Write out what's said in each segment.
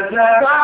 جزاء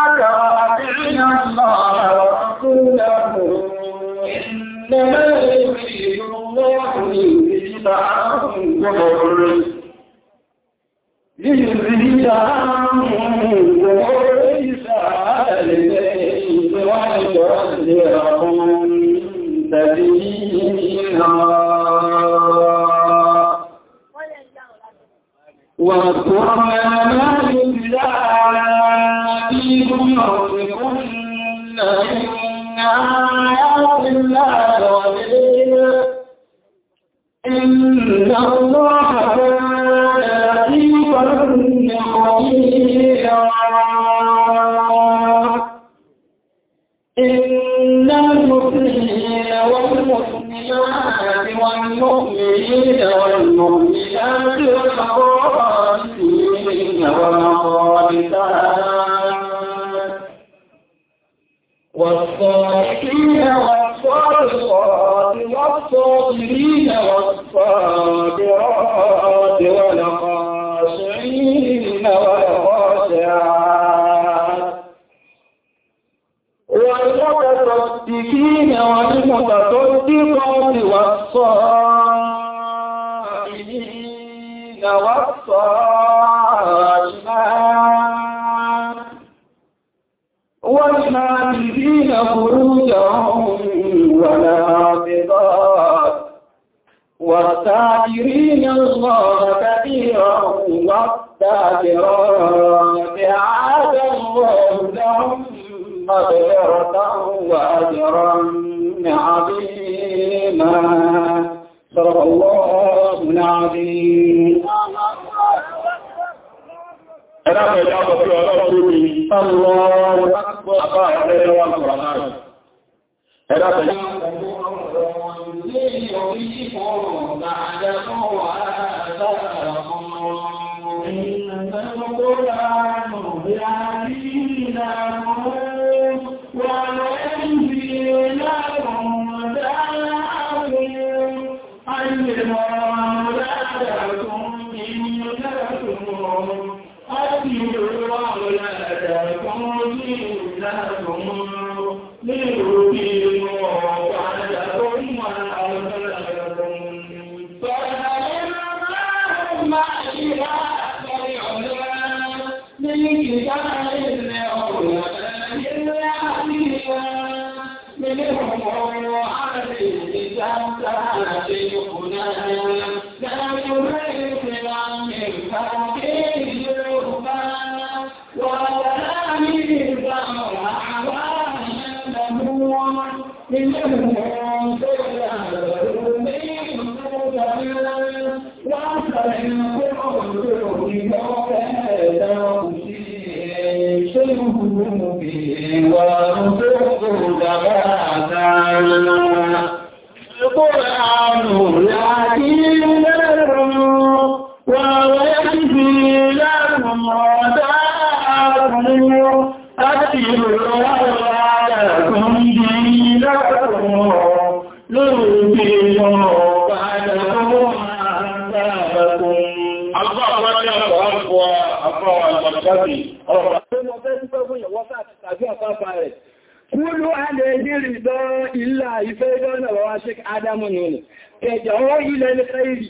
يدعو إلى الخير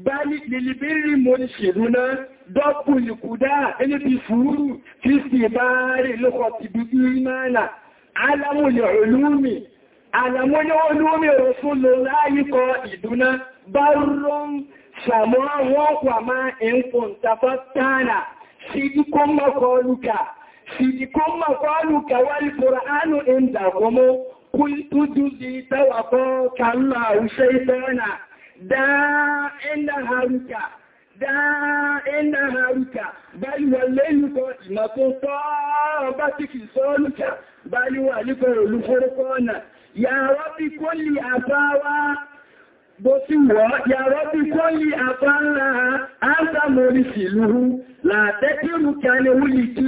بل للبر منشدنا ضب الكداء بسور في استمار الخطب إيمانا علم العلوم علم العلوم رسول الله قائدنا بر سماه وما إن كنت فتانا صدق مقالك صدق مقالك والقرآن عندكم قلت توقوك الله شيطان داع نهارك داع نهارك بل وليك ما تطابتك صالك بل وليك الفرقان يا ربي كل أفاوى Bọ́sí wọ́, yàrá bí kọ́ lè àpá ńlá ánsàmòrì sílùú, làtẹ́kìrù kí a lè wúlì kí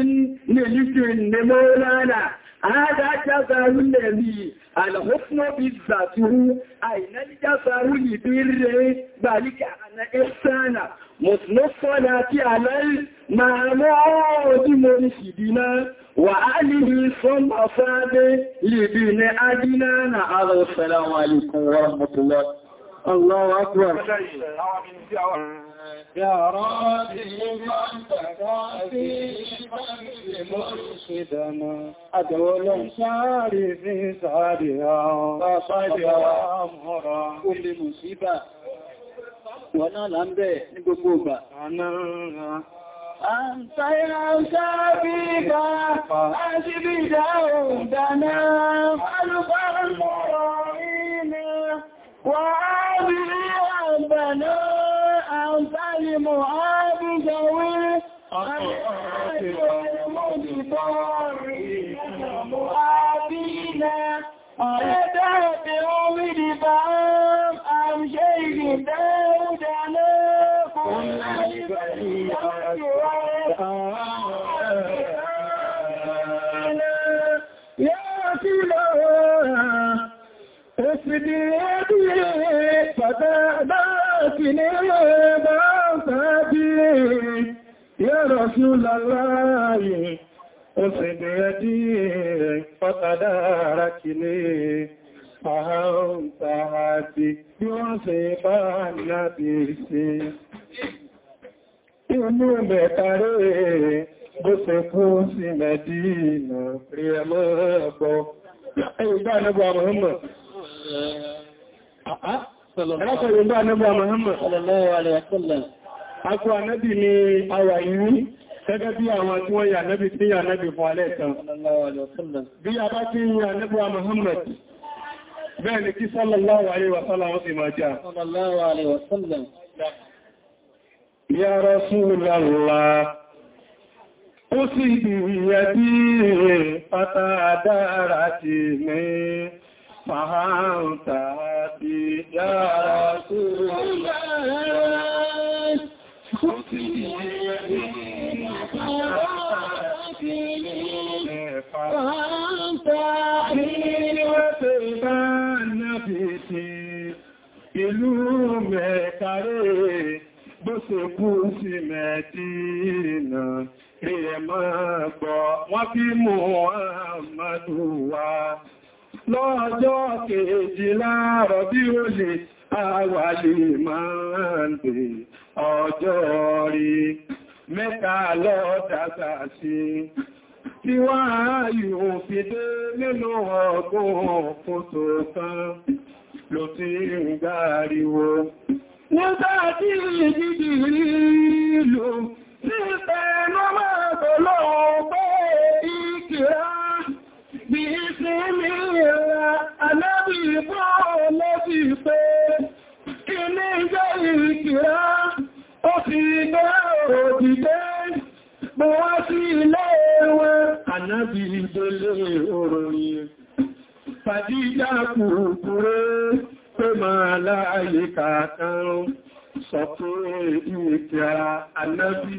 ní èlìkì ní mọ́ lára. هذا جزر الذي الحكم بالذاته أين الجزر لبر ذلك أن إحسان مثل الصلاة على المعمود مرشدنا وآله صلى صاد لبن أدنان على السلام عليكم ورحمة الله الله أكبر يا راضي من تراضي مرشدنا أدول شعري في سعرها فصدر أمهرا كل مصيبة وانا لنبه نبقوبة أنا أنت يا شبيك أجب دودنا ألقى المرائين وعابي ربنا الظالم عابده المنبر مؤابينا أدابر ولبام أم شيء داودنا كل يأتي لها اسم ديدي فتأبى ní bá tàbí ya Rasulallahi ó sì bẹ̀rẹ̀ dí rẹ̀ pọ́tàdára kìlé àhán tàbí bí wọ́n Gẹ́gẹ́ bí àwọn tí wọ́n yà nẹ́bí tí yà nẹ́bí fún alẹ́ ìtàn. Bí a bá tí yà nẹ́bí wa Muhammad, bẹ́ẹ̀ ni kí sallallahu alaihi wasallam wọ́n sì máa jà. Ya Rasulullah, ó sì ìyẹ̀ bí pátá dára ti mẹ́. فهمت يا رسول الله خذني يمينك فهمت لي وتبان نفسي ìlú mẹ́kàrẹ́ bó ṣe kú sí mẹ́dínà rí ẹ̀mọ́ gbọ́ wọ́n fi mú àmàdùwà lọ́jọ́ kejìlá rọ̀bí ó lè àwàlè máa ń pè ọjọ́ rí mẹ́ta lọ́dàgbà sí tí wá yóò fi dé nínú ọgbọ́n kó tó tán ló ti ń gbáriwo wọ́n sáà tí ìrìn ìlú sí ìfẹ́ rá ó ti gbé òdìdé mọ́ wá sí ilé wọn ànábì ìdélé òròyìn fàdíjà kùrùkùrù pé máa láàyè kàkàn sọ pé ìwèkìá ànábì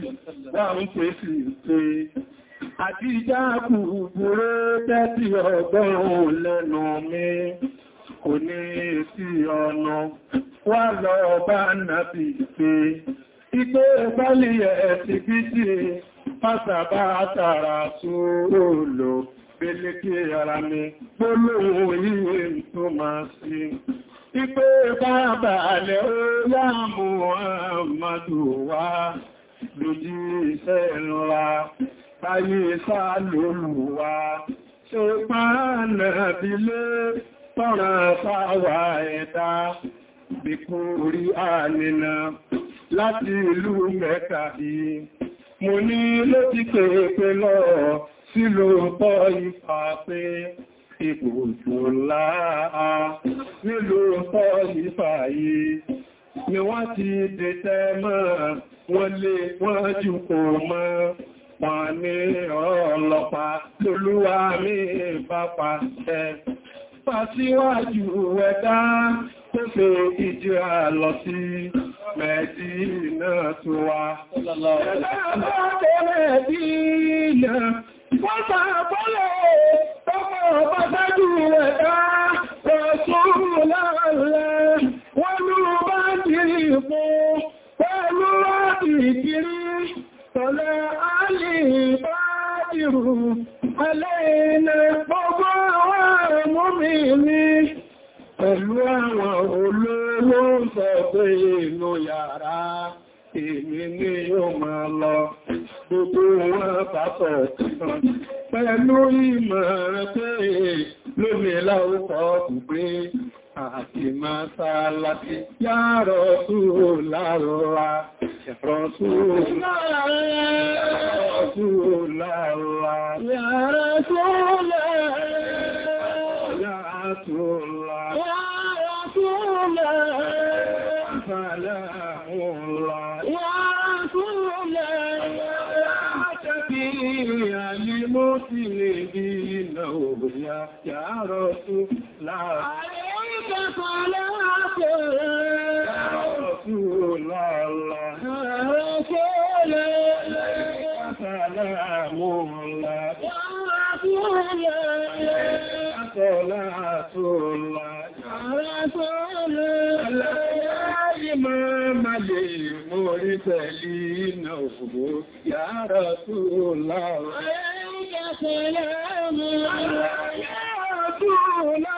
dáhùn pé sì pé àdíjà kùrùkùrù tẹ́tì ọgbọ́n lẹ́nu mi kò ní sí ọ̀nà wà lọ bá nàbì pé ipé bálì ẹ̀ẹ̀sì bí sí pásàbá àtàrà sóòlò Belékí ara mi, gbólóhùn yíye tó máa sí. Ipé bàbà alẹ́ ó láàmù àmàdù wá lójí iṣẹ́ ńlá, ayé sáà lóòrùn wá, ṣe pàánà bílé tọ́rọ fáwà ẹ̀dá bìkú orí ànìna láti ìlú mẹ́ta yìí mo ní ló ti pèèpè lọ sílò pọ́ ìfà pé ipò tó láàá nílò pọ́ ìfà yìí ni wọ́n ti dẹ̀tẹ́ mọ́ wọ́n lé wọ́n jù kò mọ́ wọ́n ní ọlọ́pàá lólúwa mi bá pàṣẹ fàṣíwájú ẹ̀dá tó fẹ́ ìjìrà lọ sí Mẹ́dínà tó wá. Mẹ́dínà wọ́n sàbọ́lẹ̀ tọ́mọ̀ ọba sájú ẹ̀dá pẹ̀sùn láàrẹ̀ wọ́n ló bá dìrì mú ìrù alẹ́ ilẹ̀ gbogbo mi ní pẹ̀lú àwọn olóòlò ń sọ pé inú yàrá èmi ní yóò máa lọ gbogbo wọn pàtọ̀ pẹ̀lú ìmọ̀ rẹ̀ pé lómi láwọ́kọ̀ gbogbo àti máa sáàlá sí yàrọ̀ tó láàrọ̀wà ẹ̀rọ̀ tó láàrọ̀wà yàrọ̀ tó láàrọ̀wà رسول الله يا رسول الله سلام الله يا رسول الله شفيع للمسلمين أولياء يا رسول الله عليك صلاة يا رسول الله صلاة الله يا رسول الله يا إمام المرسلين يا رسول الله عليك سلام الله يا رسول الله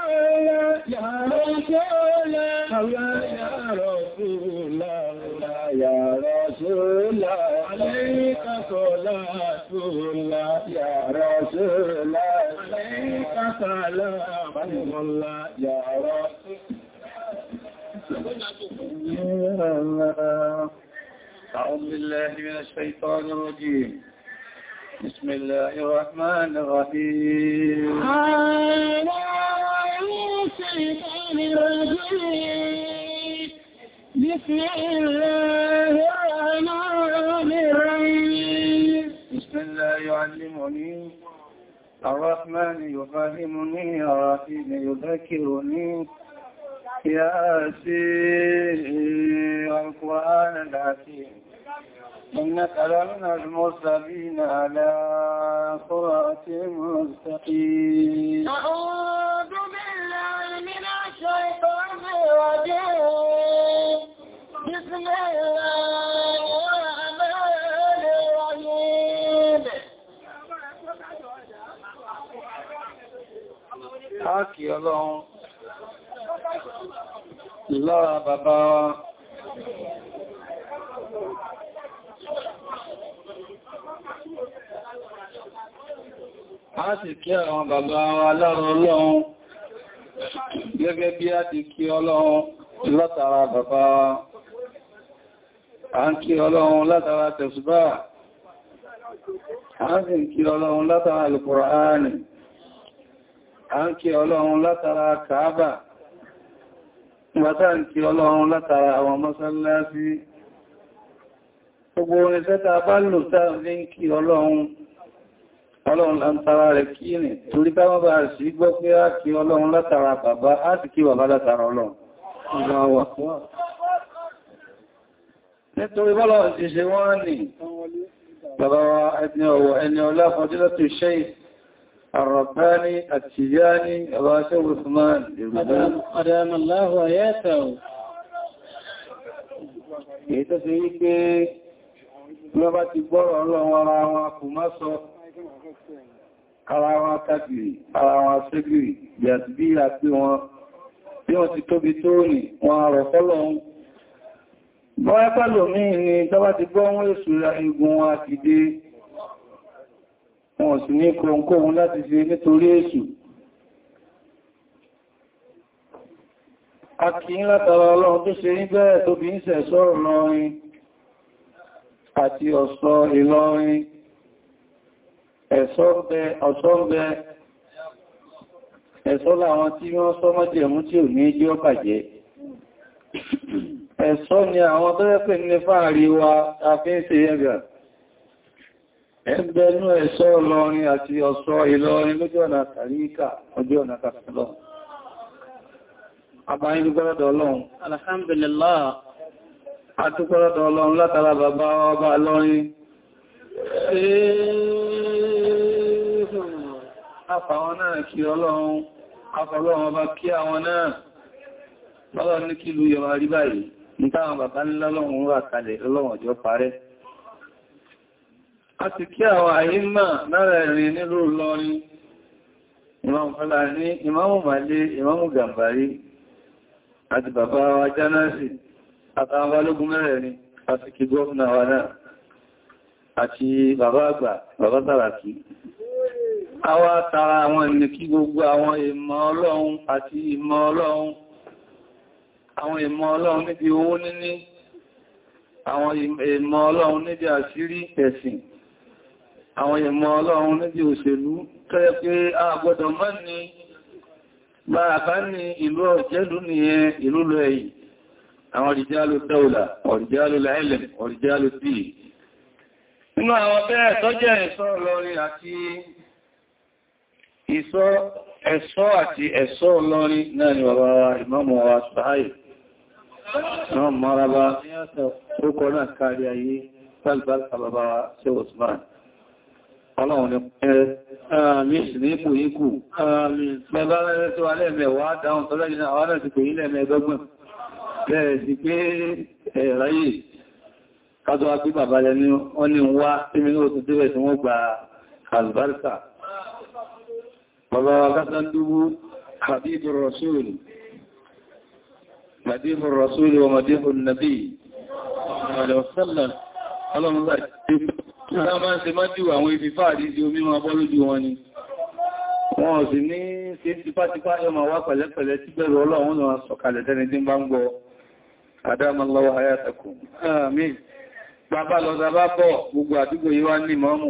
يا رسول الله يا رسول الله يا رسول الله عليك صلاة الله يا رسول الله عليك سلام الله يا رسول الله أعوذ بالله من الشيطان الرجيم بسم الله الرحمن الرحيم بسم الله الرحمن الرحيم بسم الله يعلمني الرحمن يفهمني الرحيم يذكرني يا سير القرآن الحكيم إنك لمن المرسلين على صراط مستقيم الرجيم بسم الله الرحمن الرحيم Áàkì ọlọ́run lára bàbá wa. A sì kí àwọn bàbá wa lára ọlọ́run. gẹ́gẹ́ bí a ti kí ọlọ́run látara bàbá a ń kí ọlọ́run látara tẹ̀sùbá a ń sì kí ọlọ́run látara alùkùránì a ń kí ọlọ́run látara kàábà bàtà ń kí ọlọ́run látara àwọn mọ́sálásí gbogbo orin tẹ́ta bá lò nke ní kí ọlọ́run látara rẹ̀ kí ní torí bá wọ́n bá sí gbọ́ pé á kí ọlọ́run látara bàbá á sì kí bàbá látara ọlọ́run nítorí bọ́lọ̀ ti ṣe wọ́n ní bàbá wa ẹni ọ̀wọ̀ ẹni ọlá fọjúlọ́ tó ṣe àrọ̀báni àti ìyá ní bàbá ṣe Usman ìrùbá ara wọn tábìlì ara wọn ṣébìlì yàtìbí àti wọn bí wọ́n ti tóbi tó nì wọn rọ̀ fọ́lọ́un bọ́wọ́ pẹ́lò míì ni tọ́wá ti gbọ́ wọn èsù igun wọn àti dé wọn sì ní kòròkòrò láti ṣe nítorí èsù akìí látara ọlọ́run tó ṣe ní bẹ́ẹ̀ tóbi ń sẹ̀ sọ́rọ̀ lọ́rin àti ọ̀sọ̀ ìlọrin ẹ̀ṣọ́ láwọn tí wọ́n sọ mọ́jẹ̀mú tí ò ní jẹ́ ọ̀bàjẹ́ ẹ̀ṣọ́ ni àwọn tó rẹ́pẹ̀ ní fàárí wa àfíìsẹ̀ ẹgbà ẹgbẹ̀nú ẹ̀ṣọ́ Ìlọrin àti ọ̀ṣọ́ Ìlọrin lójú ọ̀nà tàríkà ojú ọ̀nà kàfẹ́lọ́ àbáyín gbọ́rọ̀dọ̀ Ọlọ́run alhamdulillah àtúgbọ́rọ̀dọ̀ Ọlọ́run látara bàbá ọba Ìlọrin àfàwọn náà kí ọlọ́run afọlọ́run ọba kí àwọn náà lọ́lọ́ ní kí lú yọwa rí báyìí ní táwọn bàbá ńlá lọ́run wà kalẹ̀ lọ́lọ́run ọjọ́ parẹ́ a ti kí àwọn àyímà lára ìrìn nílùú lọ́rin ìmáàmù Fálàní ìmáàmù Màlé ìmáàmù Gàmbàrí àti bàbá wa Jánásì àtàwọn balógun mẹ́rẹ̀ẹ̀rin àti kí gómìnà wa náà àti bàbá àgbà bàbá Sàràkí àwa tara àwọn ìní kí gbogbo àwọn ìmọ̀ ọlọ́run àti ìmọ̀ ọlọ́run àwọn ìmọ̀ ọlọ́run níbi owó níní àwọn ìmọ̀ ọlọ́run níbi àṣírí ẹ̀sìn àwọn ìmọ̀ ọlọ́run níbi òṣèlú tẹ́rẹ pé a gbọ́dọ̀ mọ́ ní bàbá ní ìlú ọ̀jẹ́lú nìyẹn ìlú lọ èyí àwọn ríjálù dáúlà ọ̀ríjálù láìlẹ̀ ọ̀ríjálù tíì nínú àwọn bẹ́ẹ̀ tọ́jẹ́ ìsọ́ ọlọ́rin àti ìsọ ẹ̀ṣọ́ àti ẹ̀ṣọ́ olórin náà ni bàbá ìmáàmù wa sàáì náà maraba orúkọ náà kárí ayé sálbàtà bàbá ṣe osman ọlọ́run ni pẹ́ àmín sí ní ipò ikú àmín bàbá rẹ̀ tó wà lẹ́ẹ̀mẹ̀wàá dáhùn tọ́lẹ́yìn àwọn náà ti pè ní lẹ́ẹ̀mẹ̀ẹ́dọ́gbọ̀n bẹ̀rẹ̀ sí pé ẹ̀ráyè kájọ́ wá pé bàbá rẹ̀ ní wọ́n ní wá tí mi ní oṣù tí wọ́n gba albarka bàbá alágbàndúwú hadithur rasul hadithur rasul wa hadithur nabi ọlọ́mọlá ti máa jù àwọn ìfifá àdíjì omi máa bọ́ lójú wọn ni wọn ò sì ní ṣe tipátipá yọ ma wá pẹ̀lẹ́pẹ̀lẹ́ tí bẹ̀rù ọlọ́run náà sọ̀kalẹ̀ tẹ́ni tí bá ń gbọ́ adámọ́lọ́wọ́ hayatakum àmín bàbá lọ́dà bá bọ̀ gbogbo àdúgbò yíwá ní ìmọ́mù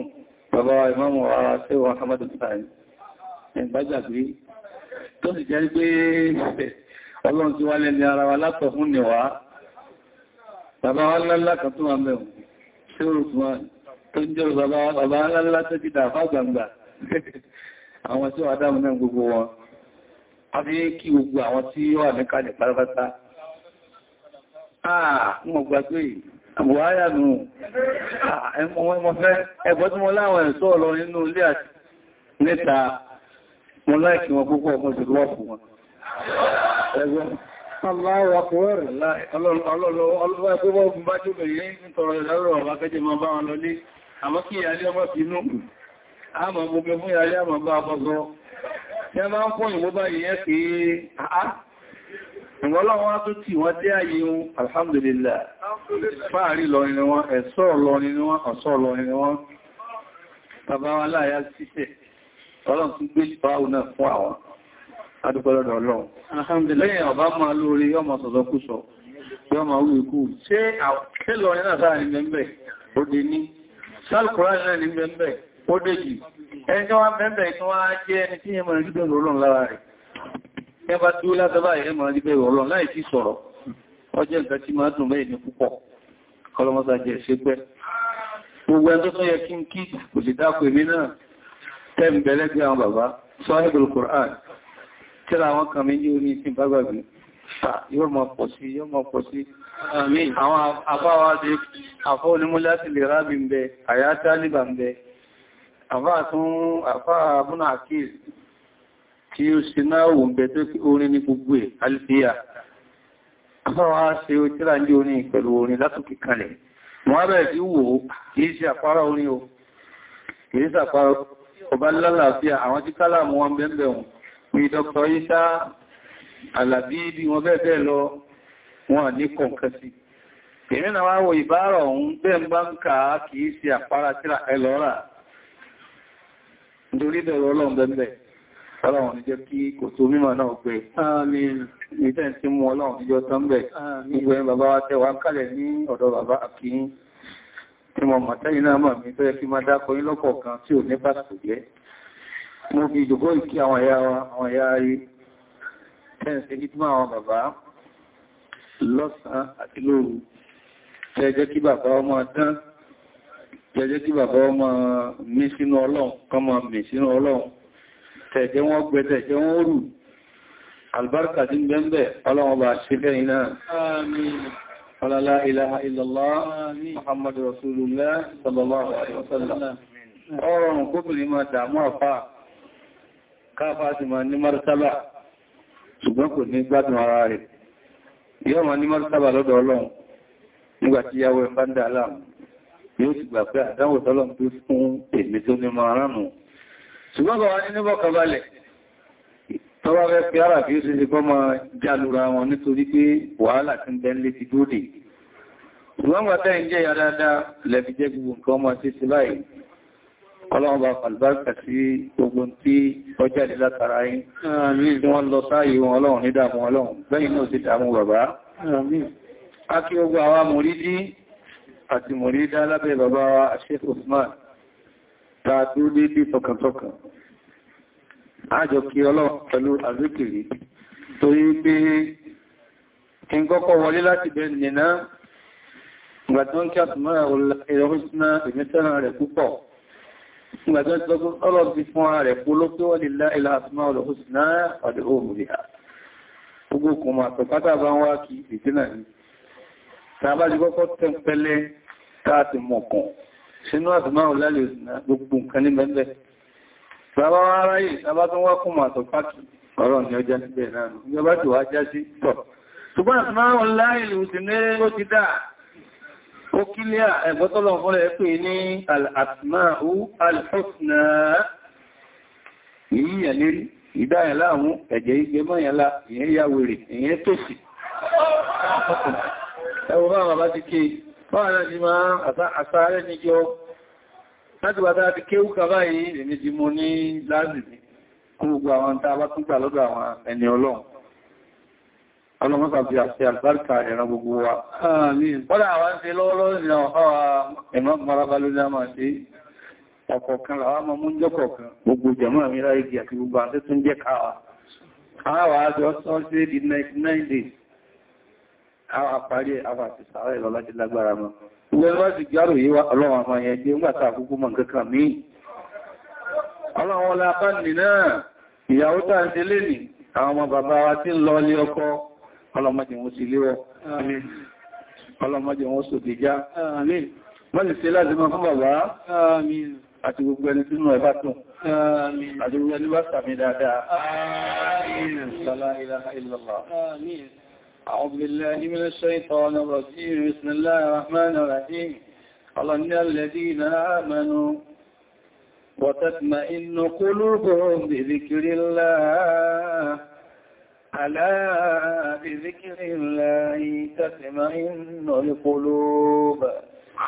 bàbá ìmọ́mù ara tẹ́wọ̀ ẹ̀gbágbàgbé tó sì jẹ́ pé ọlọ́run ti wá lẹ́ni ara wa látọ̀ fún nìwá bàbá wa lálá kan tó wà mẹ́un tí ó rùkún wá tó ń jẹ́rù bàbá lálá tó ti dàfà gbangba àwọn tí ó adámu náà gbogbo wọn a fi kí gbogbo àwọn tí ó wà níka ní pátápátá àà mọ̀ gbàgbé àbúwáyà nù níta mo láìkí wọn púpọ̀ mo sì lọ́ fún wọn ẹgbẹ́ àmọ́ gbogbo fún ìyàlẹ́ àmọ́ bá ọgbọ́gbọ́ tí a máa ń fún ìwó báyìí ẹ́ pé àá ìwọ́lọ́wọ́ tó tí wọ́n dé ayé wọn alhamdulillah fáàrí lọ́rin wọn ẹ̀ṣọ́ lọ́rin wọn ọ̀ṣọ́ lọ́rin wọn tàbáwà láyá síṣẹ́ ọlọ́run tún gbé báwò náà fún àwọn adúgbọ́lọ́dọ̀ ọlọ́run alhamdulillah ọba máa lórí ọmọ sọ̀sọ́ kú sọ yọmọ orí ikú ṣe àkẹ́lọ ní náà ní mẹ́mẹ́ òdè ní sálùkùrá náà ní mẹ́mẹ́ òdè jì ẹni tí wọ́n mẹ́mẹ́ tí wọ́n á jẹ́ ẹni tí yẹmọ̀ rí bẹ̀rù ọlọ́run lára rẹ̀ ẹ bá tí ó látọ́bá yẹmọ̀ rí bẹ̀rù ọlọ́run láì sí sọ̀rọ̀ ọjẹ́ nǹkan tí máa dùn mẹ́rin ní púpọ̀ kọlọmọ́sá jẹ́ ṣe pẹ́ gbogbo ẹni tó yẹ kí n kí kò sì dákò náà tẹ́m̀bẹ̀lẹ́gbẹ̀ àwọn bàbá sọ́ẹ́bùl Kùrán tíra àwọn kan méjì orí sí bágbàgbé yóò mọ̀ pọ̀ sí yóò mọ̀ pọ̀ sí àwọn afáwádé afọ́ onímúlá ti lè rábì ń bẹ àyá tálíbà ń bẹ àfá àtún àfá àbúnà àkíyèsí tí ó sì náà wù ń bẹ tó kí orin ní gbogbo ẹ̀ alifíà afáwá ṣe ó tíra ní orin pẹ̀lú kìí ṣe àpárá orin o kìí ṣe àpárá ọba lálàáfíà àwọn tí kálàmù wọn bẹ́ẹ̀bẹ̀ wọn ní Alabi bí wọn bẹ́ẹ̀ lọ wọn ní kọ̀ǹkẹ́sì èmi náà wá wo ìbára ọ̀hún bẹ́ẹ̀ ń bá ń kà á kìí ṣe àpárá tíra ẹlọ́rà nítorí bẹ̀rọ ọlọ́run bẹ́ẹ̀ Ọlọ́run ní jẹ́ kí kò tó mímọ̀ náà pé ìtẹ́ tí mú ọlọ́run níjọ́ tán bẹ̀ gbogbo ẹni tí mo mọ̀ tẹ́yìn náà mọ̀ mi fẹ́ fi máa dákọ yí lọ́pọ̀ kan tí ò ní pàtàkì jẹ́ mo fi ìjòkó ìkí àwọn ẹ̀yà àwọn ẹ̀yà ayé tẹ́ǹsẹ̀ ìtìmọ̀ àwọn bàbá lọ́sàn àti lóru tẹ́jẹ́ kí bàbá ọmọ dán tẹ́jẹ́ kí bàbá ọmọ mí sínú ọlọ́run kan mọ̀ mí sínú ọlọ́run tẹ́jẹ́ wọ́n gbẹ tẹ́jẹ́ ولا لا إله إلا الله محمد رسول الله صلى الله عليه وسلم ọrọ̀rùn kóbìnrin máa dàmú àfá káfà sí ma ní martaba ṣùgbọ́n kò ní gbádùn ara rẹ̀ yóò ma ní martaba lọ́dọ̀ ọlọ́run nígbàtí yàwó ẹ̀fándà aláàmù yóò ti gbà pé àdánwò tọ́lọ̀ tó fún èmi tó ní ma ránù ṣùgbọ́n bá wá ní níbọ̀ kabalẹ̀ tọ́wọ́ rẹ̀ pé ara fi ó sì kọ́ máa jálura wọn nítorí pé wàhálà tí ń tẹ́lé ti dóde ìwọ́n bá tẹ́ ìjẹ́ ìyá dáadáa lẹ́bí jẹ́ gbogbo nǹkan ọmọ sí sí báyìí ọlọ́run bá fàlbáríkà sí gbogbo tí ó jáde látara yín tí wọ́n lọ sáàyè wọn ọlọ́run ní dààmú ọlọ́run bẹ́yìn náà sí dààmú àjọ kí ọlọ́run pẹ̀lú àzíkìrí torí pé kí n kọ́kọ́ wọlé láti bẹ nìna ìgbàtán kí àtùmọ́ ìrọ̀húsná ìmẹ́tẹ́ràn rẹ̀ púpọ̀ ìgbàtán tí ọlọ́run ti fún ara rẹ̀ kú ló pé wọ́n lè lá ilá àtùmọ́ ìrọ̀húsná ọ̀dẹ̀ òmùrìhà gbogbo kò máa tọ̀ pátá bá ń wá kí ìdínà sínú àtùmọ́ Bàbá wọn ara yìí, bàbá tó wá kún màtò pàtì, ọ̀rọ̀ ni ọjá síbẹ̀ náà. Ìjọba tó wá já sí tọ̀. Ṣùgbọ́n àti máa wọn láì lù sí ní ó ti dà. Ó kí ní ẹ̀gbọ́tọ́lọ̀ fún rẹ̀ pè ní Al-Asma'u Al-Husna láti bàtà ti kéwú kàbá yìí èmi ti mú ní láàzìdì kú gbogbo àwọn tàà bá tún gbà lọ́dọ̀ àwọn ẹni ọlọ́run ọlọ́mọ́sàbí àti àlbáríkà ẹ̀rọ gbogbo wa wọ́n àwọn ṣe marabalu ní a máa ṣe ọ̀kọ̀ọ̀kan làwọn ọmọ mú ń jọ́kọ̀ọ̀kan gbogbo jẹ̀mọ́ àmì ráyìí àti àwọn àparí àwọn àtìsàárẹ̀ ìlọ́lá ti lágbára mọ́. Ilẹ̀ wá sì gbárò yí wá ọlọ́run àwọn ẹyẹ gbé ńgbàtà àkókò mọ̀ kankan mí. Ọlọ́run ọlá bá nì náà, ìyàwó tàà ń ṣe lè nì, àwọn ọmọ bàbá wa tí ń lọ ilé ọkọ, ọlọ́mọdé wọn sì léwọ́, ọlọ́mọdé wọn sòdì já. Wọ́n sì ṣe láti mọ́ fún bàbá àti gbogbo ẹni sínú ẹbá tún. Àti gbogbo ẹni bá sàmì dáadáa. Àmín. Sàlá ìlàhà أعوذ بالله من الشيطان الرجيم بسم الله الرحمن الرحيم قال إن الذين آمنوا وتطمئن قلوبهم بذكر الله ألا بذكر الله تطمئن القلوب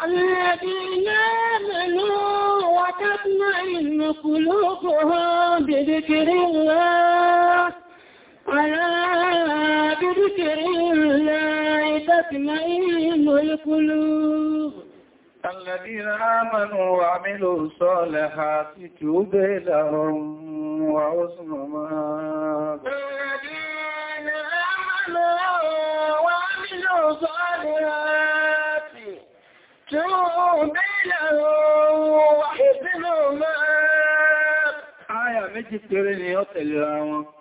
الذين آمنوا وتطمئن قلوبهم بذكر الله ألا بذكر الله تطمئن القلوب الذين آمنوا وعملوا الصالحات توب لهم وحسن مآب الذين آمنوا وعملوا الصالحات توب لهم وحسن مآب آية méjì péré ni ó tẹ̀lé ara wọn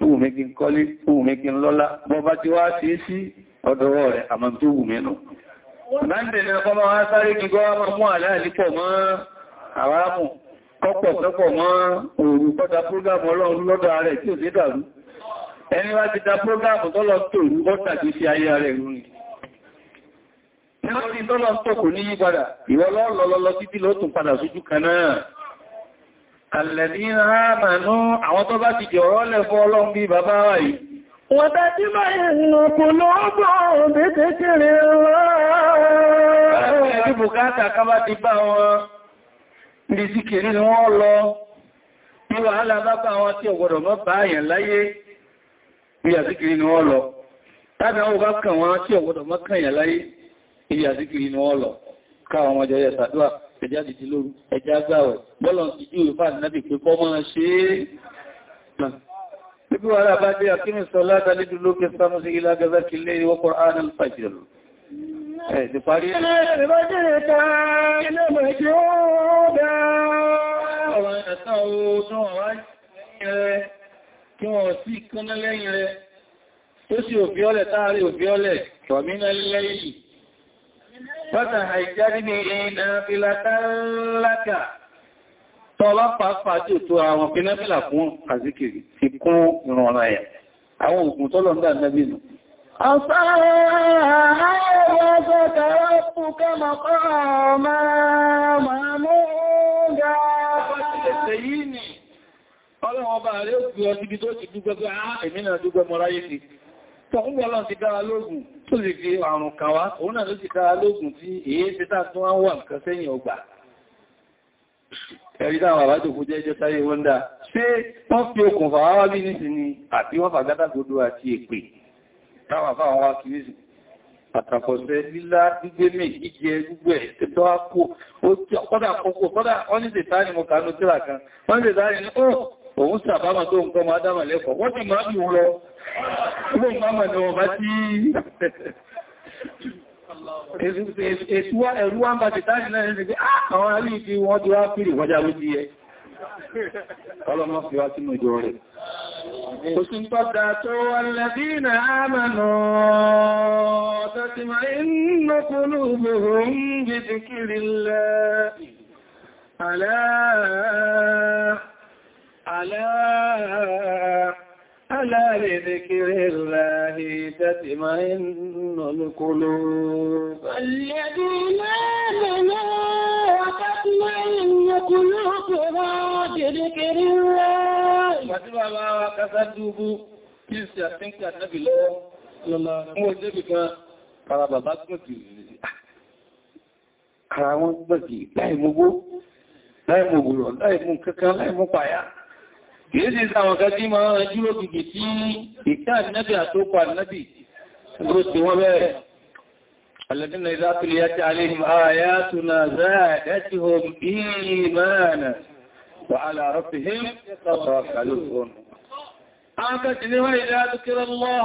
wù mí kí n kọ́lé wù mí kí n lọ́lá bọba ti wá sí sí ọdọ̀wọ́ rẹ̀ àmà tó wù mẹ́nu ẹni wá ti da prógámù tọ́lọ tó ìlú bọ́ta kìí sí ayé rẹ̀ rúrin nítorí tọ́lọ tó kò ní yí padà ìwọ́lọ́lọ́lọ́lọ́ títí ló tún padà sójú kan náà Àlẹ̀dínà àmànú àwọn tó bá ti jọ̀rọ̀ lẹ̀ fún ọlọ́run bí bàbá wa yìí. Wọ́n tá tí bá ìrìnà kò lọ́gbọ̀ òbí tí kìrì rọ́. Ẹ̀bí bùkátà ká bá ti bá wọn ní sí kìrì ni wọ́n lọ. Bí wàhálà bá bá wọn tí ẹjá dìdí lóru ẹjá gbáwẹ̀ bọ́lọ̀ ti jú ìfà náàbì pé kọ́ máa ṣe é Ibi wàrà bá dé àkínú sọlá dálídú lókè sánú sí ilá gẹ́gẹ́ kí lé ìwọ́ Kùránì al-Fajr. Ẹ ti sí kánná táàrí òfíọ́lẹ̀, tọ̀mínà lẹ́yìn فتهجر به نافلة لك tọ́lá pàápàá tí ò tó àwọn pínápìlà fún àzíkiri ti kún ìrun ọ̀rọ̀ ẹ̀yà àwọn òkun tọ́lọ̀ ń dà nẹ́bì nù. ọ̀sán ààrẹ ọjọ́ tààrà fún kẹ́mọ̀kọ́ ọmọ mọ̀ ọlọ́wọ́n bá rẹ̀ ó fi ọ tó lè fi àrùn kan wá òun náà ló ti kára lóògùn tí èyí ti tà tún wá wà nǹkan sẹ́yìn ọgbà ẹ̀rí táwọn àbájòkú jẹ́jẹ́ sáyé wọ́n dá ṣé wọ́n fi okùn fàwáwá bí ní sí ni àti wọ́n fàgátàgodo àti èpè táwọn àfáwọn wá kìí sí òun sàbámà tó ń kọmọ adámà lẹ́kọ̀ọ́ wọ́n ti máa jù lọ ilé ìmáàmà ni wọ́n bá tí ẹ̀rú wá ń bá ah, ti táàrí náà ẹni pé àwọn alé ìdí wọ́n ti wá pìrì wọ́já ló jí ẹ ọlọ́mọ́ fi wá sínú ìjọ ألا ألا بذكر الله تتمئن القلوب الذين آمنوا وتطمئن قلوبنا بذكر الله Màtíwà máa wá kásá dúgbú kí sí àtínkà náàbì lọ́wọ́ lọ́lá mú ọjọ́ bìkan ara bàbá gbọ́gì ara wọn gbọ́gì láì mú gbó láì mú gbòrò láì mú kankan láì mú pàyà. Kìí sí àwọn ọ̀gá tí máa rán jú lókìkì tí ìtà nẹ́bì àtókò ànẹ́bì ló ti wọ́n bẹ̀rẹ̀. Alladina idha tuliyat alayhim ayatuna zadatuhum imana wa ala rabbihim yatawakkalun. Àwọn kan ti ní wọ́n idha dhukira Allah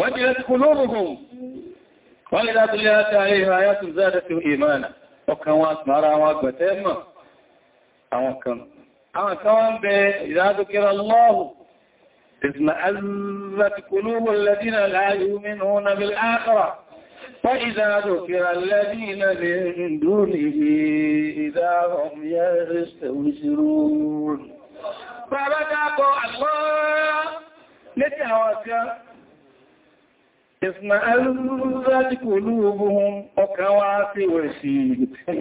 wajilat qulubuhum wa idha tuliyat alayhim àwọn kan wọ́n bẹ ìdádókèrè lọ́wọ́ اطمأزت قلوب الذين لا يؤمنون بالآخرة فإذا ذكر الذين من دونه إذا هم يستبشرون فبدأ الله létí àwọn ọ̀sán Ìsìnà ẹlúrúdájí kò lúrú ohun ọkà wá sí ìwẹ̀ sí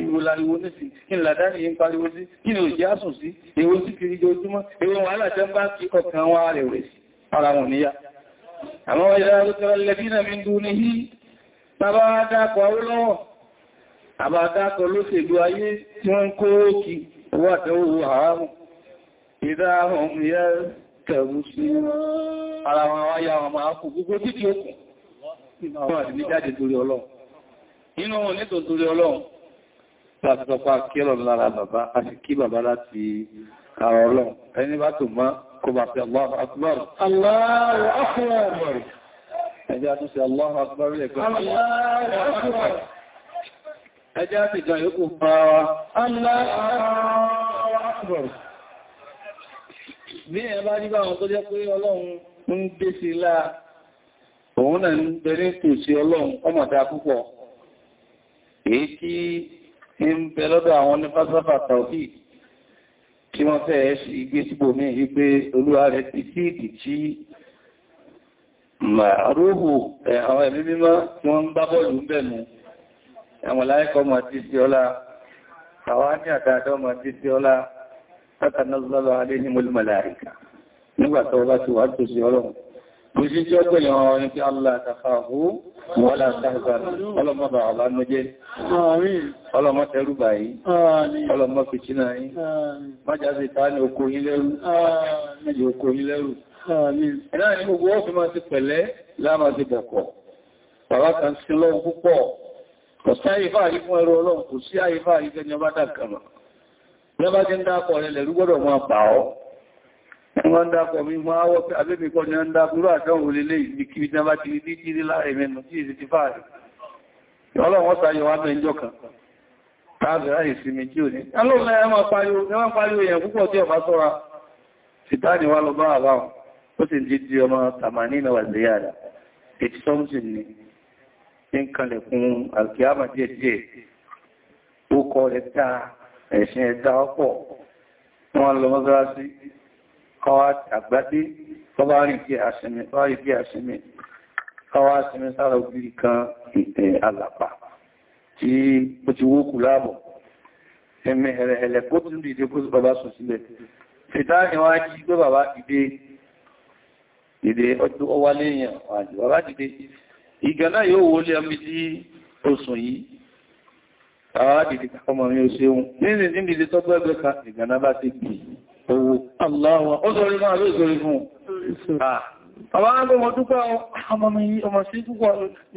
ìwò lariwo ní sí, kí ni làdá ní yí ń pariwo sí, kí ni òjì ásùn sí, èwo sí kiri jẹ ojúmọ́, èwo wọn alájẹ́ bá kí ọkà wá rẹ̀ wẹ̀ sí, ara wọn níyà. Àwọn ìdára Ara wọn wáyá wọn máa kò gbogbo títí okùn àwọn àdìní jáde torí ọlọ́run inú wọn ní torí ọlọ́run látọpa kí ọlọ́run lára bàbá a sì kí bàbá láti ara ọlọ́run ẹni bá tó mọ́ kó bá fi Allahu Akbar Allahu Akbar ẹjá tó ṣe Allahu Akbar lẹ́kọ̀ọ́ Allahu Akbar ẹjá ti jọ yóò fara wa Allahu Akbar bí ẹ bá nígbà àwọn tó jẹ́ pé ọlọ́run ń gbé sí láà òun náà ń bẹ̀rẹ̀ tó sí ọlọ́run ọmọdá púpọ̀ èyí tí ń bẹ lọ́dọ̀ àwọn ní fásáfà tàbí tí wọ́n fẹ́ igbé síbò mí wípé olúwa rẹ̀ ti sí ìdí tí màrúhù àwọn ẹ̀mí mímọ́ wọ́n ń bá bọ́ọ̀lù ń bẹ̀mù àwọn láìkọ́ mọ̀ tí sí ọlá àwọn ní àtàdọ́ mọ̀ tí sí Oṣù tí ó pèèyàn ọ̀rin tí Allah tàfàáhú wọ́n látàzàrì, ọlọ́mọ bà ọ̀lá ní jẹ́, ọlọ́mọ tẹrúbà yìí, ọlọ́mọ fìtínà yìí, májàzì tàà ní oko yín lẹ́rù, méjì oko yín lẹ́rù. Ẹ̀nà ni gbogbo ó fi máa ti pẹ̀lẹ́ láàmà ti bọ̀kọ̀. Bàbá kan sí lọ́wọ́ wọ́n dákọ̀ mi mọ́ áwọ́ pé abébìkọ́ ni wọ́n dákúrú àtọ́wò lélé ìbìkìbì náà bá ti rí ní ìrí láàrin mẹ́nu tí èsì ti fààrí ọlọ́wọ́n sáyọ wá mẹ́jọ kan tààbẹ̀rá ìsinmi jí òní alóòlẹ́ ẹmọ́ sì jí di ọmọ na wà ziyara ètì ni tí ń kalẹ̀ fún alkiyama díẹ̀ díẹ̀ ó kọ́ wọ́n lọ mọ́sára sí kọwa àgbádé tọ́bá rí kí àṣẹmẹ́ tọ́bá rí kí àṣẹmẹ́ kọwa àṣẹmẹ́ sára ògiri kan alàpà tí ó ti wókù láàbọ̀ ẹ̀mẹ́ ẹ̀rẹ̀ẹ̀lẹ̀ kó tún dìde kó bàbá sùn sílẹ̀ fìtá ìwájí pé bàbá dìde dìde ọjọ́ ọwálé èèyàn wájú bàbá dìde ìgànnà yóò wọlé ọmọ tí ó sùn yìí bàbá bá ti gbì owó Allahwa, ó sọ rí náà ló ìsorí fún àwọn agbẹ́ wọn dúpẹ́ ọmọ sí púpọ̀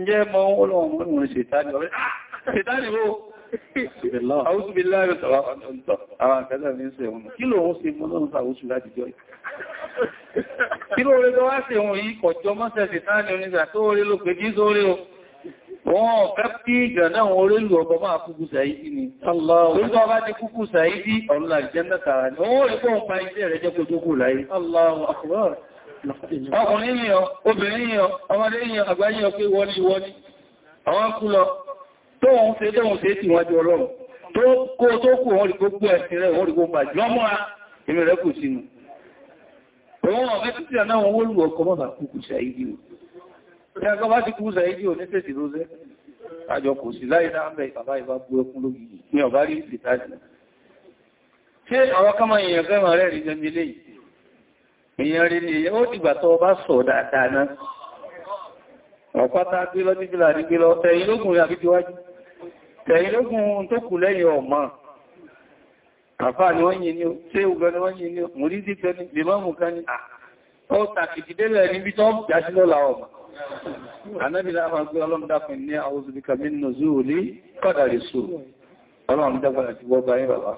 jẹ́ mọ́ olóòmọ́ ìwọ̀n ṣètàní ọ̀rẹ́ ṣètàní ó àwúsù bí láàrín àwọn àkẹ́lẹ̀ ní ṣe wọn kí ló ń ṣe mọ́ lọ́nà àwúsù láti jọ kí ló rẹ̀ lọ́wọ́ sí wọn yí kọjọ mọ́sẹ̀ ṣètàní oníṣà tó rí ló pè jí sórí o Wọ́n fẹ́ kí ìgbà náà wọ́n orí lù ọgbọ̀ máa kúkú sàídí ni. Olúgbà bá ti kúkú sàídí ọ̀rọ̀lá ìjẹ́ndà tààrà ni. Wọ́n rí fún pa iṣẹ́ rẹ̀ jẹ́ kó jókòó láyé. Ọkùnrin yìí, obìnrin yìí, ọmọdé yìí, ni wọ́n ni. Àwọn kú lọ, tó ń ṣe déhùn ṣe tí wọ́n jọ ọlọ́run. Tó kó tó kù wọ́n rí gbogbo ẹ̀sìn rẹ̀ wọ́n rí gbogbo àjọ́mọ́ra, èmi rẹ̀ kù sínú. Òun ọ̀fẹ́ títí àná Ìjọba bá ti kú sẹ ìdí òní tètè ló sẹ́. Àjọ kò sí láì dáńbẹ̀ ìbàbá ìbá bú ẹkún lógi ní ọ̀bá rí ìtàjì. Ṣé ọ̀rọ̀ kọ́mọ èèyàn fẹ́ràn rẹ̀ rí jẹmi lè yìí? Èèyàn rí ni èèyàn ó dìgbà tó bá sọ dáadáa náà. Ọ̀pátá gbé lọ sí fìlà ní gbé lọ tẹ̀yìn lógún rẹ̀ àbí tíwájú. Tẹ̀yìn lógún tó kù lẹ́yìn ọ̀mọ́. Àfáà ni wọ́n yìí ni ó, ṣé ògbẹ́ ni wọ́n yìí ni ó, mùrí sí tẹ́ni, lè mọ́ mú kan ní. Ó anábìlá máa gbé ọlọ́run dákùn ní àwọn òṣìbíkà mínú zúù ní kọ́dàrí sù ọlọ́run dákùn àti gbọ́gbà yí bàbá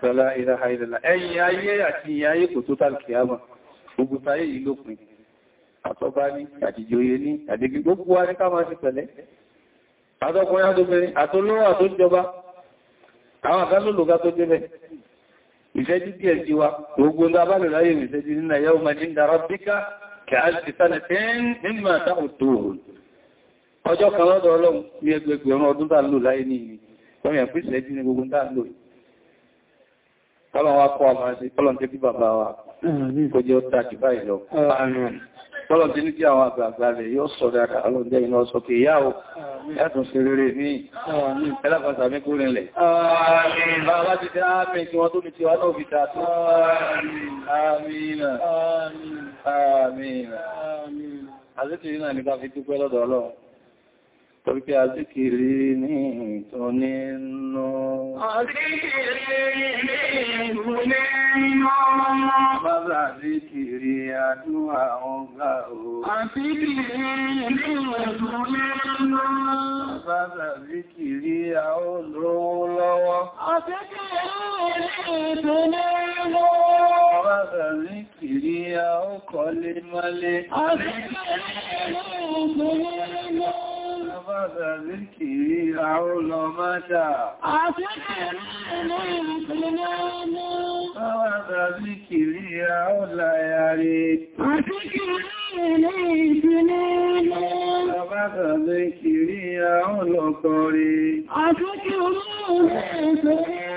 tọ́lá ìlàhà ìlàlá ẹ̀yìn ayé àti ìyìn ayé kò tó tàbí àmà gbogbo táyé yìí lópin àtọ́bá ní àtìjòyè ní àdígbì gbogbo wa ní ká máa ti pẹ̀lẹ́ àtọkùnrin àtọbìnrin àtolówà tó jọba àwọn àkálòlògá kẹ́àlì sánẹ̀fẹ́n nígbà táwọn tó ọjọ́ kan lọ́dọ̀ ọlọ́run ní ẹgbẹgbẹ̀rún ọdún tàà lò láyé ní ìrìn wọ́n yẹ̀ pèsè ẹjú ní gbogbo tàà lò kọ́lọ̀ wá kọ́ àmà sí kọ́lọ̀ tẹ́bí bàbá wa kó tọ́lọ̀ tí ní kí àwọn àgbààgbà rẹ̀ yóò sọ dáadáa ọlọ́dẹ́ iná sókè ìyá o yàtún sí rere ní ẹlẹ́pàá mi kúrin lẹ̀ bàbá ti dá àmì tí wọ́n tó ní tiwa náà fi tààtù àmìnà àmìnà àmìnà torí pé azíkiri ní ìtọ́ní nínú. Azíkiri ní nínú. azíkiri àdúrà ọgbà o. Azíkiri ní ìtọ́ní nínú. Bàbá azíkiri a ó lówó lọ́wọ́. Azíkiri ní ìtọ́ní nínú. Bàbá azíkiri a ó kọ́lé mọ́lé. Azíkiri ní ìtọ́ní nínú bàdà zíkìrí àrólọ mọ́ta. Àtíkìrí ilé ìrìnlẹ́nu. Bàdà zíkìrí àrólà yàrí. Àtíkìrí ilé ìrìnlẹ́nu. Bàdà zíkìrí àrólọ kọrí. Àtíkìrí ilé ìrìnlẹ́nu.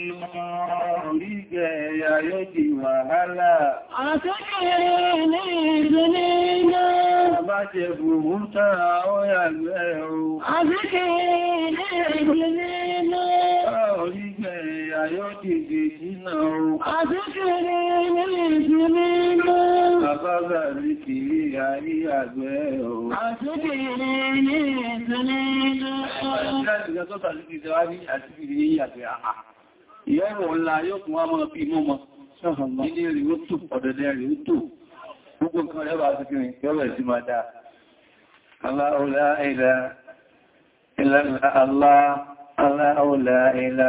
orígẹ ẹ̀yà yóò di wàhálà. Àtúnṣe ní ìlú ní iná. Bàbá jẹ bùrú tàà ó yàgbẹ́ o. Àtúnṣe ní ìlú ní iná. Orígẹ ẹ̀yà yóò di dèjìnà o. Àtúnṣe ní ìlú ní iná. Bàbá bàbí kìí àrí àgbẹ́ o. Àtúnṣe ní ìlú ní iná. Àtúnṣe ní ìlú ní iná ìyọ́wọ̀ ńlá yóò tún wá mọ́ bí mọ́ mọ́ ilé rí ó tù ọ̀dẹ̀dẹ̀ rí ó tù gbogbo nǹkan rẹ̀ bá ti fi rìn yọ́wọ̀ sí máa dáa aláhùlá ilá ilá aláhùlá ilá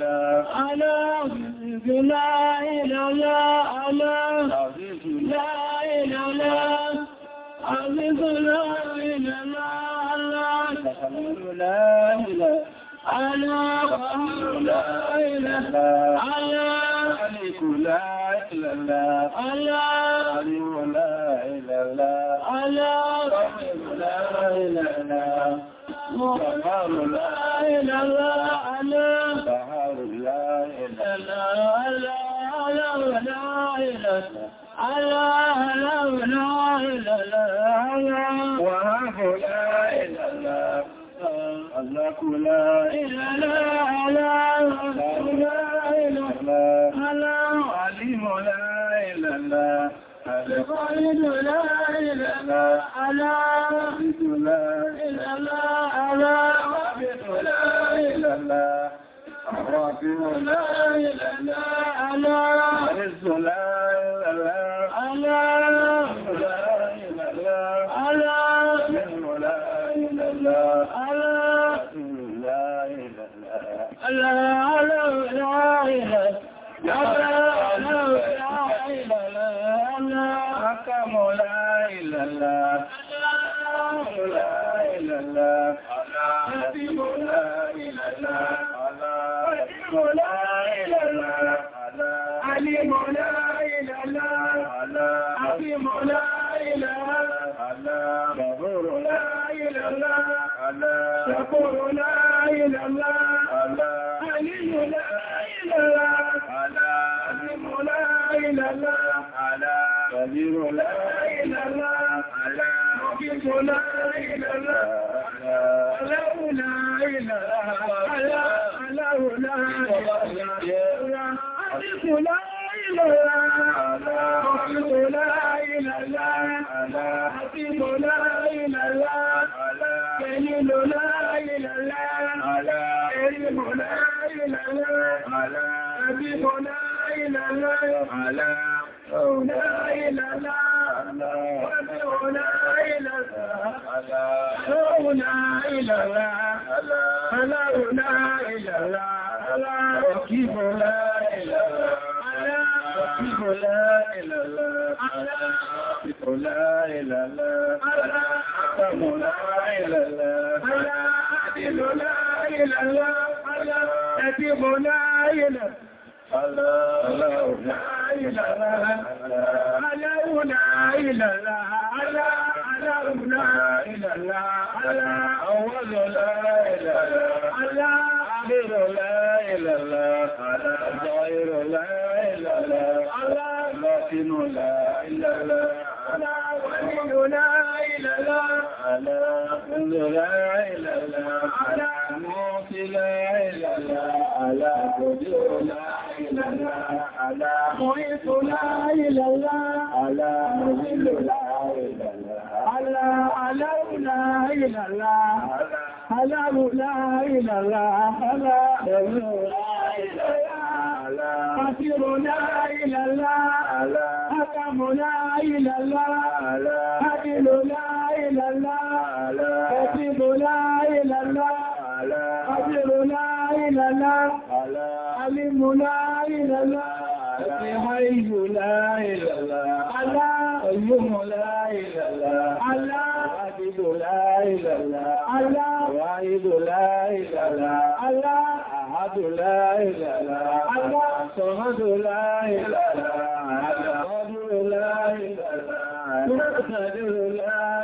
الله على لا إله لا على لا إله لا عزيز لا إله لا على لا إله على لا إله على ملك لا إله لا على عليم لا إله لا على لا إله لا مغفر لا إله لا على Allah ربنا لنا أنا رسولنا أنا لا إله إلا الله إلا الله حسيب لا إلا الله حسيب لا إلا الله عليم لا إلا الله عظيم لا إلا الله غفور لا إلا الله شكور لا إلا الله عليم لا إلا الله عظيم لا إلا الله كبير لا إلا الله مقيم لا Àlá, ọ̀nà ìlàlá, ọ̀nà ìlàlá aláwọ̀ láà ìlàlá ọ̀kíbọ̀ láà ìlàlá ọ̀kíbọ̀ láà ìlàlá ọ̀kíbọ̀ láà ìlàlá ọ̀kíbọ̀ láà ìlàlá ọ̀kíbọ̀ láà ìlàlá ọ̀kíbọ̀ láà ìlàlá Aláwọ̀ láà ìlàlá, aláwọ̀ láà ìlàlá, aláwọ̀ لا إله إلا الله أول لا إله إلا آخر لا إله إلا الله ظاهر لا إله إلا الله باطن لا إله إلا الله ولي لا إله إلا الله كل لا إله إلا الله موت لا إله إلا الله قدير لا إله إلا الله محيط لا إله إلا الله مذل لا Alimu la ilaha illa Allah, Alhayu la ilaha صمد لا إله إلا صمد لا إله إلا قادر لا إله إلا قادر لا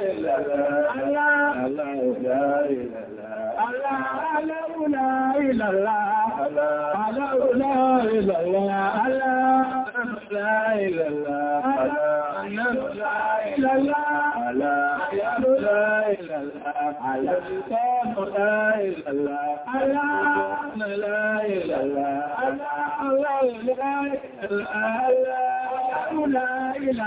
إله إلا الله لا إله الله الله لا إله إلا الله لا إله إلا الله لا إله إلا الله لا إله إلا الله لا إله إلا الله لا إله إلا الله لا إله إلا الله لا إله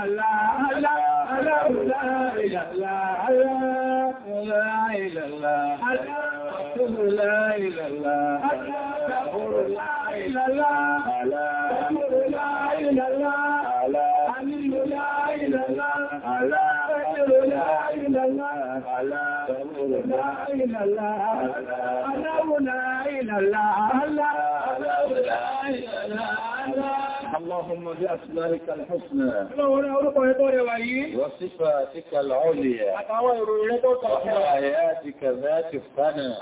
إلا الله لا إله إلا Aláwòlá ìlàlá, aláwòlá ìlàlá, اللهم بأسمائك الحسنى وصفاتك العليا وحياتك ذات الثنى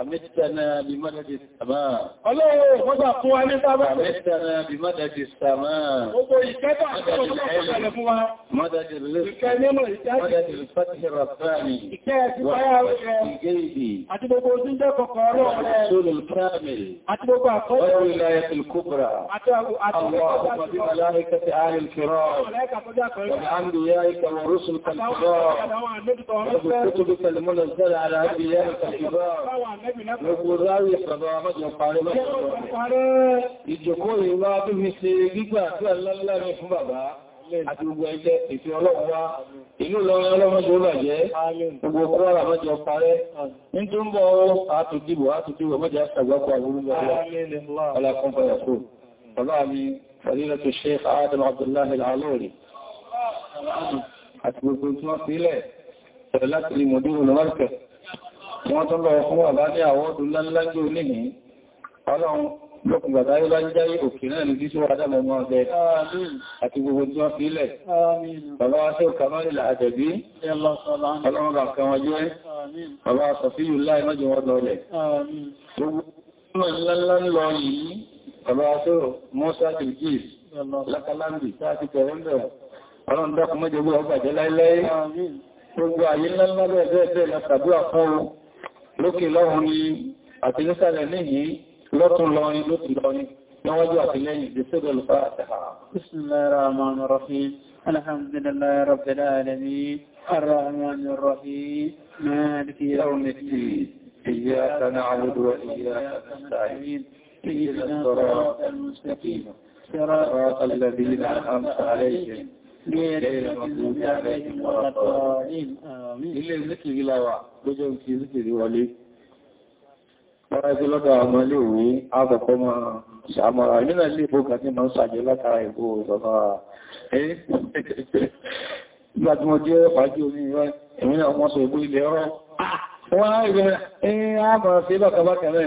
أمتنا بمدد السماء أمتنا بمدد السماء مدد الرزق مدد الفتح الرباني والجيد رسول الكامل وولاية الكبرى الكبرى اللهم بملائكة آل الكرام وبأنبيائك ورسلك الكرام وبكتبك المنزلة على أنبيائك الكبار وبراوي حضامة وقاربة ìjọkó ìwà bí mi ṣe gbígbà tí àlọ́lá rẹ̀ fún bàbá àti gbogbo ẹjẹ́ ìfẹ́ ọlọ́run wá ìlú lọ́rin ọlọ́mọdé ó bàjẹ́ gbogbo kọ́wàrà mọ́jọ parẹ́ ní tó ń bọ̀ àtòdìbò àtòdìbò mọ́jọ àgbàkọ̀ àwọn olùgbàwọ̀ ọlọ́run lọ́kùn bàbá yóò bá ń jáyé òkè náà ní bí ṣúwà dámọ̀ mọ́ ọ̀bẹ̀ àti gbogbo tí wọ́n fílẹ̀. Bàbá wa ṣe kàmọ́lìlà àjẹ̀bí, ọlọ́run bà kan wọ́n jẹ́, bàbá sọ̀fíyù láì mọ́jọ wọ́n lọ́lẹ̀. Gbogbo ayé lọ́lọ́lọ́ Lókè lọ́hun ni àti nísàlẹ̀ níyìí بسم الله الرحمن الرحيم الحمد لله رب العالمين الرحمن الرحيم مالك يوم الدين إياك نعبد وإياك نستعين إهدنا الصراط المستقيم صراط الذين أنعمت عليهم غير المغضوب عليهم ولا الضالين آمين إلا ذكر الله وجهك ذكر وليك Tọ́rọ ẹgbẹ́ lọ́dọ̀ àwọn iléèwé, àkọ́kọ́ máa ṣàmọ́ra, nínú ilé ìbókà tí máa ń ṣàjẹ́ látara ìbò ìjọba. Ẹ́ ìgbàtí mo jẹ́ pàájú orí ìwọ́n, èmi náà wọ́n sọ ìbú ilẹ̀ ọ̀rọ̀. Wọ́n á ìgbẹ̀rẹ̀, ẹ́ á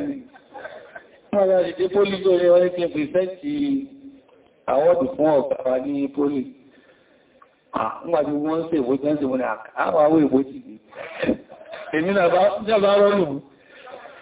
ni. Wọ́n rẹ̀ ìdé pólì tó rẹ̀ wọ́n kí n pèsẹ́ntì àwọ́dù fún ọ̀gbàrà ní pólì. Nígbàtí wọ́n ń ṣe ìbójẹ́ ń ṣe mọ́ ni àkàwà ìbójì. Èmi náà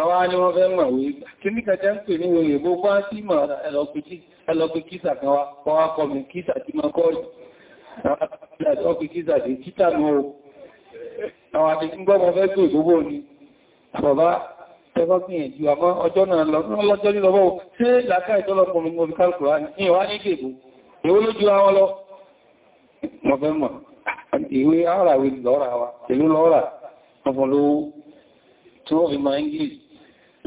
àwọn ni wọ́n fẹ́ mọ̀ wí kí ní kẹjẹ́ ń pè ní oye gbogbo á sí mọ̀ ẹlọ́pẹ́ kísà kan wá kọ́ wá kọ́ mi kísà tí mọ́ kọ́ ọ̀pẹ́ kísà tí títà mọ́ o àwọn àti gbọ́mọ fẹ́ tó ìgbogbo ni bàbá tẹ́fọ́ gbìyànjú àmọ́ ọjọ́ náà lọ́jọ́ lílọ́wọ́ sí làkà ìtọ́lọpọ̀mù mọ̀ fi kálùkù rá ní ìwá ní ìgbègbò èwo lójú àwọn lọ mọ̀ fẹ́ mọ̀ ìwé àràwé lọ́ra wa ìlú lọ́ra ọ̀fọ̀lówó tí wọ́n fi máa ń gíìsì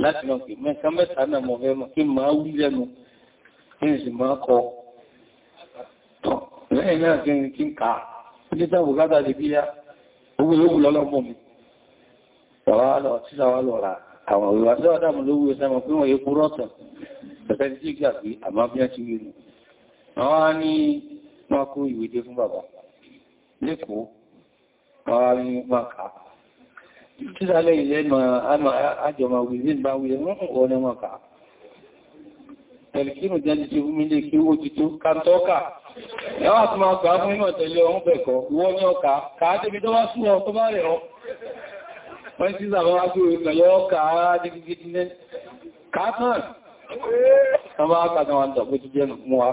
láti lọ kì mẹ́ta mẹ́ta náà mọ̀ fẹ́ mọ̀ kí máa wí lẹ́nu kí n sì máa kọ lẹ́yìn náà kí n kí n kà á ní tábù gádà lè bíyá owó yóò lọ́lọ́mọ̀ mi àwọn ìwàsọ́ àdámù ló wúwo sẹ́mọ̀ pé wọ́n yé kúrò ọ̀tọ̀ pẹ̀sẹ̀ tí kí àfi àmábíyá ti rí nù àwọn á ní wọ́n kó ìwé dé fún bàbá lẹ́kọ̀ọ́ àwọn á títàlẹ̀ ilẹ̀ àjọmà wìlì bá wìlì mún ọ̀nà mọ̀ká tẹ̀lẹ̀kínù jẹ́ ti fún ilé kí ó ti tó kàntọ́kà ẹwà tó máa gbà fún ìmọ̀ tẹ̀lẹ̀ ọ̀hún pẹ̀kọ́ wọ́n ní ọkà káàtẹ́bí tó wá sún ọ tó bá rẹ̀ ọ wọ́n tí sàbá wá gbé ìrìnà yọ́ kàá dìgbìgìdì ní kàátàn ọmọ akàtà wọn tàbí ti jẹ́ mú wa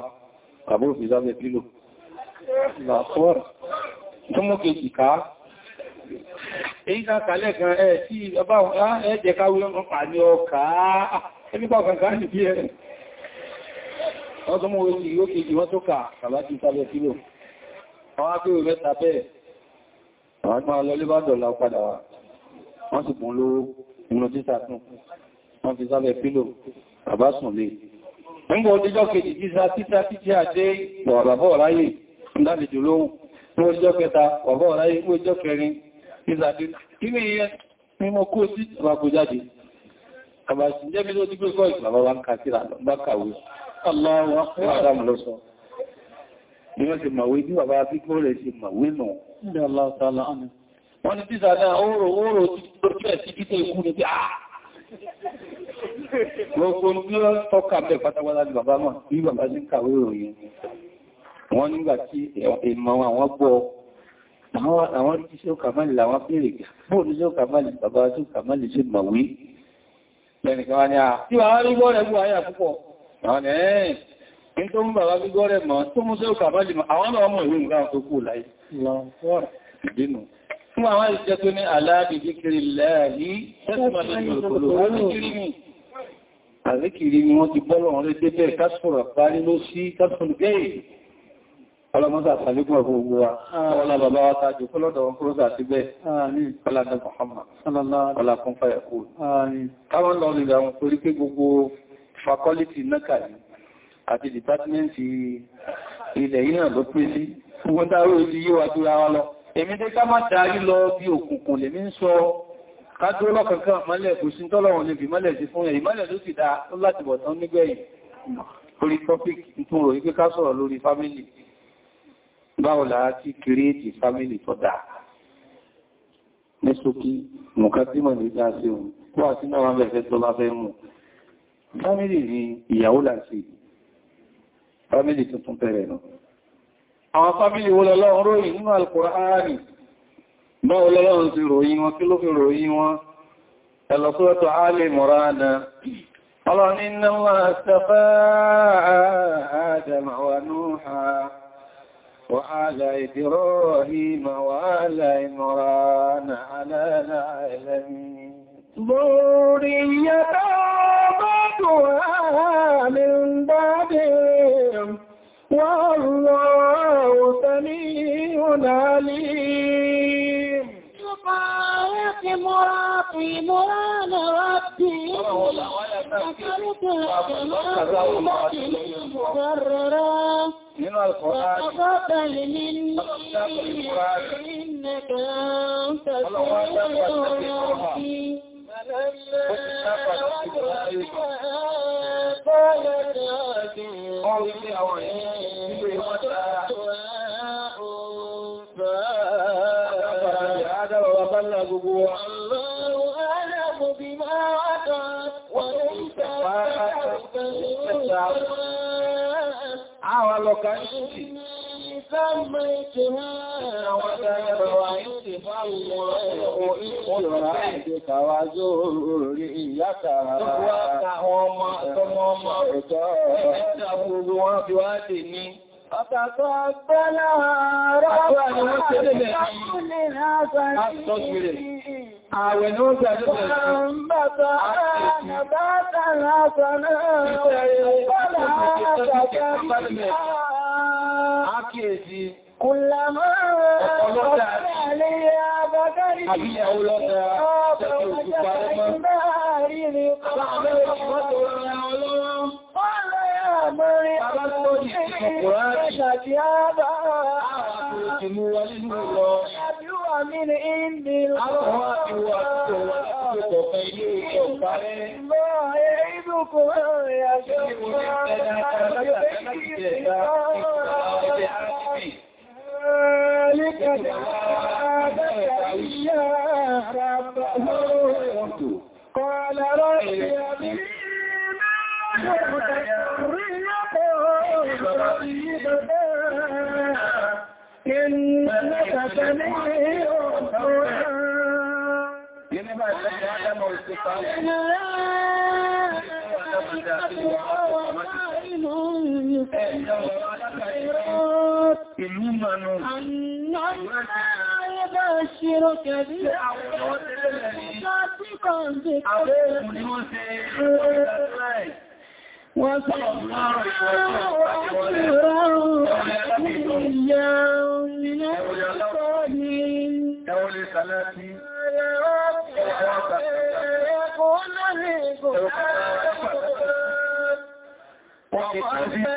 àbúrò fi sáfẹ́ pílò èyí ká kàlẹ̀ kan ẹ̀ tí ọba ẹ̀jẹ̀ káwé ọmọpàá ní ọkà ẹgbẹ́gbà kankan ní bí ẹ̀ wọ́n tó mọ́ orí yóò kejì wọ́n tó kà bàbá ti sábẹ̀ sílò àwọn akéwò mẹ́ta bẹ́ẹ̀ àwọn tó lọ lé bá dọ̀lá padà wá wọ́n sì kún lówó inú títà tún wọ́n fi sábẹ̀ sílò bàbá sùn lé nígbà ọdíjọ́ kejì títà títà títí àjẹ́ bàbá ọ̀ráyè ńlálejò lóhun ní ọjọ́ kẹta bàbá ọ̀ráyè ní ọjọ́ kẹrin ìzàdé kí ní iye ní mo kó sí ìwàkó jáde àbàṣì jẹ́ bí tó ti gbé kọ́ ìgbàmọ́ wa ń ka sí àbákàwé aláwọ̀ àdámù lọ sọ bí wọ́n ti màwé bí bàbá fi kó rẹ̀ ṣe màwé nù wọ́n ni tíṣà náà oòrò oòrò tí ó rẹ̀ sí títẹ̀ ikú ni pé àà ah! gbogbo ní ó tọ́ka bẹ̀ pátápátá ní wọ́n nígbà tí ìmọ̀ àwọn gbọ́ àwọn rí ṣe ó kàmàlì làwọn bèèrè bóòdú ṣe ó kàmàlì bàbá tó kàmàlì ṣe mọ̀ wí lẹ́nìkan wá ní à ah, tí wà á rí gọ́ọ̀rẹ̀ mú àyà púpọ̀ àwọn ẹ̀ẹ́ ní tó mú bàbá bí gọ́ọ̀rẹ̀ mọ̀ tó mú ṣe ó kàmàlì mọ̀ àwọn náà mọ̀ ìwé nǹkan tó kú láyé fún àwọn ìṣẹ́ tó ní aláàbìdíkiri ọlọ́mọ́sà àtàlẹ́gùn ọ̀fún ogun wa ọlá bàbá wa tàjú kọlọ́dọ̀ wọn kúrò sà síbẹ̀ ọlọ́dọ̀ Muhammad ọlọ́kún fàyàkú káwọn lọ nílẹ̀ àwọn torí pé gbogbo fakọ́lítì nákàlì àti dìpátímẹ́ntì ilẹ̀ yìí náà ló pé sí gbogbo táwọn ojú yíwa tó ra wa lọ èmi dé ká má darí lọ bí òkùnkùn lèmi ń sọ kájú ọlọ́kankan mọ́lẹ̀ kò sí tọ́lọ̀wọ̀n lè fi mọ́lẹ̀ sí fún ẹ̀ ìmọ́lẹ̀ ló sì dá láti báwo la ti kìrìtì fámílì tó dáa ní ṣókí mọ̀kásímọ̀ ní dáa sí ohun wà sí náà wọ́n bẹ̀fẹ́ tó bá fẹ́ mú fámílì ní ìyàwó láti fámílì tuntun pẹ̀rẹ̀ nù àwọn fámílì wo lọ́lọ́run ròyìn nínú Al-Kùránì wọn kí ló fi ròyìn وعلى إبراهيم وعلى إمران على العالمين ذرية بعدها من بعدهم والله سميع عليم يبارك مراتي مران ربي ذكرت المراتي مكررا nínú Al-Qur'an Ọlọ́run ní àwọn ìlú ìwọ́ta máa lọ ká ní Àtàtọ̀ agbẹ́lá àárọ̀ àwọn akúlè àtàrí. Ààrẹ ni ó gbà ní ọ̀rẹ́ Àkíyèsí Kùlàmọ́ ọ̀pọ̀lọ́dà ní àbágárí àbíyàwó lọ́dà tẹ́kì òkú parẹ́mọ́. Àbáwẹ́ ìwọ́tò ọ̀rẹ́ ọlọ́wọ́. Ọ̀rẹ́ àmọ́rin ọ̀rẹ́ ìṣẹ́kùnrin ṣàdíábà. Àwọn àkùnrin ti mú wọlé nínú lọ. من عند الله ما يعيدكم يا شباب ذلك دعاك يا ربه قال ربي بما يريد طيبا إنك سميع الدعاء Ìlú mọ̀nà. Àná يبشرك بالعوض صادقا بقلبك wọ́n sọ̀rọ̀ Wọ́n ti tàbí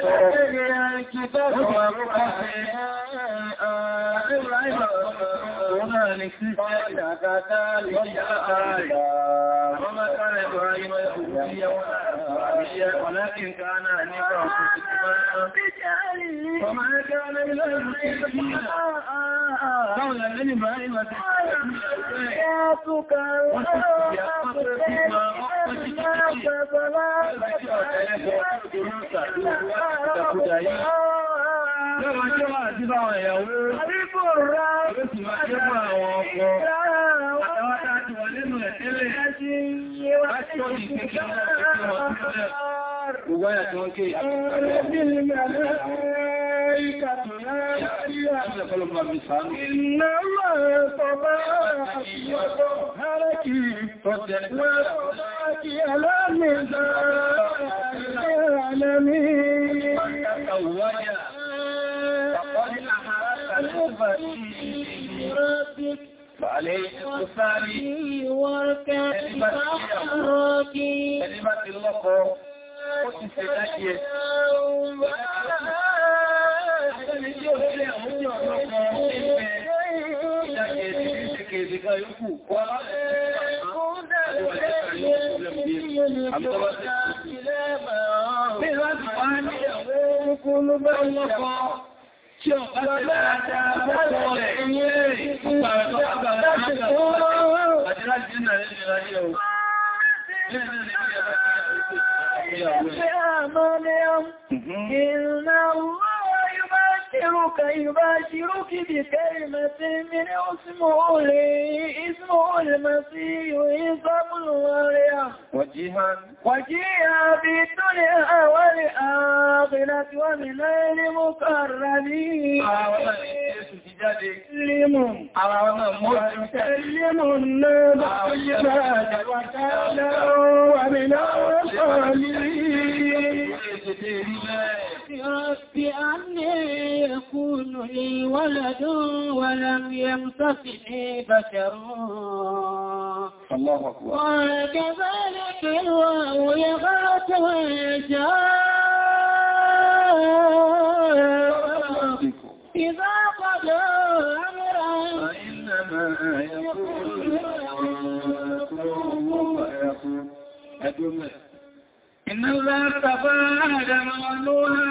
sọ, wọ́n ti tàbí sọ, هنالك قال كذلك وما كان إبراهيم يهوديا ولكن كان حنيفا وما كان من المشركين قولا من إبراهيم حياتك الله Yóò máa ṣe máa sí bá àwọn ìyàwó. Àríkò rá. Yóò sì máa ṣe fún àwọn ọkọ̀. Àtàwọn tàbí wọ́n nínú ẹ̀ tẹ́lẹ̀. Láti yẹ wá sí ìpínlẹ̀ Ìgbáyà tí wọ́n ké Ìlọ́wọ́ مشيئه فعليه اتصالي ẹnibá ti yàwó ẹnibá ti lọ́kọ ó ti ṣe láti ẹ̀ ẹni tí ó ṣe àwọn ìjọ ọ̀pọ̀ ẹgbẹ́ ìdájẹ́ ti rí ṣe kèèdè kan yóò kù wọ́n láti ṣe àwọn ìjọ ọ̀pọ̀ tí ọ̀pá tẹ́lá يذكرك يباشرك بكلمة من اسمه اسمه المسيح عيسى ابن وجيها وجيها في الدنيا والآخرة ومن المقربين لمن وسلم النبى وكان ومن الصالحين رب أني يكون لي ولد ولم يمسكني بشر الله أكبر وكذلك الله يغرت ويشاء إذا قضى أمرا فإنما يقول فيقول فيقول أجمل Iná láta bá Adam lóhá.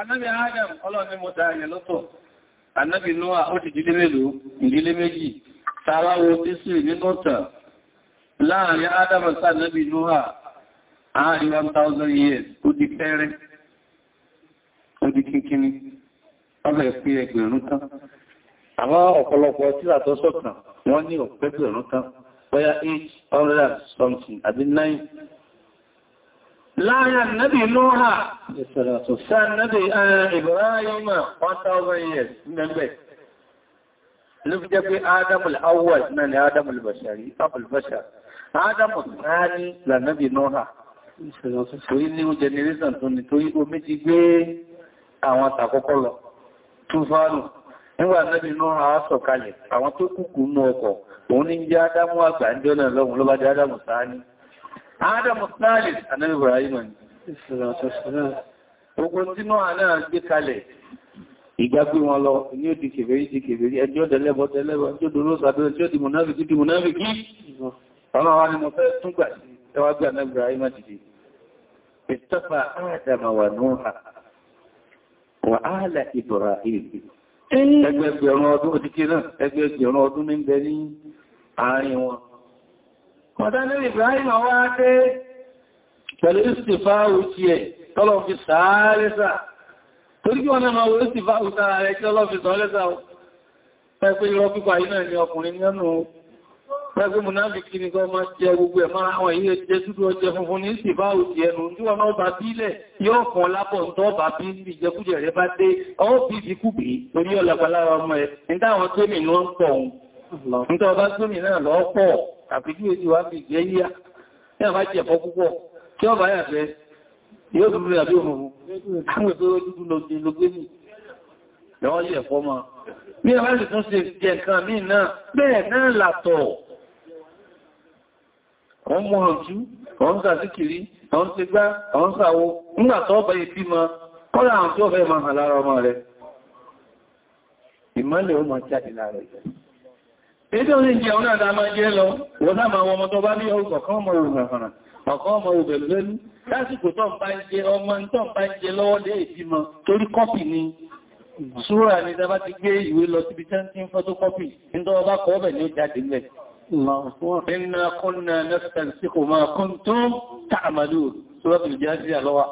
Anábi Adam, ọlọ́ni mo ta àyẹ̀ lọ́tọ̀. Anábi Noah, ó ti dílé mélòó, ìdílé méjì. Tàwà wo tí sí nínúta láàrin Adam àti Anábi Noah, àárín 1,000 years, ó di pẹ́rẹ́, ó di kíkíní, ọbẹ̀ pé ẹgbẹ̀rún tán. Àwọn ọ̀pọ̀lọpọ̀ tí àtọ́sọ̀kan wọ́n ní ọ̀pẹ́gbẹ̀rún tán, bóyá 800 láàrin annabi lóhà sáà annabi ibrahim 1000 years mẹ́gbẹ̀ ló fi jẹ́ pé adamul awwal náà ni adamul bashari abul bashar adamul sáàni lànàbì lóhà torí new generation tó ní torí omi ti gbé àwọn tàkọ́kọ́ lọ túnfánù nígbà annabi lóhà sọ̀kalẹ̀ àwọn tó kúkú mú ọkọ̀ òun ní jẹ́ adamu àgbà ń jọ́nà lọ́wọ́ ló jẹ́ adamu sáàni Adam Stalin, Anábì Ibrahim ni. Ogun tí náà náà gbé kalẹ̀, ìgbàgbé wọn lọ ní ó di kèfèrí di kèfèrí, ẹjọ́ dẹ̀lẹ́bọ̀ dẹ̀lẹ́bọ̀, ẹjọ́ dòró sàbẹ̀rẹ̀ tí ó di mùnáfikí di mùnáfikí. Ọlọ́run wa ni mo fẹ́ tún gbà sí ẹwà gbé Anábì Ibrahim dìde. Ìtọ́fà Ádámà wà Núhà, wà áàlà Ibrahim. Ẹgbẹ̀gbẹ̀rún ọdún, ó ti kí náà, ẹgbẹ̀gbẹ̀rún ọdún ní ń bẹ ní àárín wọn. Mọ̀dánilì Ibrahim wá dé pẹ̀lú ìsìfáàrù ti ẹ̀ tọ́lọ̀ fi sàárẹ́sà. Torí kí wọ́n náà máa wo ìsìfáàrù sára rẹ̀ kí ọlọ́ fi sàárẹ́sà ó. Pẹ́pẹ́ irọ́ pípa iná ni ọkùnrin nínú pẹ́pẹ́ múnáfikí ni kọ́ máa jẹ gbogbo ẹ̀ máa àwọn ilé jẹ́ dúdú ọjẹ́ funfun ní ìsìfáàrù ti ẹnu tí wọ́n náà bá bílẹ̀ yóò kan lápọ̀ ń tọ́ bá bí bí ìjẹkújẹ rẹ̀ bá dé ọ́ bí bí kúbì torí ọlọ́pàá lára ẹ̀ nígbà àwọn tó àpìjú èdè wà fi jẹ́ yíyá ní àbá jẹ́ ẹ̀kọ́ púpọ̀ kí ọba yà fẹ́ yóò fi rẹ̀ àbí òmùmù àwọn ètò ojúdú sàtíkìrí wọ́n ti gbá wọ́n sàwó nígbà tó ọba ma kọ́lá àwọn tí ó fẹ́ hàn lára ọmọ rẹ̀ ìmọ́lẹ̀ ó jáde lára rẹ̀ Èdè orí jẹ́ ọ̀nà àdámá jẹ́ lọ, wọ́n sáà máa ọmọ tó bá ní ọkọ̀ ọmọ òfàfàrà, ọkọ̀ ọmọ òbẹ̀lú lẹ́nu, lásìkò tó ń bá ń ni. Súra ni tàbá ti gbé ìwé lọ síbi tẹ́ ń fọ́tókọ́pì, ní tọ́wọ́ bá kọ́ ọbẹ̀ ni ó jáde lẹ̀. Inna kunna nastansikhu ma kuntum ta'malun, Suratul Jathiyah ló wà.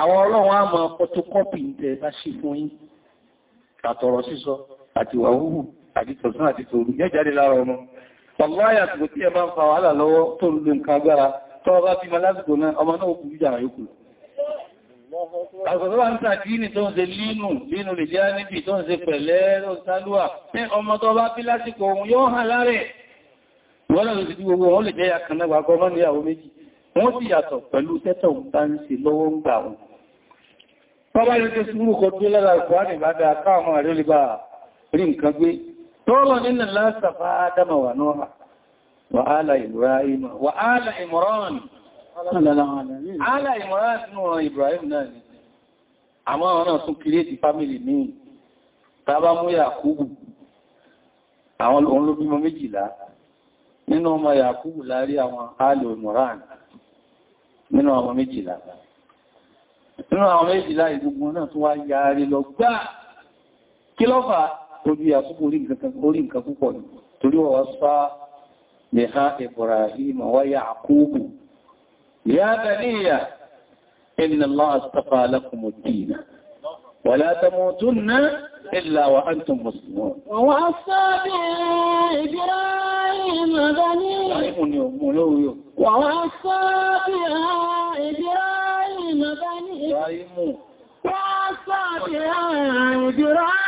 Àwọn ọlọ́run á mọ fọ́tókọ́pì ń tẹ bá ṣe fún yín, àtọ̀rọ̀ sísọ àti wà húhù àti tọ̀sán àti tòrú yẹ́ jáde lára ọmọ ọlọ́yà àsìkò tí ẹ bá ń fa wàhálà lọ́wọ́ tó lù nǹkan agbára tó bá bí ma lásìkò náà ọmọ náà kù jíjà rẹ̀ yókù Àgbàgbà ń tàdínì tó ń ṣe línú línú lè jẹ́ níbi tó ń ṣe pẹ̀lẹ́ ló ń sálúwà ní ọmọ tó bá bí lásìkò òun yóò hàn lárẹ̀. Wọ́n náà ló ti bí gbogbo wọn lè jẹ́ àkànnàgbà gọmọ́ tọ́lọ̀ nínú lásàfà Adama wà Nuha wà ala Ibrahim wà ala Imran ala Imran nínú Ibrahim náà ni àmọ́ àwọn náà tún kìrìtì fámílì ní tàbá mú Yakubu àwọn òun ló bímọ méjìlá nínú ọmọ Yakubu láàrí àwọn alò Imran nínú ọmọ méjìlá nínú àwọn méjìlá ìgbogbo náà tún wá yàrí lọ gbá kí lọ́fàá ojú àsúkò orí nǹkan púpọ̀ ní torí wọ́n sá lè ha Ibrahim wa Yaqubu ya baniya inna Allah astafa lakum ad-din wa la tamutunna illa wa antum muslimun wa sá lè Ibrahim baniya wa sá lè Ibrahim baniya wa sá lè Ibrahim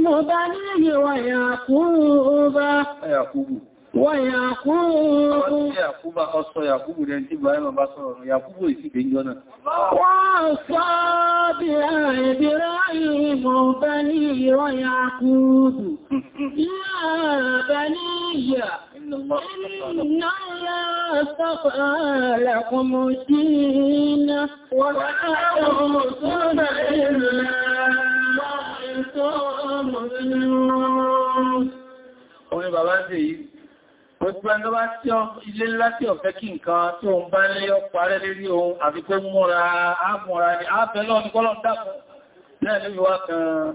مبنيه ويعقوب يعقوب ويعقوب يعقوب أصى يعقوب لأنت إبراهيم بصر يعقوب يسيبين جنة وأصى بها إبراهيم بني ويعقوب يا بني إن الله اصطفى لكم الدين ولا تموتن إلا Orin bàbá ṣe yìí, gbogbo ẹni bá tí ọ ilé láti ọ̀fẹ́ kí nǹkan tí òun bá lé ọ parẹ́ lérí ohun àti kó múra ámúra ni ábẹ́lọ́ ní kọ́lọ̀ dákùn náà ní wá kan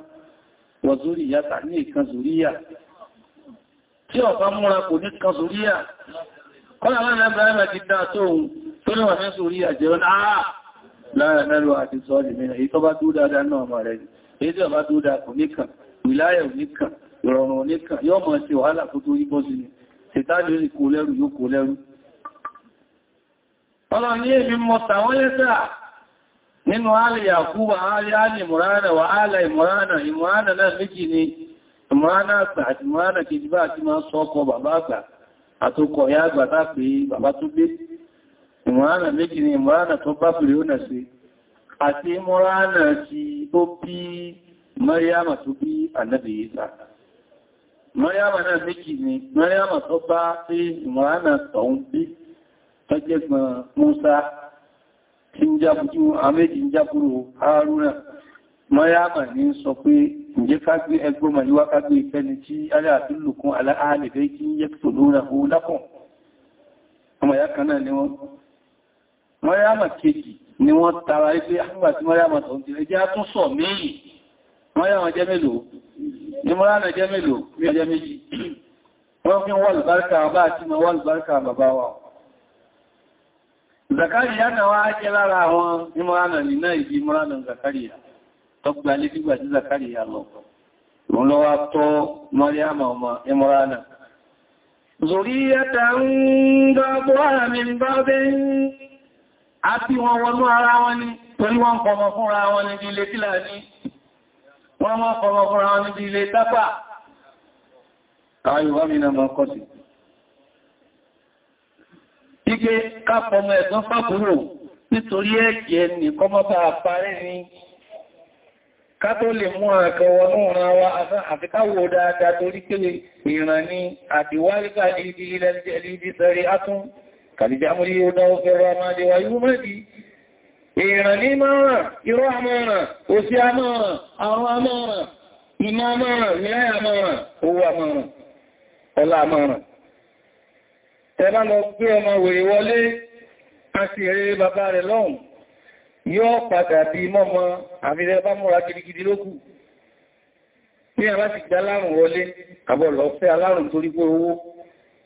wọ̀zúrí yàtà ní ìkan zúríyà. Tí ọ̀fá múra kò ní kan zúríyà, kọ́lá láàrín ẹgbẹ̀rẹ̀ èdè ọba tó dáa kò ní kàn ìláyà ò ní kàn ìrọ̀rùn ní kàn yọ́ mọ̀ sí wàhálà kó tó yíbọ́ sí ni ṣètàdì orí kò lẹ́rù yóò kò lẹ́rù ọlọ́run ní èmi mọ̀ tàwọn lẹ́sà nínú ààlè Yakuba ààlè ààlè ìmọ̀ránà ni ìmọ̀ránà àgbà àti ìmọ̀ránà kejì bá àti máa sọ ọkọ̀ bàbá àgbà àtòkọ̀ ya àgbà tá pé bàbá tó gbé ìmọ̀ránà méjì ni ìmọ̀ránà tó bá pèrè ó nà sí àti múránà ti ó bí Maryama tó bí Ànábì Ìsá Maryama náà méjì ni Maryama tó bá sí ìmúránà tọ̀ún bí tọ́jẹ́gbọ̀n Músá tí ń jábújú àméjì ń jábúrò Hárúnà Maryama ní sọ pé ǹjẹ́ ká gbé ẹgbọ́ màlúwá ká gbé ìfẹ́ni tí aláàdúnlùkún aláàlẹ̀fẹ́ kan náà ni wọ́n Maryama kejì ni wọ́n tara ipé àgbà ah, tí mọ́ríàmà tó ń ti ẹjẹ́ tún sọ méjì mọ́ríàmà jẹ́ mélòó ni mọ́ríàmà jẹ́ mélòó ní ọjẹ́ méjì wọ́n fi wọ́n lùbáríkà bá àti mọ́ wọ́n lùbáríkà bàbá wa zakariya náà wá jẹ́ lára àwọn ní mọ́ríàmà ní náà ìdí mọ́ríàmà zakariya tó gba lé fígbà tí zakariya lọ àti wọn wọnú ara wọn ní torí wọ́n kọmọ fúnra wọn níbi ilé Fílàní wọ́n wọ́n kọmọ fúnra wọn níbi ilé tápà ààyùwá mi na mọ̀ kọ́sì ike kápọmọ ẹ̀gbọ́n fàbúrò nítorí ẹ̀jẹ̀ nìkan mọ́ bá parẹ́ ni ká tó lè mú àkà wọnú ọ̀ràn wa àfikáwò dáadáa torí pé ìràn ni àtiwáríkà ìdí ilẹ̀ ìdí sẹ́rí átún kàdìjámúrí ọlọ́wọ́ fẹ́rọ àmàdé wa yíò mẹ́dì èèràn ní márùn-ún irọ́ àmọ́ràn òsì àmọ́ràn àwọn àmọ́ràn ìmọ̀ àmọ́ràn ìrẹ́ àmọ́ràn owó àmọ́ràn ọlá àmọ́ràn tẹ́bá lọ gbé ọmọ wèrè wọlé a sì rere bàbá rẹ̀ lọ́hùn yóò padà bí mọ́mọ́ àfihàn bá múra gidigidi lókù ní àbá ti gbá wọlé àbọ̀lọ́fẹ́ alárùn torí owó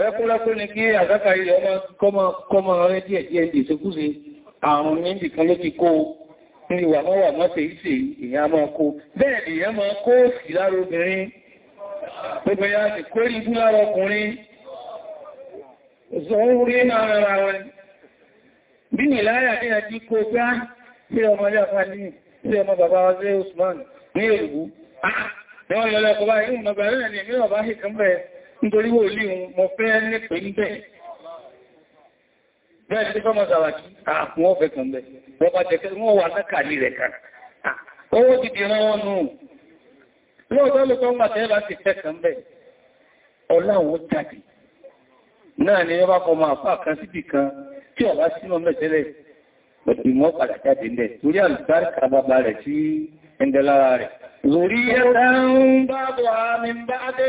rẹ́kúnrẹ́kú ni kí àzákà ilẹ̀ ọmọ kọmọ rẹ̀ díẹ̀ díẹ̀ ní ìṣekúṣe àrùn ní ìdìkan ló ti kó ní ìwà mọ́wà mọ́tẹ̀ ìṣe ìyá máa kó bẹ́ẹ̀ ìyá máa kó sí lára obìnrin obìnrin àti kórí ibú lára ọkùnrin zọ́nrí náà rárá rẹ̀ bí ní láyà ní àti kó pé á ah, sí ọmọ ilé àfáà ní sí ọmọ bàbá wa sí Usman ní èrùgbú ah, nítorí wò lè mọ̀ fẹ́ nípe níbẹ̀ bẹ́ẹ̀ tí fọ́mọ̀ sàwàkí ààkùn ọ̀fẹ́ kan bẹ̀ wọ́n bá jẹ́ wọ́n wà lákàlì rẹ̀ kan owó ti dìran wọn nù lóòtọ́ lókọ́ ń gbàtẹ́ láti fẹ́ kan bẹ̀ ọláwọ́ jáde náà ni wọ́n bá kọ máa fà kan síbì kan tí ọ̀bá sínú mẹ́tẹ́lẹ̀ ìmọ̀ padà jáde ńlẹ̀ torí àlùbáríkà bàbá rẹ̀ sí ẹndẹ́lára rẹ̀ lórí ẹ̀ta ń bá bọ̀ àmì bá dé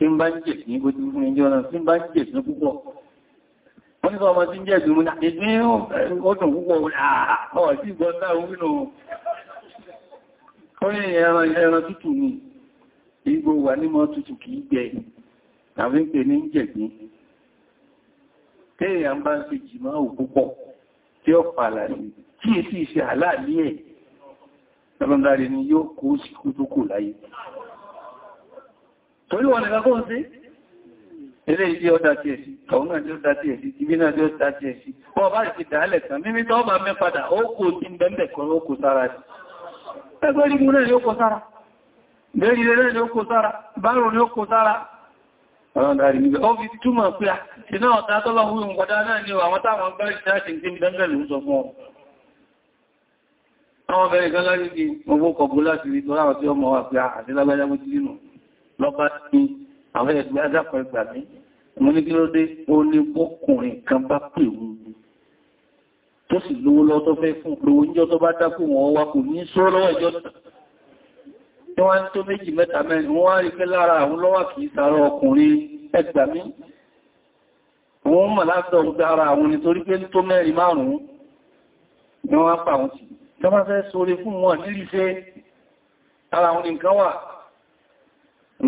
tí wọ́n ní sọ ọmọ tí ń jẹ́ ìdúnmú náà ní ọdún púpọ̀ àwọn sí ìgbọ́n táwọn nínú orí ẹran ẹran tútù ní igbó wà ní mọ́ tútù kìí gbẹ tàbí ń pè ní jẹ̀gbín téèyàn bá ń fi jìmọ́ ò púpọ̀ tí ó pààlà sí tí torí wọn nìkan kó ń sí ilé ìdí ọdá tí èsì ọ̀hún náà tí ó dá tí èsì ibi náà tí ó dá tí èsì wọ́n bá ti dálẹ̀ tán mímí tó bá mẹ́ padà ó kò tí ń bẹ́ẹ̀ kan ó kò sára sí ẹgbẹ́ rí mú náà ni ó kò sára bẹ́ẹ̀rí rẹ̀ ni ó kò sára bárò ni ó kò sára ọ̀rọ̀ dárí níbẹ̀ ó fi túmọ̀ pé a ti náà ọ̀tá tó lọ wúrùn kọjá náà ni àwọn táwọn bá rí sáàtì ní bẹ́ẹ̀ ló sọ fún ọ àwọn bẹ̀rẹ̀ gan lárí bí owó kọ̀gbó láti rí tó láwọn tí ọmọ wà pé àti lágbàjá lọ́bá ní àwọn ẹgbẹ́ adápọ̀ ẹgbà mí mo ní kí ló dé ó ní bọ́kùnrin kan bá pè wúrú tó sì lówó lọ tó fẹ́ fún pé oúnjẹ tó bá dákù wọn wá kò ní sọ lọ́wọ́ ìjọ tí wọ́n tó méjì mẹ́ta mẹ́rin wọ́n rí pé lára àwọn lọ́wà kìí sàárọ ọkùnrin ẹgbà mí wọ́n mọ̀ látọ̀ gbá ara àwọn nítorí pé tó mẹ́rin márùn ni wọ́n tí wọ́n fẹ́ sóre fún wọn nílìfẹ́ ara àwọn nǹkan wà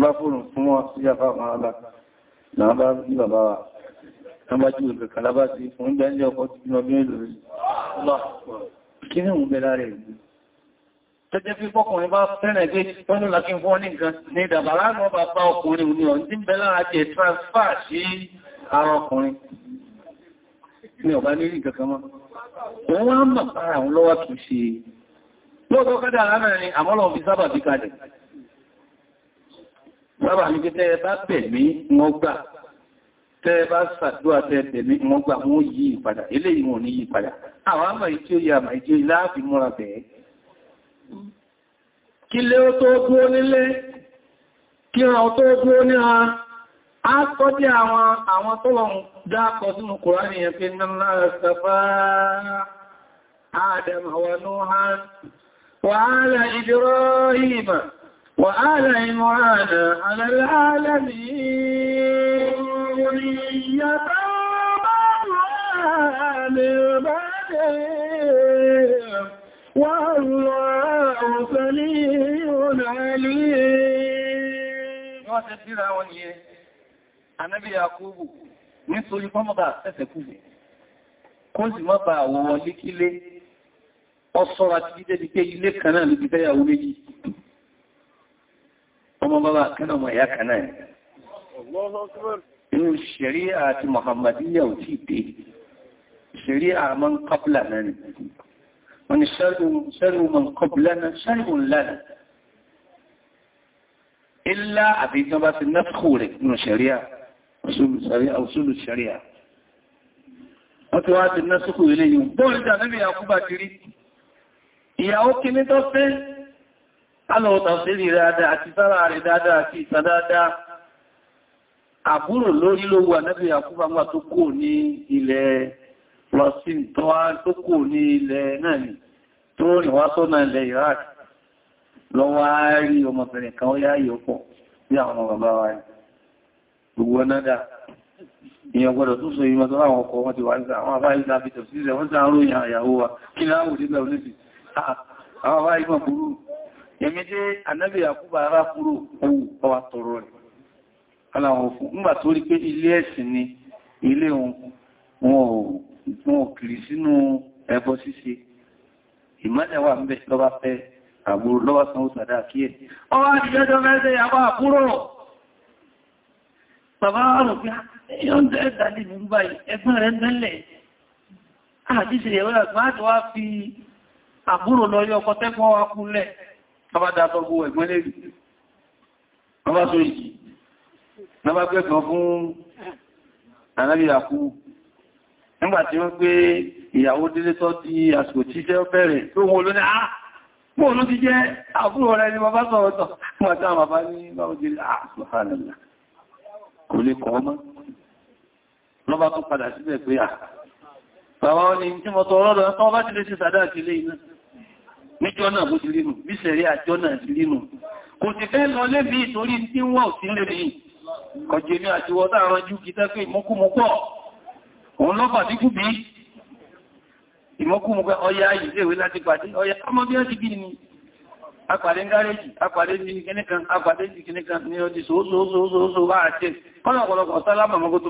bá fòrùn fún wọn sí àfá àwọn àbá náà bá ní bàbá wa náà bá jù ìgbẹ̀ kalabá sí fún ìgbẹ̀ ọkọ̀ ti bímọ bí ìlú rí kí ní òun bẹ̀rẹ̀ rẹ̀ ìlú tẹ́jẹ́ fi fọ́kùnrin bá fẹ́rẹ̀ gbé pẹ́lú lákí fún ní nǹkan ní ìdàbàrá náà bá bàbá ní pé tẹ́ bá bẹ̀mí wọ́n gbà tẹ́ bá sàdúwà tẹ́ bẹ̀mí wọ́n gbà wọ́n yí ìpadà ilé ìwọ̀n ní yí ìpadà àwọn àmà ìtí ó yà àmà ìtí ó láàfi múra bẹ̀ẹ́ kí lé ó tó dúó nílé kí wọn tó dúó ní ha a tọ́ dí àwọn tó lọ dákọ Ibrahim وآل عمران على العالمين يا والله سميع عليم wọ́n tẹ́ síra wọn ni ẹ anábí àkóbù nítorí fọ́mọ́bà ẹsẹ̀kúgbẹ̀ kó sì mọ́ bá àwọ̀ wọlé kílé ọ̀sọ́ra ti dídé dídé ilé kan náà lóbi fẹ́yàwó méjì أبو بابا كانوا ما يكنا الله أكبر إن الشريعة المحمديه وتيتي الشريعة من قبلنا من شر شر من قبلنا شر لنا إلا أبي جبا سنتخوري من الشريعة أصول الشريعة أصول الشريعة أتوات الناس خوري لهم بولد النبي أبو بكر يا أوكي نتوفي kálọ̀ tàfsílì dáadáa àti sára rẹ̀ dáadáa àti ìsà dáadáa àbúrò lórí ló wà nẹ́bí àkúbàmà tó kò ní ilẹ̀ lọ́sìn tó kò ní ilẹ̀ náà ni tó rìn wá sọ́nà ilẹ̀ Iraq lọ́wọ́ rí ọmọbìnrin kan ó yáyé ọ̀pọ̀ bí àwọn ọmọ bàbá wa gbogbo ọ̀nádà èèyàn gbọ́dọ̀ tó so ìmọ̀ tó láwọn ọkọ̀ wọ́n ti wà nígbà àwọn àbáyé ìgbà fìtọ̀ sí ilẹ̀ wọ́n ti àrùn ìyàwó wa kí láàrùn nígbà oníṣì ah, àwọn àbáyé mọ̀ burú èmi jẹ́ anábì àkúbà ará kúrò owó ọwà tọrọ rẹ̀ aláwọ̀ fún nígbà tó rí pé ilé ẹ̀sìn ni ilé wọn ò kìrì sínú ẹbọ ṣíṣe ìmọ́lẹ̀ wà ń bẹ̀ lọ́wọ́ fẹ́ àgbòrò lọ́wọ́ sanwó sàdá kí ẹ̀ ọwọ́ àjíjẹ́jọ́ mẹ́sẹ̀ yàwó àkúrò bàbá rò pé ẹ̀yọ́n dẹ́ẹ̀dà lè mú báyìí ẹgbẹ́ rẹ̀ mẹ́lẹ̀ àjíṣẹ́ ìwọ́n àgbà Ọba Nígbà tí wọ́n pé ìyàwó délé tọ́ di àsìkò tí iṣẹ́ bẹ̀rẹ̀ tó wọn olóní àá. Ah! Mọ́ olú ti jẹ́ àbúrò rẹ̀ ni bàbá sọ̀rọ̀ tọ̀. Mọ̀ táwọn bàbá ní báwọn jẹ́ àṣùhánàlá. Kò lè kọ́ mọ́. níjọ́ náà bó ti rí bí sẹ̀rí àjọ́ náà ti rí kò ti fẹ́ lọ lẹ́bí ìtorí tí wọ́n sí lèrè yìí kọjẹ́ ní àti wọ́n dáa kìtẹ́ pé ìmọ́kúmọ́pọ̀ òun lọ́pàá kú bí ìmọ́kúmọ́pẹ́ ọya ìléèwé láti ọya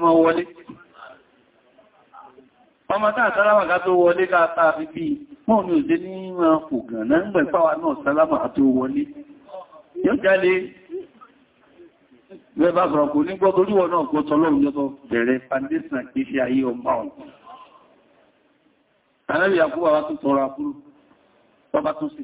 ọmọ ọmọ táà sálámà ká tó wọlé káàtà fi bí mọ́ ní òjé ní ìwọ̀n kò gàn náà ń gbẹ̀ pàwà náà sálámà tó wọlé yóò jálé bẹ́bá sọ̀rọ̀ kò ní gbọ́gbọ́ oríwọ̀ náà kò tọ́lọ́run yọ́tọ́ bẹ̀rẹ̀ foundation kì í ṣe ayé ọmọ ọ̀hún alábi àkúwà wá tún tọrọ àkúrú bọ́bá tún sí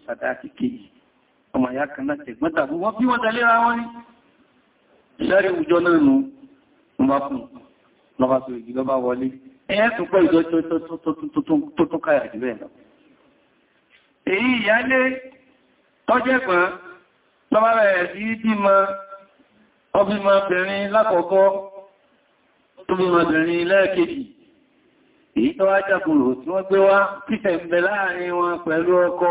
ẹ̀yẹ́ tún pẹ́ ìjọ tó tún káyà jù bẹ́ẹ̀ lọ. èyí ìyálé tọ́jẹ́ pọ̀n lọ́bára ẹ̀ sí bímọ ọbímọ bẹ̀rin lákọ̀ọ́kọ́ tó bímọ bẹ̀rin lẹ́ẹ̀kejì èyí tó wá jàkùrò tí wọ́n gbé wá pítẹ̀ ń bẹ láàrin wọn pẹ̀lú ọkọ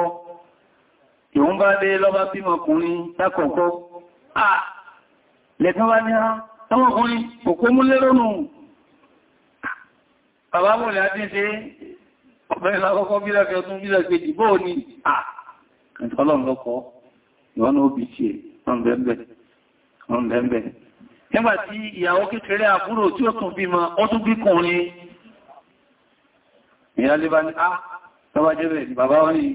ìhun bá dé lọ́bá bímọkùnrin lákọ̀ọ́kọ́ lẹ́gbọ́n wá ní àwọn ah, ọkùnrin òkú mú lérónù bàbá mò ní àti ṣe ọ̀bẹ̀rin lákọ́kọ́ bílá fi ọdún bílá gbèjì bóò ní à ìtọ́lọ́n lọ́kọ́ ìwọ́n ó bí ṣe ọ̀nbẹ̀ẹ̀bẹ̀ nígbàtí ìyàwó kékeré àbúrò tí ó tún bímọ ó tún bí kùnrin ìyálé bá ní á ah, tọ́bá jẹ́ bẹ̀rẹ̀ bàbá wọ́n ní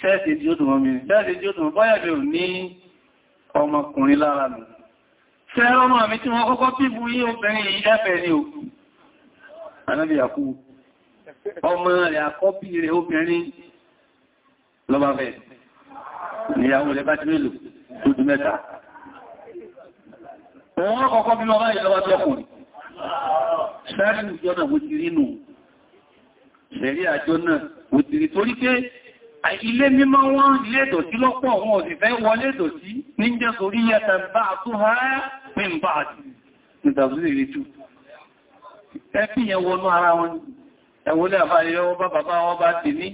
ṣẹ́ẹ̀sì tí ó tún mọ́ mi ṣẹ́ẹ̀sì tí ó tún mọ́ báyàbẹ̀ ò ní ọmọkùnrin lára nù ṣẹ́ẹ̀rọ anábì àkú ọmọ rẹ̀ àkọ́bí rẹ̀ obìnrin lọ́bá fẹ́ ìyàwó rẹ̀ bá ti mélòó tó di mẹ́ta òun kọ́kọ́ bí lọ́bá ìlọ́wà tọkùnrin sẹ́rí ìjọ náà mo ti rí nù sẹ́rí àjọ náà mo ti rí torí pé ilé mímọ́ wọn ilé ìdọ̀tí lọ́pọ̀ wọn ò fẹ́ wọlé ìdọ̀tí ní jẹ́ sórí yẹta tó ha pín bá àti ìtàbí ìrìtù ẹbí yẹn wọnú ara wọn ẹ̀wọ́n lè àbáyé ọwọ́ bá bàbá wọn bá ti ní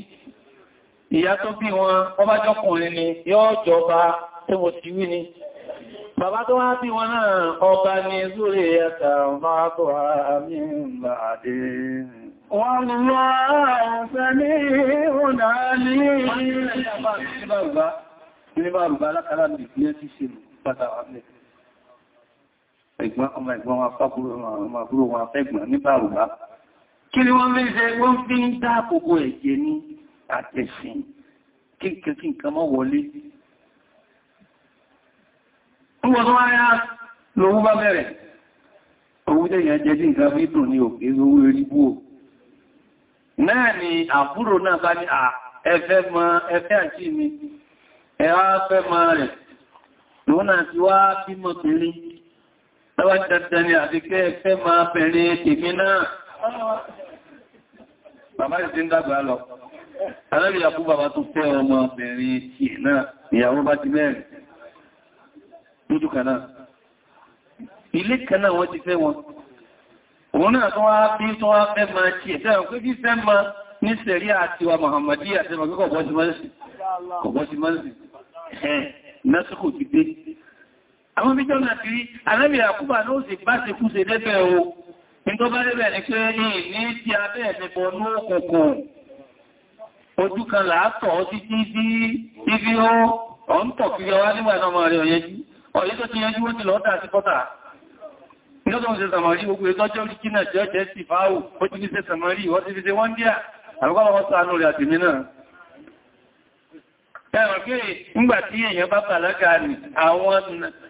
ìyá tó bí wọn wọ́n bá jọkùnrin ni yóò jọba tí mo ti wí ni bàbá tó wá bí wọn náà ọba ni zúrí ẹ̀ta máa tó àmì ìgbà àdé wọ́n ẹ̀gbọ́n ọmọ ẹ̀gbọ́n wọn fákúrò ọmọ àbúrò wọn afẹ́gbọ́n ní bàrùbá kí ni wọ́n mẹ́sẹ̀ wọ́n fi ń dá àkókò ẹ̀jẹ̀ ní àtẹ̀sìn kí nǹkan mọ́ wọlé Ọgbọ̀n tó wáyá lòun bá bẹ̀rẹ̀. Òun jẹ́ ìyàn jẹ́ sí nǹkan bí dùn ní òkè owó erígbó. Náà ni àbúrò náà bá ní ẹfẹ́ mọ ẹfẹ́ àti mi, ẹwà fẹ́ mọ rẹ̀. Lòun náà ti wá bímọ pèlé Tọ́wà dandan ni àti kẹ́ ẹ̀fẹ́ máa bẹ̀rẹ̀ tèmi náà. Bàbá ìsìn dàgbà lọ. Alẹ́bìyà fún bàbá tó fẹ́ ọmọ bẹ̀rẹ̀ tì náà, ìyàwó bá ti mẹ́rin. Lójú kanáà. Ilé kanáà wọ́n ti fẹ́ wọn. Òun náà tó wá bí tó wá fẹ́ máa tì ẹ̀ fẹ́ ọ̀pẹ́ bí fẹ́ máa àwọn bí jọ́nà tí ànábì àkúbà ló sì bá ti kú sí lẹ́fẹ́ o ní tó bá lẹ́bẹ̀ ní pé ní ní tí a bẹ́ẹ̀ ti bọ̀ ní òkùnkùn ojú kan láàtọ̀ títí sí ibi ó ọ̀ntọ̀ kiri ọwá nígbà náà rẹ̀ ọ̀yẹ́jú ọ̀yẹ́ tó ti yẹjú ó ti lọ́ta sí kọ́ta ìlọ́dọ̀ ṣe sàmàrí gbogbo ìtọ́jọ́ orí kínà jẹ́ jẹ́ sí fáwò ó ti fi ṣe sàmàrí wọ́n ti fi ṣe wọ́n díà àrùkọ́ lọ́wọ́ sánú rẹ̀ àtìmí náà ẹ̀rọ̀ pé nígbàtí èèyàn bá bàlágà ní àwọn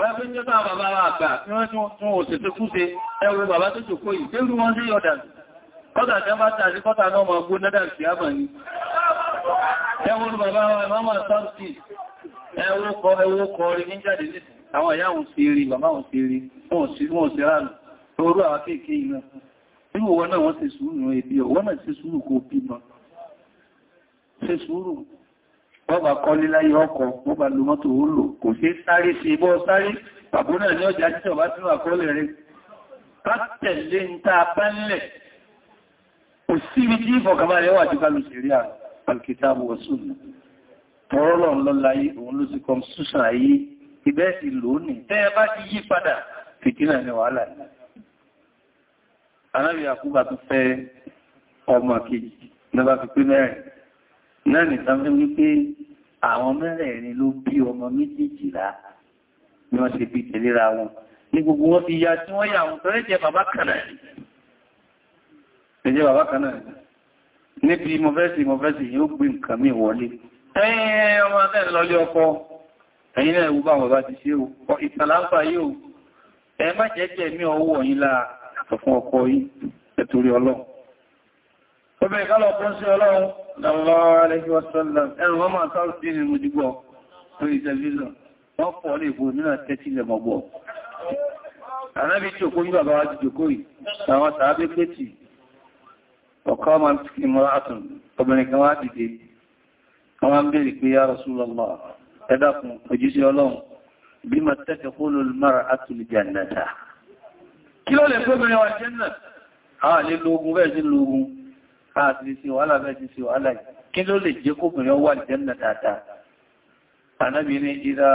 Bọ́yá pé jẹ́ bá bàbá àgbà tí wọ́n tún òṣèṣe kúse ẹwọ bàbá tó jòkó yìí, tẹ́rù wọ́n sí ọ̀dà. Kọ́tà jẹ́ bá tàbí kọ́tà náà mọ̀ gbó nádà sí àmà ní. Ẹwọ bàbá wa mọ́mà sọ́ọ̀tì, ẹwọ kọ ẹwọ kọ rí ní jáde ní àwọn ìyá òun sí rí, bàbá òun sí rí, wọ́n sí wọ́n sí ránù, orú àwọn kéèké iná. Nínú wọn náà wọ́n ṣe sùúrù ebi, wọ́n náà ṣe sùúrù kò bímọ. Ṣe ọba kọlé láyé ọkọ̀ ọba lo mọ́tò ó lò kò sí sáré sí ibọ́ sáré pàbó náà ní ọjà títọ̀ bá tí wà kọ́lẹ̀ rẹ̀ pátẹ̀lé ń ta pẹ́lẹ̀ kò síbi tí ìfọ̀kàbalẹ̀ wà jùgbà lù sírí àkìtàbù ọ̀sùn tọ́rọ̀lọ̀ lọ́láyé òun ló sì kọm súsàn ayé ibẹ́ ìlú ní tẹ́ bá ti yí padà fìtínà ní wàhálà ní anábì àkúgbà tó fẹ́ ọmọ kejì lọ́bá fi pín náà nìkan fi wípé àwọn mẹ́rẹ̀ẹ̀rin ló bí ọmọ méjìlá ni wọ́n ṣe bí tẹ̀léra wọn ní gbogbo wọn fi ya tí wọ́n yà wọn tọ́rẹ́ jẹ bàbá kanáà ẹjẹ́ bàbá kanáà níbi mọ̀fẹ́sì mọ̀fẹ́sì yóò gbé nǹkan mí wọlé ẹ̀yìn ọmọ náà lọlé ọkọ ẹ̀yìn náà ìwúbà wọn bá ti ṣe o ìtàlápà yóò ẹ Obìnrin kálọ̀ ọ̀pọ̀ sí ọlọ́run, Sallallahu Alaihi Wasallam, ẹ̀rùn wọ́n máa sáà sí ìrìn mojúgbọ́ lórí tẹlifíṣàn, wọ́n pọ̀ lè bò nínú tẹ́tí lẹ́mọ̀gbọ́. Ànábí tí òkú ní bàbá wá ti jòkó yìí, àwọn tàbí pẹ́tì, ọ̀kọ́ máa ti mọ́ra àtùn, obìnrin kan wá dìde, wọ́n máa ń bèèrè pé yá Rasulullah, ẹ dákun, òjíṣẹ́ ọlọ́run, bí ma tẹ́kẹ̀ kó lórí mara àtùlù jannata. Kí ló lè fóbìnrin wa jẹ́ náà? Àwọn àlè lóògùn bẹ́ẹ̀ sí lóògùn káàkiri sí wàhálà bẹ́ẹ̀ ti sí wàhálà kí ló lè jẹ́ kóbìnrin wà jẹ́nà dáadáa anábìnrin ìdá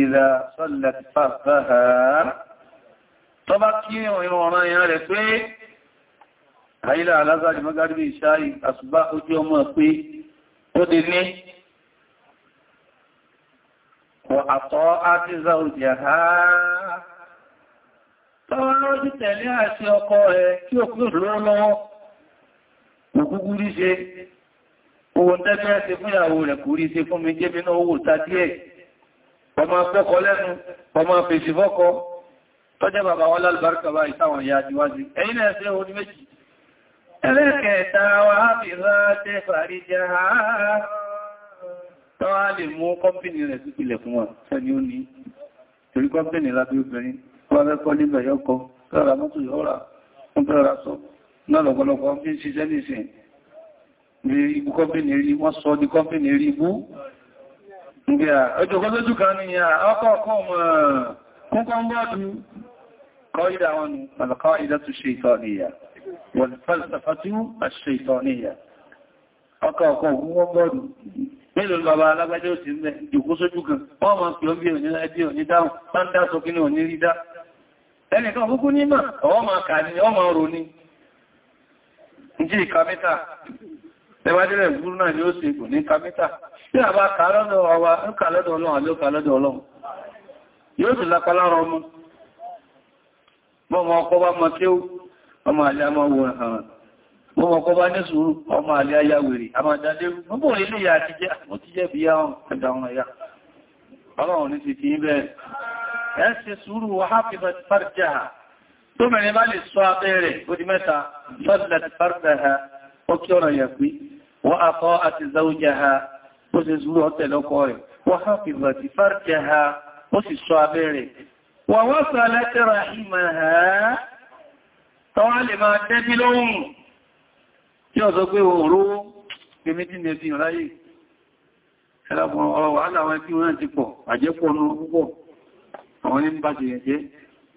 ìdá sọ́lẹ̀ pàpàá tó bá kí ìrìn ọ̀ràn ìyàn rẹ̀ pé àyílà alágbàdì mọ́gàdìbì ìṣáì àṣùgbà ojú ọmọ pé tó dé ní àtọ́ átìzà òjì àhá tọ́wọ́ lọ́jú tẹ̀lé àti ọkọ rẹ̀ kí òkú lọ́wọ́ òkúkú rí ṣe owó tẹ́lẹ̀ ṣe fún ìyàwó rẹ̀ kò rí ṣe fún mi jẹ́ mi náà owó ta díẹ̀ ọmọ afẹ́kọ lẹ́nu ọmọ fèsì fọ́kọ tọ́jẹ́ bàbá wọ́n lálùbáríkà bá ìtàwọn ìyá àjíwájú ẹ̀yìn náà ṣe orí méjì ẹlẹ́kẹta wa bìrá tẹ́ fàríjẹ́ ha tọ́wà lè mú kọ́mpìnì rẹ̀ sípìlẹ̀ fún wa sẹ́ni ó ní torí kọ́mpìnì lábẹ́ obìnrin wọ́n fẹ́ kọ́ nígbà yọ́kọ́ tọ́ra mọ́tò yọ́ra fún tọ́ra sọ́kọ́ náà lọ́pọ̀lọpọ̀ bí ṣiṣẹ́ nìsìn ibú kọ́pìnì rí wọ́n sọ di kọ́pìnì rí ibú ọjọ́ kọ́sọ́jú kan ní ọkọ̀ ọkọ̀ kúnkọ́ ń bọ́ọ̀dù kọ́ ìdá wọn ni alàkọ́ ìdá tó ṣe ìtọ́ níyà wọ́n fẹ́lẹ̀sàfàtí àṣẹ ìtọ́ dá ọkọ̀ ọkọ̀ kúnkọ́ bọ́ọ̀dù mélòó bàbá alágbájẹ́ òsì mẹ́ jòkó sójú kan wọ́n ma pè ọbí òní ẹbí òní dáhùn jí ìkàmítà ẹwàdílẹ̀ ìgbúrú náà ni ó sì kò ní kàmítà tí a bá kà lọ́dọ̀ ọwà ń kà lọ́dọ̀ ọlọ́run lọ́dọ̀ ọlọ́run yóò sì lápá ọmọ bọ́mọ ọkọ bá mọ kí ó ọmọ àlẹ́ ọmọ àwọn tó mẹ́rin bá lè sọ abẹ́ rẹ̀ ó di mẹ́ta sọ́dìlẹ̀ ti fárúdà ha ó kí ọ̀rọ̀ yẹ̀ pé wọ́n akọ́ àti zaújẹ ha ó sì zúrú ọ̀tẹ̀ lọ́kọ́ rẹ̀ wọ́n hàpìbà ti fárúdà ha ó sì sọ abẹ́ rẹ̀ wọ́n wọ́n sọ alẹ́tẹ̀rọ àhìmà ha tọ́wọ́ lè máa dẹ́bí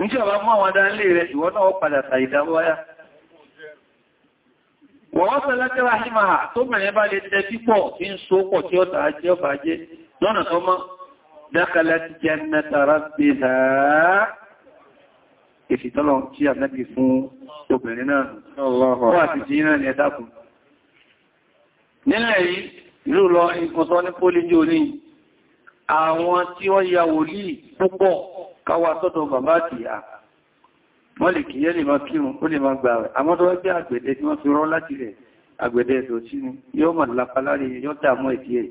Níṣẹ́ ọba mú àwọn adánlé rẹ̀ ìwọ́n náà padà sàìdáwáyá. Wọ́n fẹ́ lákẹ́rà ṣímà tó mẹ̀rẹ̀ bá lè tẹ́ pípọ̀ tí ń so pọ̀ tí ó tàá jẹ́ ọba jẹ́ lọ́nà tó mọ́ dákàlá ti jẹ́ mẹ́tàrà bí i èsì tọ́lọ̀ tí a nẹ́bí àwọn tí wọ́n ya wòlíì púpọ̀ káwà tọ́tọ̀ bàbá àtìyà wọ́n lè kìí lè máa kírun ó lè máa gbà rẹ̀ àmọ́ tó wọ́n jẹ́ àgbẹ̀dẹ tí wọ́n fi rán láti rẹ̀ àgbẹ̀dẹ ẹ̀dọ̀ sí ni yóò mọ̀ lápá lárí yóò dàmọ́ ìdí ẹ̀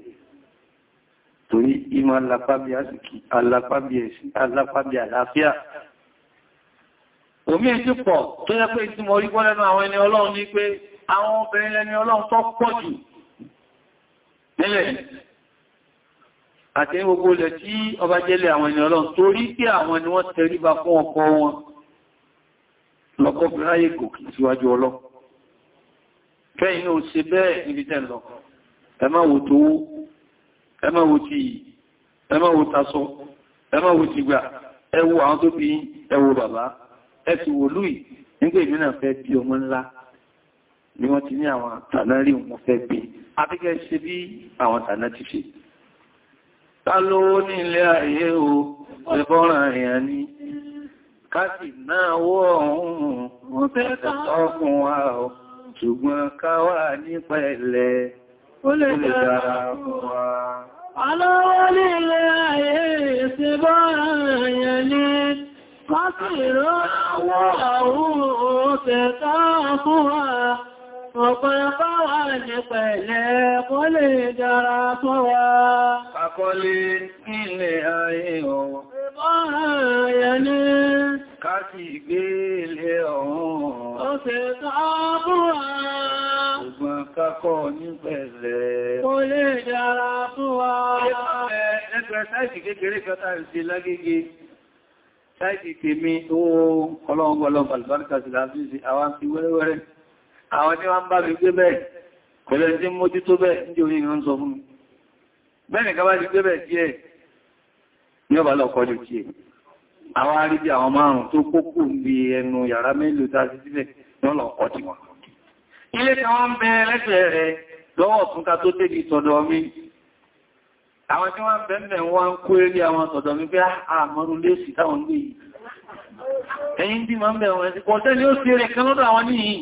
torí ìmọ̀ alápá bí àlàáfíà òmí nílẹ̀ àti gbogbo ilẹ̀ tí ọba jẹ́lẹ̀ àwọn ènìyàn lọ torí pé àwọn ni wọ́n tẹríba fún ọkọ wọn lọ́kọ́ bí ráyè kò kì síwájú ọlọ́ kẹ́yìn ò ṣe bẹ́ẹ̀ níbi tẹ́lọ ẹ má wò tó fẹ́ bí ọmọ ńlá ni wọ́n ti ní àwọn tànárí wọn fẹ́ bí abíkẹ́ ṣe bí àwọn tàná ti ṣe ta ní ilé ayé o ẹ̀fọ́ràn àyà ni káàkì náà wọ́ ọ̀hún wọ́n tẹ́ta ọkùn wa ọ̀ ṣùgbọ́n káwà nípa ilẹ̀ ó lè dára fún wa alówó ní ilé ayé ìṣẹ́bọ́ràn àyà ni káàkì náà wọ́ Ọ̀pọ̀lọpọ̀ wà ní pẹ̀lẹ́ kó lè dára fún wa. Àkọlé nílé ayé ọ̀wọ̀. Ìbọ́ràn ayẹ ní. Ká sì gbé ilé ọ̀hún. Ó ṣe tọ́ fún wa. Ògbọ̀n kakọ́ ní pẹ̀lẹ́. Kó lè dára fún wa. Ẹgbẹ̀ sáìtì kékeré kọta ìsẹ lágége. Sáìtì tèmi tó ọlọ́ọ̀gbọ̀lọ́ àwọn tí wọ́n bá fi gbé bẹ́ẹ̀ pẹ̀lẹ̀ tí mójú tó bẹ́ẹ̀ ní orí ìrìn sọ fún mi bẹ́ẹ̀ nìkan bá ti gbé bẹ́ẹ̀ díẹ̀ ní ọba lọ kọjú tí ẹ̀ àwọn arígbé àwọn márùn-ún tó kókò bí ẹnu yàrá mélòó tá sí sílẹ̀ wọ́n lọ kọ tí wọn ilé tí wọ́n ń bẹ ma ń bẹ̀ wọ́n sí pọ̀tẹ́ ni ó sí rẹ̀ kan lọ́dọ̀ àwọn níyìn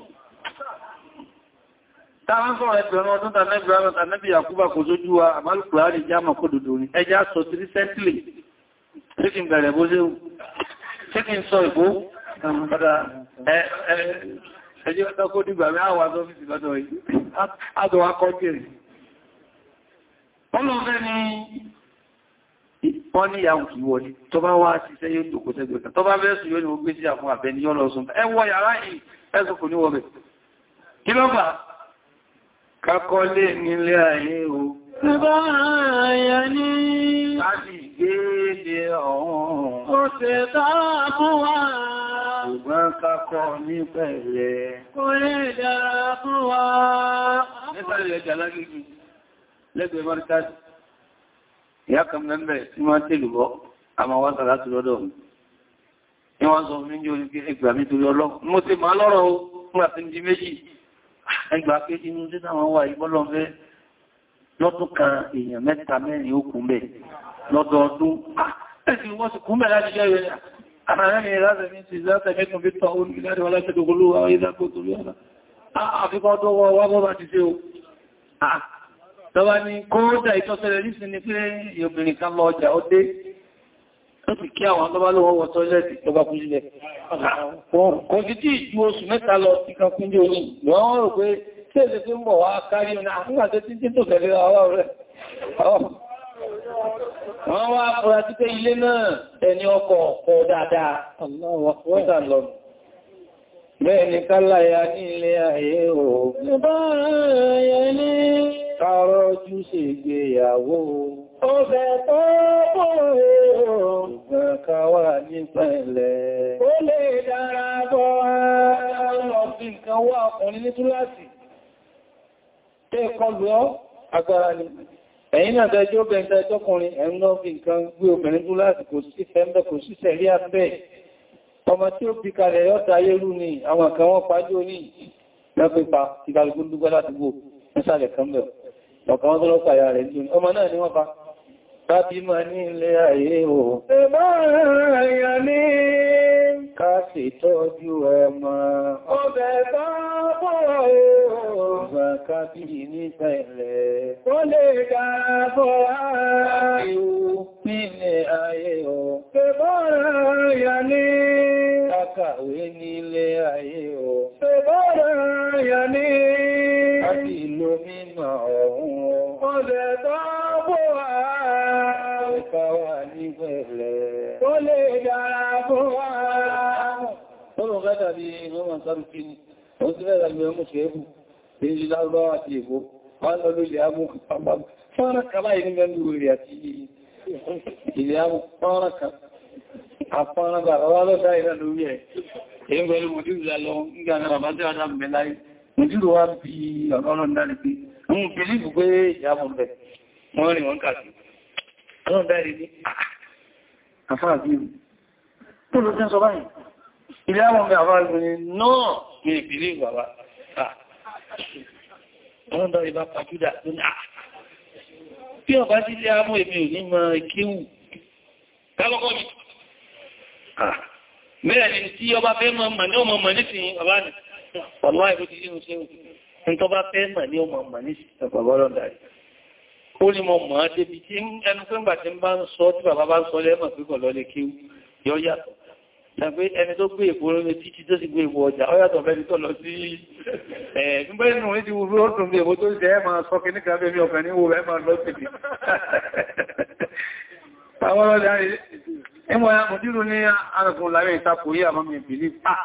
táwọn sọ̀rọ̀ ẹgbẹ̀rún ọdún tàbí ọdún tàbí àkúbà kò sójú wa àmàlùkùrá rí jámà kó dòdò ní ẹjá sọ tí recently ṣíkín bẹ̀rẹ̀ bó ṣe ṣíkín sọ ìbó ẹjọ́ ọ̀tọ́kó dìgbà mẹ́ àwọn àzọ́fíìsì lọ́dọ̀ yìí àdọ̀wà kọ́kẹ̀rẹ̀ ọlọ́fẹ́ ni wọ́n ní ìyàwó kìí wọlé tó bá wá ṣiṣẹ́ yóò tó kò sẹ́gbẹ̀ta tó bá bẹ́ẹ̀ sùn yóò ní ó gbé sí àfún àbẹ́ni yọ́ lọ sùn ẹwọ́ yàrá yìí kakọ́lé nílé ayé o. Nígbà ayẹ ní láti gbéèdè ọ̀hún. Ó ṣe dára fún wa. Ṣùgbọ́n kakọ́ ní pẹ̀lẹ́. Kò lè dára fún wa. Nígbàlẹ̀ ẹjà lágbègbè lẹ́gbẹ̀ẹ́ Mọ́rítàsì. Ìyá kan mẹ́mẹ́ tí máa tèlùbọ́, a máa wá sàrá lọ́dọ̀ mi. Ìwọ́n sọ mi ní orí Mo ti máa lọ́rọ̀ o, ẹgbà pé inú tí táwọn wà ìbọ́lọ́fẹ́ lọ́dún kan èèyàn mẹ́ta mẹ́rin ó kún bẹ̀ lọ́dọọdún ah, ẹ̀sìn wọ́n sì kún bẹ̀ láti jẹ́ ìrẹ́ àmàrẹ́rin ìrásẹ̀mí ti ìrásẹ̀mí kan fi tọ́ olùgbìláàrí wọ́n láti dogolú àwọn ìdákò tó rí ọ̀nà àfikọ́ tó ni kóódà ìtọ́sẹ̀rẹ̀ nísìn ni wọ́n kí àwọn tọ́bá lówọ́ wọ tọ́lẹ̀tì tó bá kú sílẹ̀. sí tí ìjú oṣù mẹ́ta lọ ti kan kún jẹ́ oní wọ́n rò pé tẹ́lẹ̀ tó ń bọ̀ wá kárí ọ̀nà àfúnàtẹ́ tí tí tó tẹ̀lé rẹ̀ wọ́n ní ilé ayé o bá ayẹ́ Ọbẹ̀ tó bóòrè ọ̀gbọ̀n káwà ní pẹ̀lẹ̀. Ó lè dára bọ́ ọ̀fin kan wá ọkùnrin ní Tẹ́ kọlù ni. Ẹ̀yìn náà tẹ́jọ́ obìnrin tẹ́jọ́kùnrin ẹ̀rùn náà fi nǹkan gbé obìnrin túláàsì kò sí fẹ́m̀bẹ̀ kò sí sẹ̀rí àbẹ́. Ọmọ tí ó bí kalẹ̀ yọ́ta ayérú ni àwọn kan wọ́n pàájọ́ ní lọ́pípa ìgbàlùkú dúgbọ́ láti gbò ní sàlẹ̀ kan Kábímọ̀ ní ilé ayé o. Ẹbá ẹ̀yà ní káàsì tọ́jú ọmọ. Ọbẹ̀ bá bọ́ o. Ìgbà kábí nígbà ilẹ̀. Ó lè dáàbọ̀ ààrẹ̀wò ní ilé ayé ní ilé ayé o. Ẹbá ẹ̀yà ní káàsì lómìnà ọ̀hún o. Ọbẹ̀ bá bọ́ ààrẹ̀ káwà ní pẹ̀lẹ́. Ó lè dára fún wa. Ó mọ̀ kẹta bí mọ́mọ̀ sáré kí ni, ó sì rẹ̀ rẹ̀ mọ́ ṣe ébù, èyí lárúbáwà ti èkó, wọ́n lọ lórí àmú pàpàpàpà, fọ́nà kàbá ìní mẹ́lú rẹ̀ àti ilẹ̀ àmú fọ́nà kàbá. Àpọ́nà bàbá wá lọ́dá ìrẹ́ lórí ẹ̀. Èyí pẹ̀lú mọ̀dúrù lọ ń gánà bàbá tí wọ́n dá mẹ́láyé. Mọ̀dúrù wá bí ọ̀rọ̀ ọlọ́ndá ni pé, mú bìlífù pé ìyá mọ̀ bẹ̀. Wọ́n rìn wọ́n kàkiri àwọn bẹ̀rẹ̀ ní àfáà bí i tó ló jẹ́ sọ báyìí ilé àwọn ọmọ àfáà bí i náà ní ìpìlẹ̀ ìgbàwà àwọn bẹ̀rẹ̀ bá pàjúdà tó ní àà bí ọba sí ilé àmú èmi ò ní mọ ìkéhù kálọ́kọ́ mi mẹ́rin tí ọba fẹ́ mọ̀ ní ọmọ mọ̀ nísìnyí bàbá ni wọ́n wá ó ní mọ mọ̀ débi tí ẹnu pé ńgbà tí ń bá ń sọ tí bàbá bá ń sọ lẹ́mọ̀ pípọ̀ lọ́lé kí yọ yàtọ̀ tàbí ẹni tó gbé èkó lórí títí tó sì gbé èkó ọjà ó yàtọ̀ fẹ́ni tó lọ sí ẹ̀ẹ́gbẹ́ inú ìdí wúrú ó tún bí èkó tó jẹ́ ẹ̀mà sọ́kí ní kàbẹ́ mi ọ̀fẹ́ ní wo ẹ̀mà lọ síbi àwọn ọlọ́dẹ̀ àrí ẹmọ̀ ẹmọ̀dínú ní àrẹ̀kùn láàrin ìtakò yí àmọ́mì ìbìlì pàà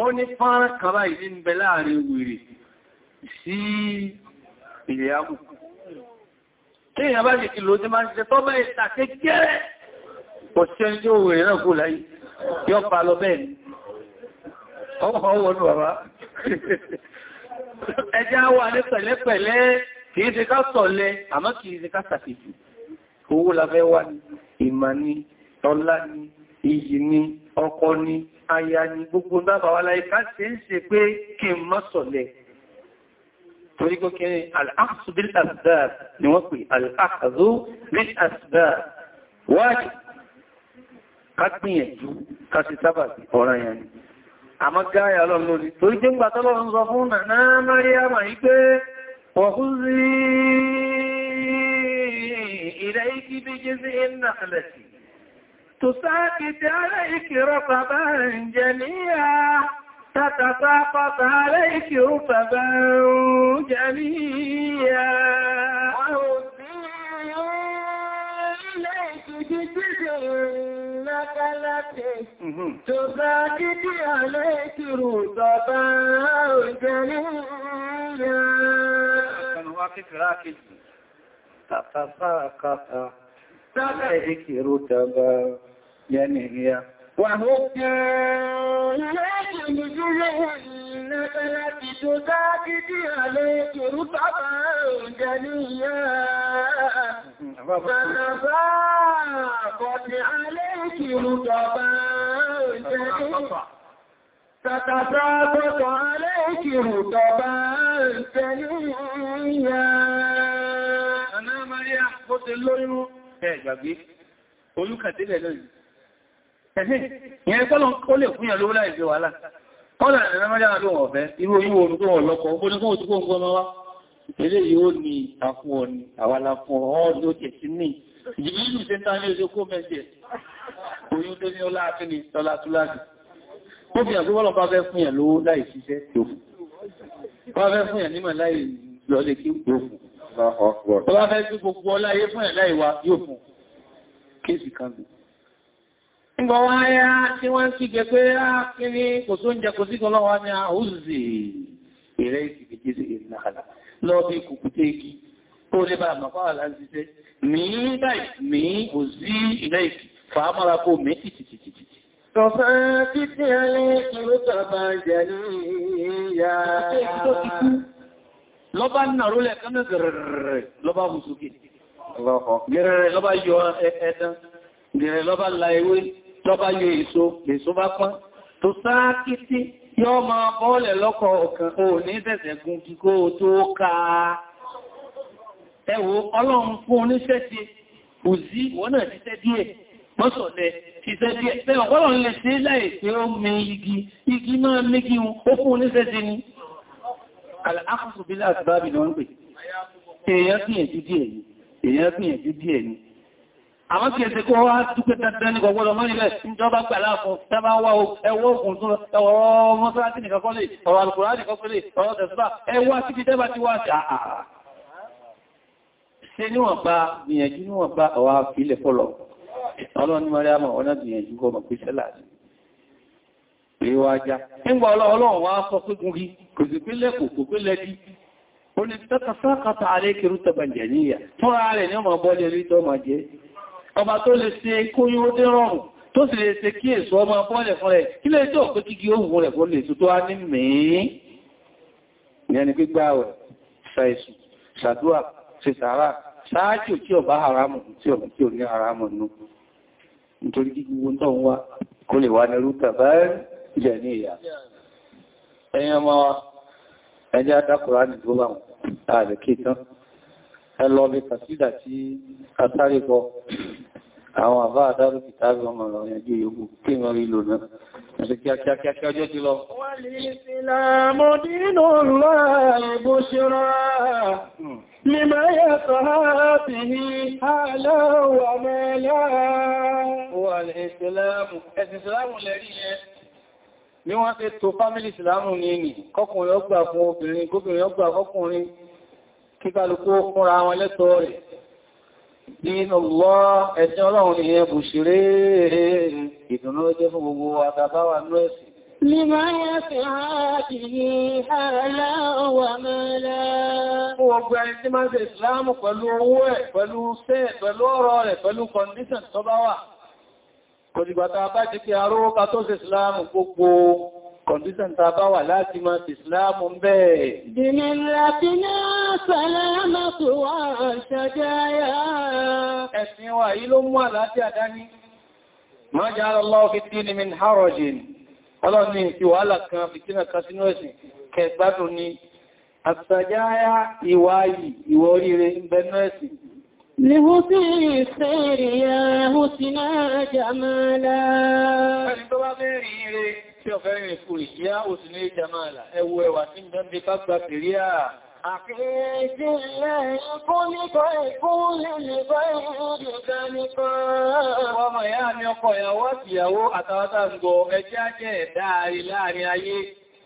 ó ní fán kàbá ìdí ń bẹ láàrin wèrè sí ilẹ̀ àmù tí èyàn bá lè kí ló tí máa ń ṣe tọ́ bẹ́ ìtàkẹ́ gẹ́rẹ́ pọ̀ sí ẹni tí ó wèrè náà kú láyé yọ pa lọ bẹ́ẹ̀ ọwọ́ wọnú bàbá ẹjá wà ní pẹ̀lẹ́pẹ̀lẹ́ kìí ṣe ká sọ̀lẹ àmọ́ kìí ṣe ká sàkìtì iyì ni ọkọ ni aya ni gbogbo dábàwà láyé ká ṣe ń ṣe pé kí n mọ́ sọ̀lẹ̀ torí kó kí ní al-akhzu bil-asbab ni wọ́n pè al-akhzu bil-asbab wáyé ká gbìyànjú ká ṣe sábàbí ọ̀rọ̀ yẹn àmọ́ gáyà ọlọ́run lórí torí tí ń gbà tọ́lọ́run sọ fún nàná Maryam yí pé wọ̀húzí ilẹ̀ ìkí bí jẹ́ sí ìnàkàlẹ̀ sí تساكت عليك رطبا جليا تتساقط عليك رطبا جليا تساقط عليك رطبا جليا كان واقف تتساقط عليك رطبا يعني هي وهدى إليك نجوه إنك لتجدد عليك ربما جنيا فتفاقت عليك ربما جنيا فتفاقت عليك ربما جنيا أنا مريح قد الليل هي جابي قولوا كتير الليل ẹ̀sìn ilé yóò ní àfún ọ̀nì àwàlà fún ọ́ọ̀dún ó tẹ̀sí ní ìjìnlẹ́lù sẹ́ntà ní oṣù kó mẹ́jẹ̀ oyún tó ní ọlá àfíní tọ́lá túláàdì ó fi àgbé bọ́lọ̀ bá fún yàn lówó láì ṣiṣẹ́ tó fún yàn fún bá fẹ́ Nígbà wọ́n ayá tí wọ́n ń kígẹ pé á ah, kí ní kò ah, tó ń jẹ kò síkọ lọ́wọ́ ní àúzì ìrẹ́ ìsìnkìtì sí ìrìnàkàlà lọ́bí kùkùté igi ó lé bá àmàkọ́wà láti ṣe ní báyìí ní kò sí ilẹ̀ ìkì fàámọ́ra tọba yọ èso lèso bá pán tó sáàkítí yọ ma bọ́ọ̀lẹ̀ lọ́kọ̀ ọ̀kan o ní ṣẹ̀ṣẹ̀ gun kíkó tó ká ẹwọ ọlọ́run fún oníṣẹ́ ti òzí wọ́n náà ṣiṣẹ́ díẹ̀ mọ́sọ̀lẹ̀ ṣiṣẹ́ díẹ̀ bẹ́ẹ̀ ọ̀pọ̀lọ́run lè ṣe láì igi igi máa mégi ó fún oníṣẹ́ ti ní àkùsùbílà àti bábìlì wọ́n pè èèyàn gbìyànjú díẹ̀ àwọn kí ẹsẹ̀ kó wá dúpẹ́ dandan ní gbogbo ọmọ nílẹ̀ ìjọba gbàlá fún tẹ́bá wá ẹwọ́ òkun tún ọwọ́ mọ́sánátì nìkan kọ́lé ọ̀rọ̀ alùkùnrin nìkan kọ́lé ọ̀rọ̀ tẹ̀sùbá ẹwà sí fi tẹ́bá ti wá ṣe níwọ̀n bá gbìyànjú níwọ̀n bá ọwá fílẹ̀ fọ́lọ̀ ọlọ́run ní mariam ọ̀nà gbìyànjú kọ́ mọ̀ pé sẹ́là ríwájá nígbà ọlọ́run wá sọ pé gúnrí kò sí pínlẹ̀ kò kò pínlẹ̀ dí ó ní tẹ́tàsákàtà alẹ́kẹrù tàbàjẹ̀ níyà ọba tó lè ṣe kóyún ó dé rọrùn tó sì lè ṣe kí èso ọmọ fọ́lẹ̀ fún rẹ̀ kí lè jọ pé kíkí ohun rẹ̀ kó lè tó wá ní mìí ìyẹni gbígbà rẹ̀ ṣàìsù ṣàdúwà ṣe sàárà ṣáájú tí ọba haramu tí ọba tí ò ní haramu nù nítorí kí gbogbo tó ń wá kó lè wá ní rúta báyìí jẹ ní ìyà ẹ̀yàn ọmọ ẹjẹ́ adákùnrin àdìgbò báwọn ẹlọ bí kàsídà tí kàtàríkọ àwọn àbá àdárù kìtàrí ọmọ ìrọ̀yìn ẹjọ́ yóò kí wọ́n rí lò náà ẹ̀sẹ̀ kíákíákíá ọjọ́ ti lọ wọ́n lè sí láàmùdínú láàbò ṣíra لما يطهى ni ní ní kọkùnrin ọgbà fún kíkàlùkú fúnra wọn lẹ́tọ́ rẹ̀ nínú lọ ẹ̀sìn ọlọ́run ni ẹ bùṣìrí ìdùnnú jẹ́ fún gbogbo àtàbáwà ní ẹ̀sìn Lima yẹ fi ààbìyí ààlá ọwà mẹ́lá. Gbogbo ẹni tí máa ń ṣe ìsìláàmù pẹ̀lú owó ẹ̀, pẹ̀lú ṣẹ́, pẹ̀lú ọ̀rọ̀ rẹ̀, bá jẹ́ kí aróókà tó ṣe ìsìláàmù gbogbo kọ̀ndíṣàn ta bá wà láti máa ti ìsìláàmù ń bẹ́ẹ̀. Dìmìlàtínà sàlámàtò wà ṣàjáyà. Ẹ̀sìn wa yí ló mú àlàáfíà Ma Má jẹ́ Allah fi ni min harajin. Ọlọ́run ni ìfi kan fìtínà kan sínú ẹ̀sìn ni. Àṣàjáyà ìwà yìí, ìwà oríire si. tí ọ̀fẹ́ rìn ìfúrì yá òsì ní ìjàmáàlà ẹwọ ẹwà tí ń bẹ́ndé ká gbà pèrí à Àkíyèsílẹ̀ ìkúnlẹ̀kọ́ ìkúnlẹ̀lẹ̀kọ́ ìrìnkà nípa. Ọmọ ìyá mi ọkọ ìyàwó àtìyàwó àtàwátà ń gọ ẹjẹ́ ajẹ́ ẹ̀dá àrí láàrin ayé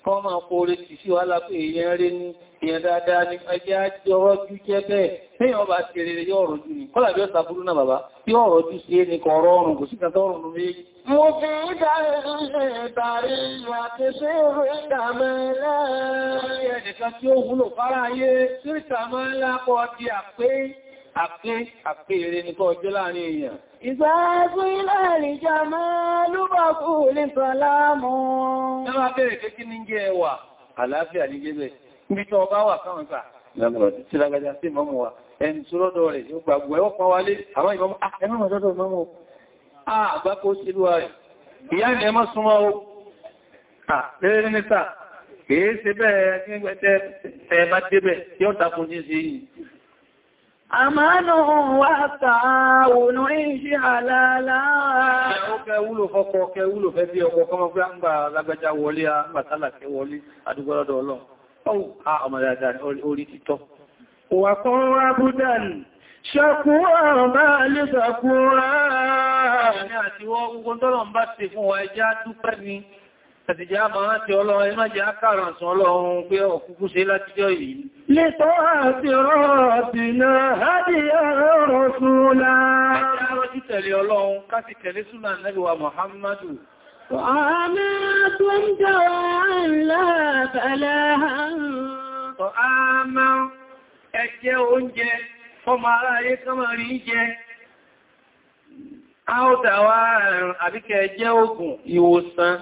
kọ́ máa kóre tì sí wàhálà pé èèyàn rí ní èèyàn dáadáa ní ẹjẹ́ àjọwọ́ jú jẹ́ bẹ́ẹ̀ ní ọba ti rere yóò rọ̀jú ní kọ́lá bí ó sàbúrú náà bàbá yóò rọ̀jú sí ní kọ̀ rọrùn kò sí kàtọ́ Ìsáàtún ilẹ̀ ìrìnjà máa lúbàkú lè sọ́lámù. Ẹwà bẹ̀rẹ̀ pé kí ní jẹ́ ẹwà, àlàáfíà ní jẹ́ bẹ̀. Níbi tí ọba wà káwọn kà, lọ́gbọ̀n tí lágbàjá sí mọ́mù wa, ẹni tó lọ́dọ̀ rẹ̀ yóò gbàgbọ́ ẹwọ́ pa ah, ẹmọ́ mọ́ sọ́dọ̀ Ah, àgbákó sílú wa rẹ̀. Ìyá ìdẹ̀ mọ́ súnmọ́ o. Ah, lẹ́rẹ́ Àmánù wà tààwùnú ìṣẹ́ àlàálá. Ọkẹ́ wúlò fọ́kọ́ ọkẹ́ wúlò fẹ́ bí ọkọ̀ kọmọ pé ń gbà lágbàjá wọlé, ń gbà tálàkẹ́ wọlé, adúgbọ́lọ́dọ̀ ọlọ́run. Ọwọ́ àmàdà orí títọ́. Wà kọ́ rábúdàn, ṣakú àmà lè sàkúrá. Ní àtìjá máa ti ọlọ́run ẹmá jẹ́ ákàrà sọ ọlọ́run pé ọkùnkú ṣe láti jọ yìí. Lẹ́tọ́ àti rọ́ọ̀tìnà àti ọ̀rọ̀ súnlá. Ẹjá rọ́jú tẹ̀lé ọlọ́run ká sì tẹ̀lé súnà Nábì wa Muhammadu. Tọ́ámẹ́kún jọwọ́n lábàlá Tọ́ámẹ́ ẹjẹ́ oúnjẹ fọ́mọ aráyé kọ́mọ̀ rí jẹ. Áótàwà àbíkẹ́ jẹ́ ògùn ìwòsàn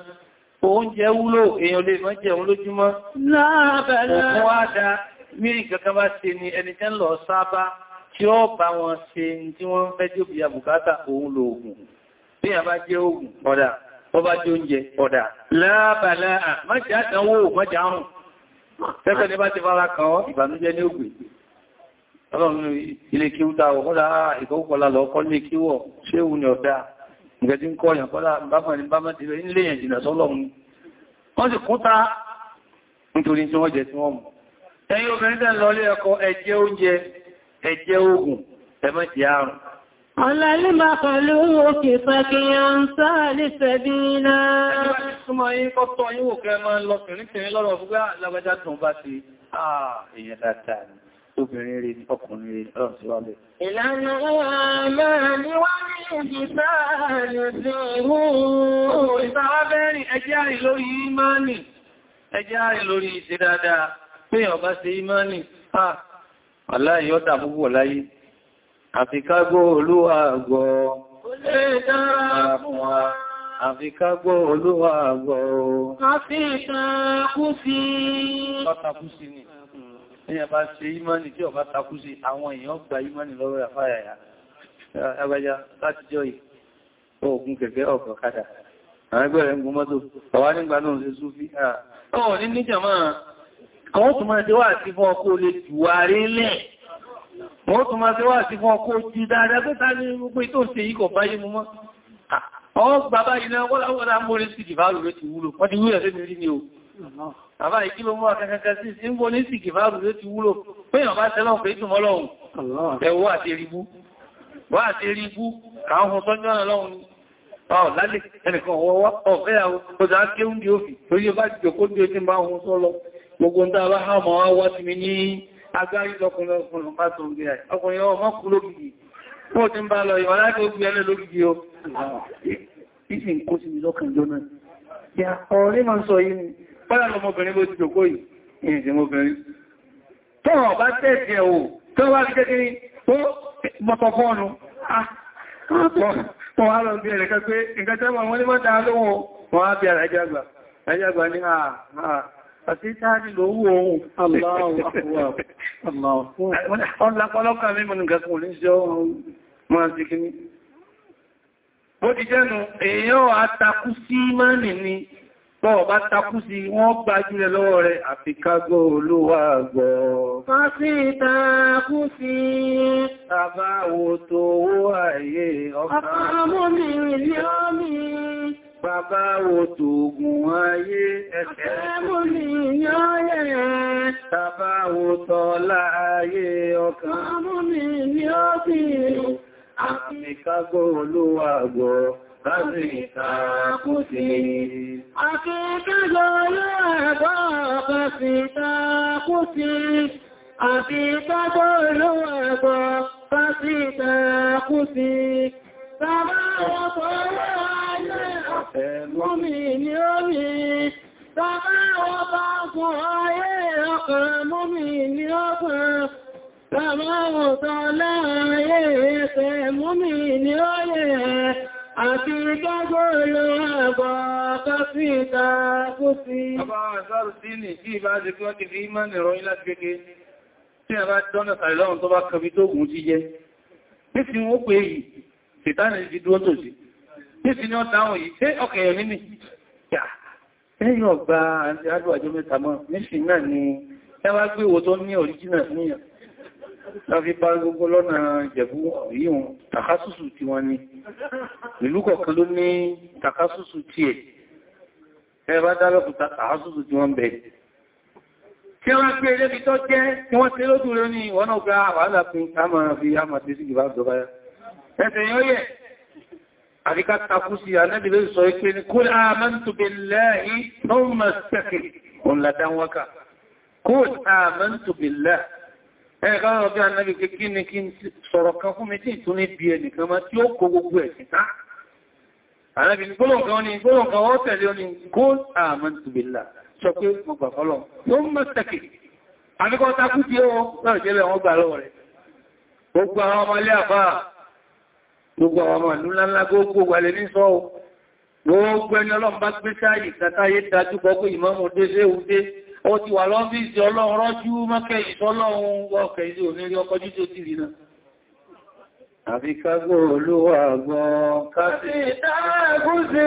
oúnjẹ wúlò èèyàn lè mọ́ jẹun lójúmọ́ òkun wá dá mírì kankan bá ṣe ni ẹni tẹ́ ń lọ sábá tí ó bá wọn ṣe tí wọ́n fẹ́ tí ó bí àbùkátà òun lo oògùn bí a bá jẹ́ oògùn ọ̀dà ó bá jẹ́ oúnjẹ ọ̀dà lábàlá mọ́jà àtàwò mọ́jà àrùn tẹ́fẹ́ ní bá ti fara kan ọ́ ìbànújẹ́ ní ògbè ọlọ́run ilé kí ó dáwọ̀ ó dáa ah, ìkọ́kọ́lá lọ́kọ́ ní kíwọ̀ ṣéhun ni ọ̀dá nǹkan tí ń kọ́ ọ̀yàn kọ́lá bámọ̀rin bámọ̀ ti rẹ̀ nílé ẹ̀jìnà sọ́lọ́run wọ́n sì kún nítorí tí wọ́n jẹ tí wọ́n mú ẹ̀yin obìnrin tẹ́ lọ lé ẹ̀kọ́ ẹ̀jẹ́ oúnjẹ ẹ̀jẹ́ oògùn ẹ̀mọ́jì àrùn ọ̀làlímà pẹ̀lú òkè fàkíyàn ah, ah, sáàlì obìnrin rí ọkùnrin rí ọ̀rọ̀ síwábẹ̀. ìlànà ààmà ni wá ní ìjìta àrẹ̀sẹ̀ ìhún ìtawábẹ́rin ẹjẹ́ àrí lórí ìmáni ẹjẹ́ àrí lórí ìṣẹ́ dáadáa pé ọba sí ìmáni ha aláyọ́dà púpọ̀ láyé àfikágbó olúwa àgọ́ Àfikágbó èyàn bá ṣe ìmọ́ni tí ọba takú sí àwọn èèyàn gba ìmọ́ni lọ́wọ́ àfáyàyà agbájá láti jọ yìí oògùn kẹ̀kẹ́ ọkọ̀ kádà àwọn ẹgbẹ́ rẹ̀ ń gún mọ́tò ọwá nígbà náà ṣe súfí ọ̀hún ní níjàmá kan ó tún máa ṣe wà sí fún ọkọ̀ olè jùwárí lẹ̀ wọ́n tún máa ṣe wà sí fún ọkọ̀ ojú dáadáa pé ta ní gbogbo ètò ṣe yìí kọ̀ báyé mú mọ́ ọwọ́ bàbá yìí náà wọ́n láwọ́dá mórí sí ìbálò rẹ̀ ti wúlò wọ́n ti wúlò ẹ̀fẹ́ mi rí ni o bàbá ìkí ló mú akẹ́kẹ́kẹ́ sí sí ń bó ní sì kìfàárù ló ti wúlò pé èèyàn bá tẹ́lọ̀ pé ìtumọ̀ lọ́hun ẹwọ́ àti eribú wá àti eribú káàkùn sọ́jọ́ náà lọ́hun ọ̀ lálẹ́ ẹnìkan ọwọ́ ọ̀fẹ́ àwọn ọjà kéhùn di òfì torí bá jòkó di ojú bá ohun sọ́lọ gbogbo ń dára ha mọ̀ wá wá ti mi ní agbárí lọkùnrin ọkùnrin bá tó ń gbé ọkùnrin ọmọ kú lógìdì fún ti ń bá lọ ìwọ̀n láti ó o ìsìn kó sí mi lọ́kàn jọ pẹ́lá lọmọbìnrin bó ti jòkó yìí ìrìnṣẹ́mọbìnrin tọ́rọ̀ bá tẹ́ẹ̀tẹ̀ ò tó wá rí jẹ́kiri tó mọ́tọ̀ fọ́ọ̀nù tó wá lọ bí ẹ̀rẹ̀ kẹ́ pé nǹkan tẹ́ wọn ní mọ́ta lówó wọn á bí ara ẹjàgbà ẹjàgbà ní àti táàrí lówó ohun aláwọ̀ Bọ́ọ̀ bá takú sí wọ́n gbájú rẹ̀ lọ́wọ́ rẹ̀ àfikágọ́ olówà gbọ́. Wọ́n sí takú sí àbáwò tó owó àyè ọkà. Ọmọ mi ní ọmọ Bàbá wo tògùn ayé ẹ̀ṣẹ̀. Ọmọ mi ní ọyẹ̀. Bàbá wo tọ́lá láti ìtàkùsí. Àfi dájọ́ lọ́ẹ̀dọ́ kàfí ìtàkùsí. Àfi dájọ́ lọ́ẹ̀dọ́ kàfí ìtàkùsí. Bàbá ọ̀pọ̀ Bàbá ọba fún ayé ọkàn múmi ní ọkàn, bàbá ọ̀tọ̀ láàáyé ẹ̀ẹ́fẹ́ múmi ní ọyẹ́ Àti ìgbàgbọ́ lọ àbọ̀ kásí ìta kú sí. Bàbá àṣàrù sí ní bí ìbá jẹ kí wọ́n ti fi máa nìrọ ilá tí a bá dọ́nà sàìlọ́run tó àjọ mẹ́ta mọ́, nísì náà ni ẹ gbé wo tó ní ọ̀ríjínà níyàn láfi bá gbogbo lọ́nà jẹ̀bú yíhun takásùsù tí wọ́n ní ìlú kọ̀kan ló ní takásùsù tí ẹ̀ ẹ bá dálọ́pù takásùsù tí wọ́n bẹ̀ tí wọ́n pé ẹlẹ́bí tó jẹ́ tí wọ́n tẹ́ lójú rẹ̀ ní ìwọ́n náà gba wàhálà pín káàmà fi àmà tí sí ìbá jọba ya ẹsẹ̀ yóò yẹ̀ àríká takú sí anẹ́bí ló sọ pé ní kul amantu billahi thumma istaqim òun làdánwákà kul amantu billahi ẹ̀ẹ̀ká ọjọ́ anábì pé kí ni kí n sọ̀rọ̀ kan fún mi tí ìtún ní bí ẹnìkan máa tí ó kó gbogbo ẹ̀sìn tá anábì ní gbólóǹkan ní gbólóǹkan ó tẹ̀lé ó ní kó àmọ́ntùbìlà sọ pé mo gbà fọ́lọ̀ tó ń mọ́ sẹ́kì àfikọ́ takú tí ó náà jẹ́lẹ̀ wọ́n gbà lọ́wọ́ rẹ̀ gbogbo àwọn ọmọ ilé àbá gbogbo àwọn ọmọ ìlú ńláńlá ó ti wà lọ́fíìsì ọlọ́run rọ́jú mọ́kẹ́ ìṣọ́lọ́run wọ́kẹ̀ ìṣẹ́ onírí ọkọ̀ jíjẹ́ ti rí náà àfi kágbó olúwà gbọ́n ká sí ìdágún sí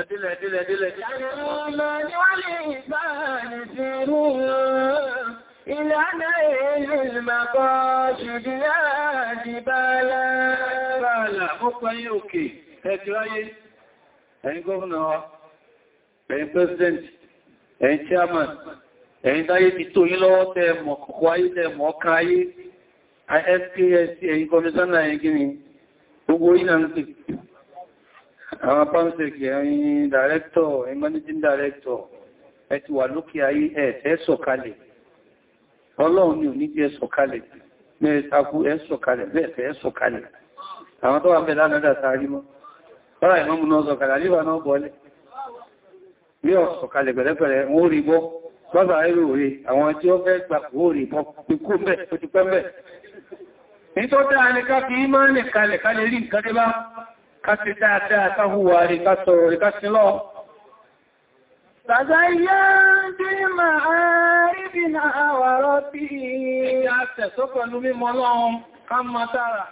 Adílẹ̀ adílẹ̀ adílẹ̀ Ìlànà èlú ìlmàkọ́ ṣùgbìyà àdìbálẹ̀. Bàálà, mọ́ pẹ̀yìn òkè, ẹ̀kì ráyé, ẹ̀yin gọ́ọ̀nà wa, ẹ̀yin pẹ́sidẹ̀ntì, ẹ̀yin chairman, ẹ̀yin táyé ti tó yí lọ́wọ́ tẹ́ mọ̀ kọ̀kọ́ ayé tẹ́ mọ̀ ọkà àwọn pàmsẹ̀kì ẹ̀yìn director ẹ̀yìn managing director ẹ ti wà lókè ayé ẹ̀ sọ̀kalẹ̀ ọlọ́run ni ò ní jẹ́ sọ̀kalẹ̀ mẹ́ẹ̀takú ẹ̀ sọ̀kalẹ̀ bẹ́ẹ̀fẹ́ ẹ̀ sọ̀kalẹ̀ àwọn tó wà ń bẹ lánàdà tààrí mọ́ ọ́rà ìmọ́mù náà sọ̀kalẹ̀ àríwá náà bọ́lẹ̀ bí ọ̀ sọ̀kalẹ̀ pẹ̀lẹ́pẹ̀lẹ́ wọ́n rí bọ́ bọ́bà ẹ̀rù rí àwọn tí ó fẹ́ gbà kó rí bọ́ ikú mẹ́ ó ti pẹ́ mẹ́ nítorí àlẹ́ká kí í máa ń lẹ̀ kalẹ̀ kalẹ̀ rí nǹkan dé kásí dáadáa káhùwà rí kásọ̀rọ̀ rí kásí lọ. Sàzáyá dí máa rí bí na àwàrọ̀ bí i. Àṣẹ̀ sókànlú mímọ́ lọ́run ká máa tààrà.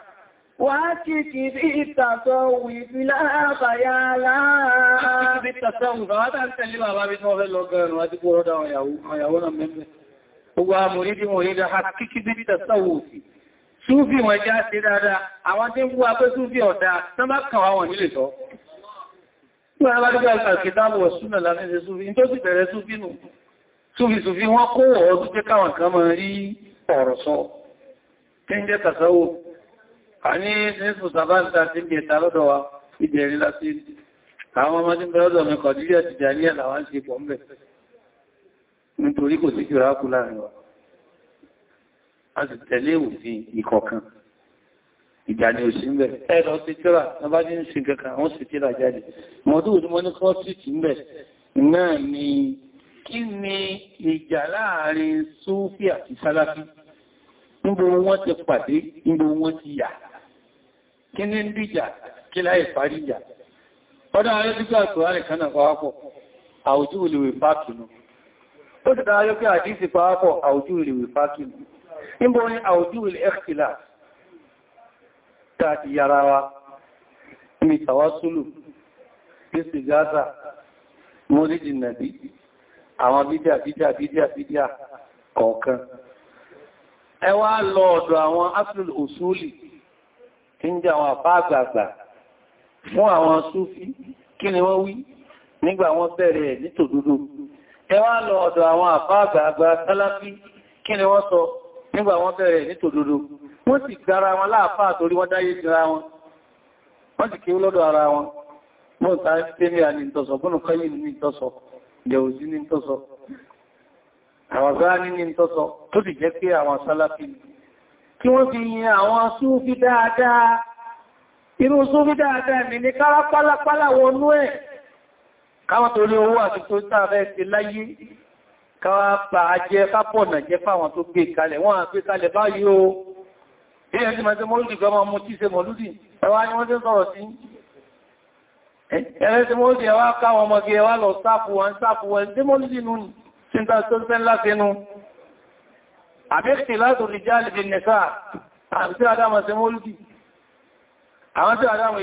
Wà kí kì bí ìtàtọ̀ wì bí lábàyá láàá. Bí ìtàtọ̀ wì bàbá tàbí tẹ̀lé bàbá bí wọ́n fẹ́ lọ gẹ̀rùn súnfì wọn já sí dáadáa àwọn tí ń bú apé súnfì ọ̀dá tán bá kàn wá wọn nílé sọ Ìwọ̀n bá dúgbà ìpàkìtàbọ̀ súnà láti ṣe súnfì, ní tó sì bẹ̀rẹ̀ súnfì nù. Súnfì súnfì wọ́n kó ọdún jẹ́ káwọn kan mọ̀ rí ọ̀rọ̀ sọ. Kí ń jẹ́ tàṣáwò? A ní nífù sàbáǹtà sí ìgbẹ̀ta lọ́dọ̀ wa, ìbẹ̀rí láti àwọn ọmọdé bẹ̀rọ̀dọ̀ mẹ́kọ̀dílẹ̀ ti jàrí ẹ̀ làwọn ṣe a sì tẹ̀lé òfin ìkọ̀kan ìgbàni òsínbẹ̀ ẹ̀rọ sí tíra lọ́bá ní ń sin kankan wọ́n sì tíra jáde mọ́dún òdúnmọ́ ní kọ́sìtì mẹ́ náà ni kí ni ìjà láàrin Súfì àti Sàláfì níbo wọ́n ti pàdé níbo wọ́n ti yà kí ní dìjà kí láì parí ìjà ọdún ayé tí gbà tó kan náà pàápọ̀ àwùjú níbo ní àwòjú ilẹ̀ ẹ̀kìlá tààtì yàrá wa ní tàwásúlù pèsè gáza mọ́lìdì nàbí àwọn bídíà bídíà bídíà bídíà kọ̀ọ̀kan ẹ wá lọ ọ̀dọ̀ àwọn áfíl òsúlì tí ń jẹ́ àwọn àpá àgbààgbà fún àwọn súfí kí ni wọ́n wí nígbà wọ́n bẹ̀rẹ̀ ẹ̀ nítòdodo ẹ wá lọ àwọn àpá tálápí kí ni wọ́n sọ nígbà wọ́n bẹ̀rẹ̀ ní tòdodo wọ́n sì gara wọn láàfáà torí wọ́n dáyé jìra wọn wọ́n sì kí lọ́dọ̀ ara wọn mọ́ ta tẹ́mìà ní ìtọ́sọ̀ bọ́nù kọ́yìn ní ìtọ́sọ̀ jẹ̀òsí ní ìtọ́sọ̀ àwọn sáàní ní ìtọ́sọ̀ tó ti jẹ́ pé àwọn sáláfì kí wọ́n fi yin àwọn súnfí dáadáa irú súnfí dáadáa mi ní kára pálápálá wọnú ẹ̀ káwọn torí owó àti tó sáà fẹ́ ti láyé káwà pa ajẹ́ kápọ̀nà jẹ́ fáwọn tó gbé kalẹ̀ wọ́n à gbé kalẹ̀ báyìí o ilé ẹ̀sìn máa ṣe mọ́lúdì gan máa mú tí ṣe mọ́lúdì ẹwà ni wọ́n ṣe sọ̀rọ̀ sí ẹ̀rẹ́sìn mọ́lúdì ẹwà káwọn ọmọge ẹwà lọ sáàpù wọn sáàpù wọn ṣe mọ́lúdì nù ṣe ń ta tó fẹ́ láfẹ́nu tí àdámà ṣe mọ́lúdì àwọn tí àdámà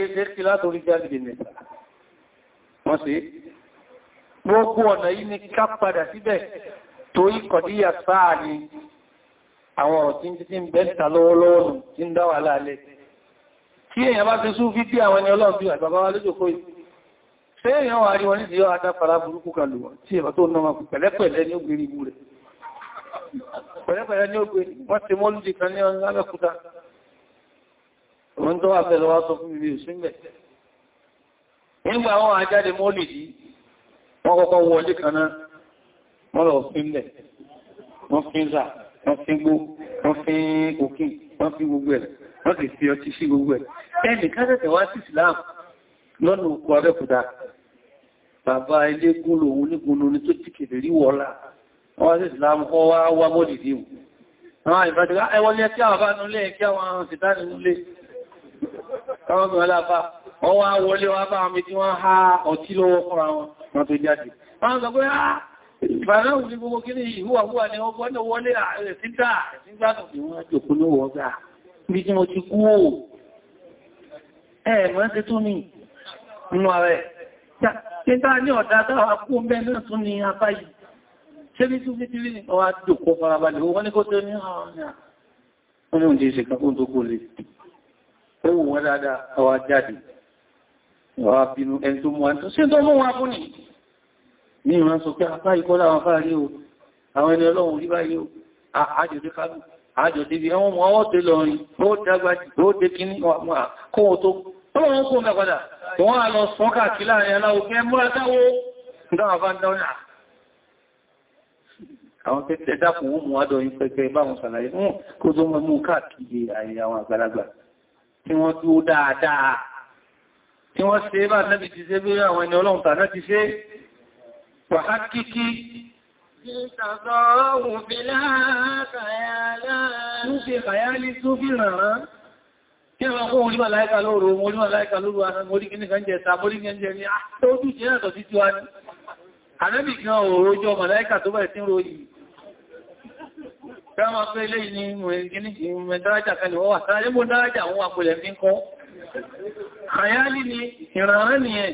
gbogbo ọ̀nà yìí ni ká padà síbẹ̀ torí kọ̀díyà sáà ni àwọn ọ̀rọ̀ tí ń títí ń bẹ́ta lọ́wọ́lọ́wọ́ nù tí ń dáwà láàlẹ́ tí èyàn bá ti sún fídí àwọn ẹni ọlọ́ọ̀bí àgbàbá wa lójò kóì ṣé èyàn wà rí wọn nídìí yọ́ adáfara burúkú kan lò tí èyàn tó náà pẹ̀lẹ́pẹ̀lẹ́ ní ògbèrè ibu rẹ̀ pẹ̀lẹ́pẹ̀lẹ́ ní ògbèrè wọ́n ti mọ́ lójì kan ní ọlọ́lẹ́kúta òun tó wà fẹ́ lọ́wọ́ sọ fún mi rí òsúngbẹ̀ nígbà wọn àjáde mọ́lìdí wọ́n kọ́kọ́ wọlé kan náà wọ́n lọ fínlẹ̀ wọ́n fínzà wọ́n fíngbó wọ́n fín òkè wọ́n fín gbogbo ẹ̀ wọ́n sì fi ọtí sí gbogbo ẹ̀ ẹnì kásẹ̀tẹ̀ wá sí Islam lọ́nà òkú Abẹ́òkúta bàbá ilégún lòun nígun lóní tó ti kèdè rí wọ́lá wọ́n sí Islam kọ́ wá wá mọ́dìdí àwọn ìbájúwá ẹwọ́lé wọ́n bá àmì tí wọ́n há ọtí lọ́wọ́ fún àwọn wọ́n tó jáde. Wọ́n sọ pé, "Ah, ìbàráwù ní gbogbo kí ní ìhúwàhúwà ni ọgbọ́ ní wọlé ààrẹ títà nígbàtọ̀ tí wọ́n jòkó ní wọ́gá bí tí mo ti kú ò ẹ̀ẹ̀mọ́ ti tún ní inú ààrẹ títà ní ọ̀dá tàwà kú mẹ́ náà tún ní apá yìí ṣe bí tún fítí rí ọwá jòkó farabalẹ̀ wọ́n ní kó tó ní àwọn ah, ọ̀nà ní ìran sọ pé apá ah, ìkọ́lá àwọn afá rí o àwọn ẹni ọlọ́run rí báyìí o àjọ̀dé kábù àjọ̀dé bí ẹwọ́n mọ́ ọwọ́ tẹ lọ́rin bó dágbàjì bó dé kí ní kóhun tó tọ́wọ́n kó mẹ́padà wọ́n á lọ sọ́n káàkiri láàrin aláwọ̀ pé múra dáwó dáwọn bá ń dáwọn náà ah. àwọn tẹ́tẹ́ dákùn ó mú adọ́ yí pẹ́kẹ́ báwọn sàlàyé wọn kó tó mọ́ mú káàkiri àyè àwọn àgbàlagbà tí wọ́n dúó dáadáa tí wọ́n ṣe bá nẹ́bì ti ṣe bí àwọn ẹni ọlọ́run tà náà ti ṣe وحققي تضاه بلا خيالات سوفي خيالي سوفي رارا Kíwọ́n kó orí màláíkà lóòrò, orí màláíkà lóòrò, orí kìí kan jẹ ta, orí kìí jẹ ní àtọ́jú jẹ́ àtọ̀ sí tíwá ní. Ànábì kan òòrò jọ màláíkà tó bẹ̀rẹ̀ sí ròyìn. Kẹ́mọ́ pé ilé ìní mẹ́dárájà kan ni wọ́n wà, tàbí mọ́ dárájà wọ́n wà pẹ̀lẹ̀ fi ń kọ́. Àyálì ni ìrànrán nìyẹn.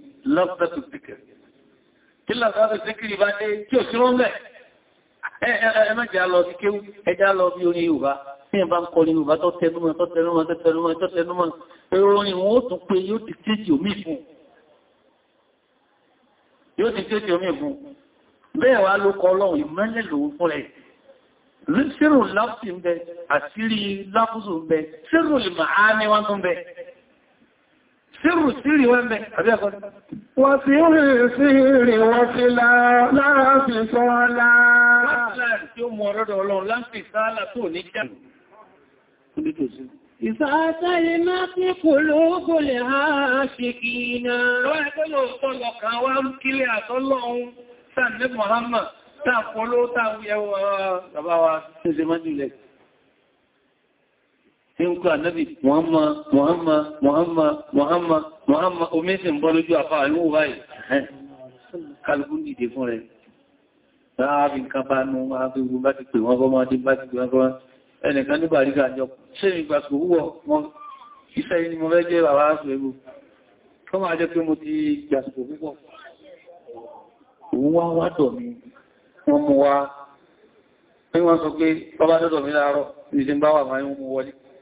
lọ́pẹ̀tù zikir kí lọ́pẹ̀tù zikir bá dé kí ò sí rọ́ mẹ́ ẹ mẹ́jẹ́ lọ sí kéwú ẹjá lọ bí orin Yorùbá tí ẹ bá ń kọrin Yorùbá tó tẹnumọ́ tó tẹnumọ́ tó tẹnumọ́ tó tẹnumọ́ orin wọn ó tún pé yóò ti tẹ́jì omi fún sírù sírì wọ́n mẹ́ àbíẹ́kọ́ wọ́n sí rí sírì wọ́n sí lára fi sọ Ìsáátá tí kò lóògùn lè ha ṣe kì iná. Lọ́wọ́ ẹgbẹ́ lọ sọ́lọ̀ wá ń kílé àtọ́lọ́un ń kọ́ ànábì Muhammad Muhammad Muhammad Muhammad Muhammad omi sì ń bọ́ lójú àfá àríwò báyìí kálukú dìde fún rẹ̀ láàbí nǹkan bá nú àbíwú bá ti pè wọ́n gọ́ máa dé bá ti pè wọ́n gọ́ ẹnìkan nígbà ríga àjọ ṣe ìgbà sòwúwọ̀ wọn iṣẹ́ ni mo fẹ́ púpọ̀ ìṣẹ́ bá wà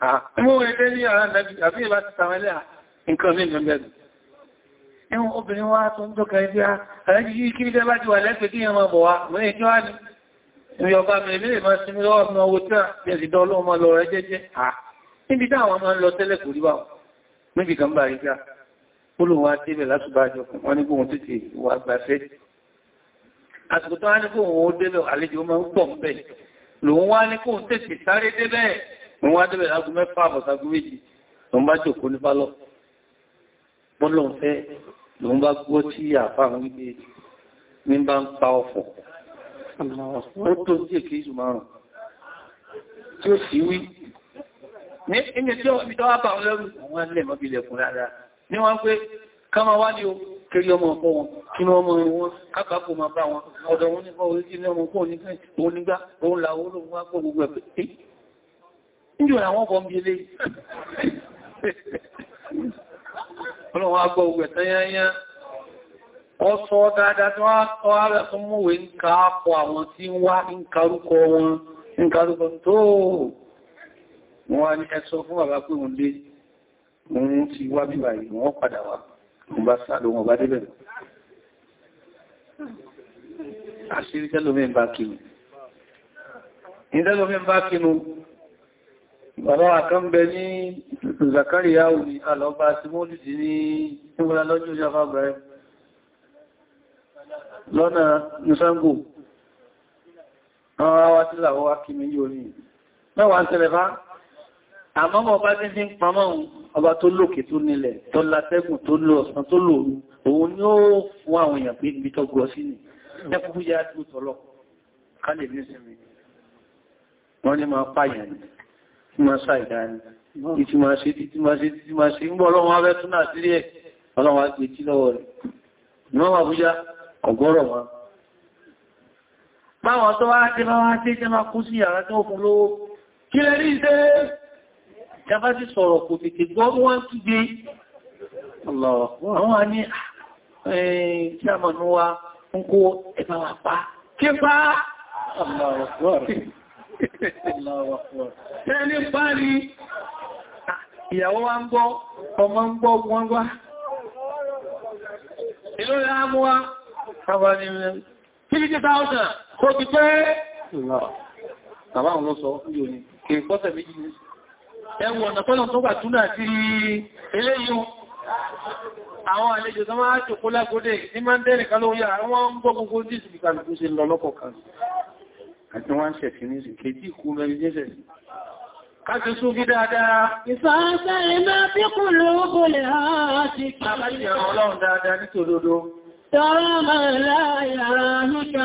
Ah, Mú ẹgbẹ́ ní ara nàbí àbí ìbá ti tàwẹ́lẹ́ nǹkan ní ìgbẹ̀mẹ̀lú. Ẹwọ́n obìnrin wá tó ń tọ́ka ẹgbẹ́ àrẹ́jì yìí kí ìjẹ́ bá ti wà lẹ́fẹ̀ẹ́ kí ẹmọ bọ̀ wá, mọ́ ẹjọ́ á ní. Ìyọba mẹ́rin máa sinmi lọ́wọ́ ọmọ owó tí a ti ẹ̀sìdọ́ ọlọ́mọ lọ rẹ jẹ́jẹ́. Níbi táwọn máa ń lọ tẹ́lẹ̀ kò rí bá wọn. Níbi kan bá rí ká. Olùwà tí ibẹ̀ lásùbájọ fún wọn ní gbóhun títì wà gbàfẹ́. Àsìkò tó mo wá débẹ̀ lágún mẹ́fà àbọ̀ságún méjì lọ bá jòkó ní pálọ̀ bọ́lọ̀ fẹ́ lọ bá gbọ́ tí àfà wípé ní bá ń pa ọ̀fọ̀ ó tó díẹ̀ kí ìsù márùn tí ó sì wí ní ẹni tí ó bìtọ́ wá bà àwọn alẹ́ mọ́bílẹ̀ fún rárá ní wọ́n pé níjò àwọn ọkọ̀ ń bí ilé ọlọ́wọ́ agbọ́ ogun ẹ̀tẹ́yányá ọ sọ dáadáa tí wọ́n tọ́ ààrẹ tó múwé ń ká àpọ̀ àwọn tí ń wá ń karúkọ wọn ń karúkọ tó wọ́n ní ẹ sọ fún bàbá pé wọ́n dé wọ́n ti wá bíbà yìí wọ́n padà wá wọ́n bá sáàdọ̀ wọn bá débẹ̀ àṣírí tẹ́lómẹ́ bá kínú Bàbá kan bẹ ní Zakariya òní alọ́gbà tí mọ́ lùdí ní ìwọ̀n lọ́jọ́ ìjọba bẹ̀rẹ̀ lọ́nà Nusango. Àwọn awá tí làwọ́ wá kí mi yóò ní. Mẹ́wàá ń tẹ́lẹ̀ bá, àmọ́mọ̀ bá ní fi pamọ́ ọba ni ó wọ́n àwọn èèyàn pé ibi tó gọ́ sí ni. Ẹkùnkú máa pààyàn ni tí máa ṣàìdá ni ìtí máa ṣe títí máa ṣe títí máa ṣe ń bọ́ ọlọ́run abẹ́ tún náà sílé ẹ̀ ọlọ́run á gbé tí lọ́wọ́ rẹ̀ ìmọ́ àbújá ọgọ́rọ̀ wọn báwọn tó wá tí wọ́n wá tí tí máa kú sí yàrá tó fún lówó kí lẹ rí ṣe jẹba a mọ̀ ní wa ń kó ẹ̀bá wa pa Tẹ́lé parí, ìyàwó wa ń gbọ́, ọmọ ń gbọ́ wọn wá. Ìlú rẹ̀ á mú wá, ọba ni rẹ̀. 50,000, kò ti pẹ́. Bàbá àwọn ló sọ, yóò ní, kì í pọ́sẹ̀ méjì ní. Ẹwọ̀n ọ̀nà tọ́lọ̀ tó gbà túnà sí eléyìí àwọn àlejò tó máa jòkó lágbódé ní máa kan ló yà àwọn ń gbọ́ gbogbo jíṣù kìkàlùkú ṣe lọ lọ́kọ̀ọ̀kan àti wọ́n ń ṣẹ̀fì ní ìsìnkèjì ikú mẹ́rin jẹ́sẹ̀ sí káti sún bí dáadáa ìfàáṣẹ́ iná bí kù lóògbò lè ha ti kàbí ọlọ́run dáadáa nítòdodo tọ́rọ màálà yàrá lójà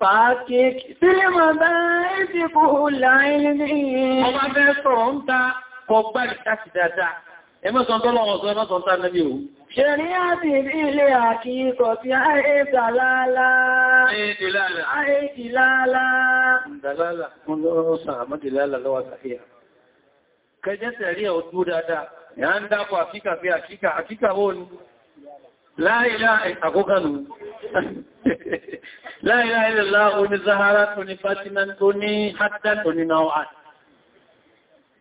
fàákík sílẹ̀mà bá ẹ́sì kò láìlì ní ọmọ abẹ́ sọ̀rọ̀ ń ta kọ gbá ìtàkì dáadáa ẹmọ́sàn tó lọ́wọ́ sọ ẹmọ́sàn tá nẹ́bí o ṣẹ̀rí àti ilé àkíkọ̀ tí àìsà lálá àìsì lálá ǹdàlálà ǹdàlọ́sàn àmọ́dìlálà lọ́wọ́ sàfíà kẹjẹ́ láìlá ìlàlá oní zahara tó ní fatima tó ní hajjá tó ní náà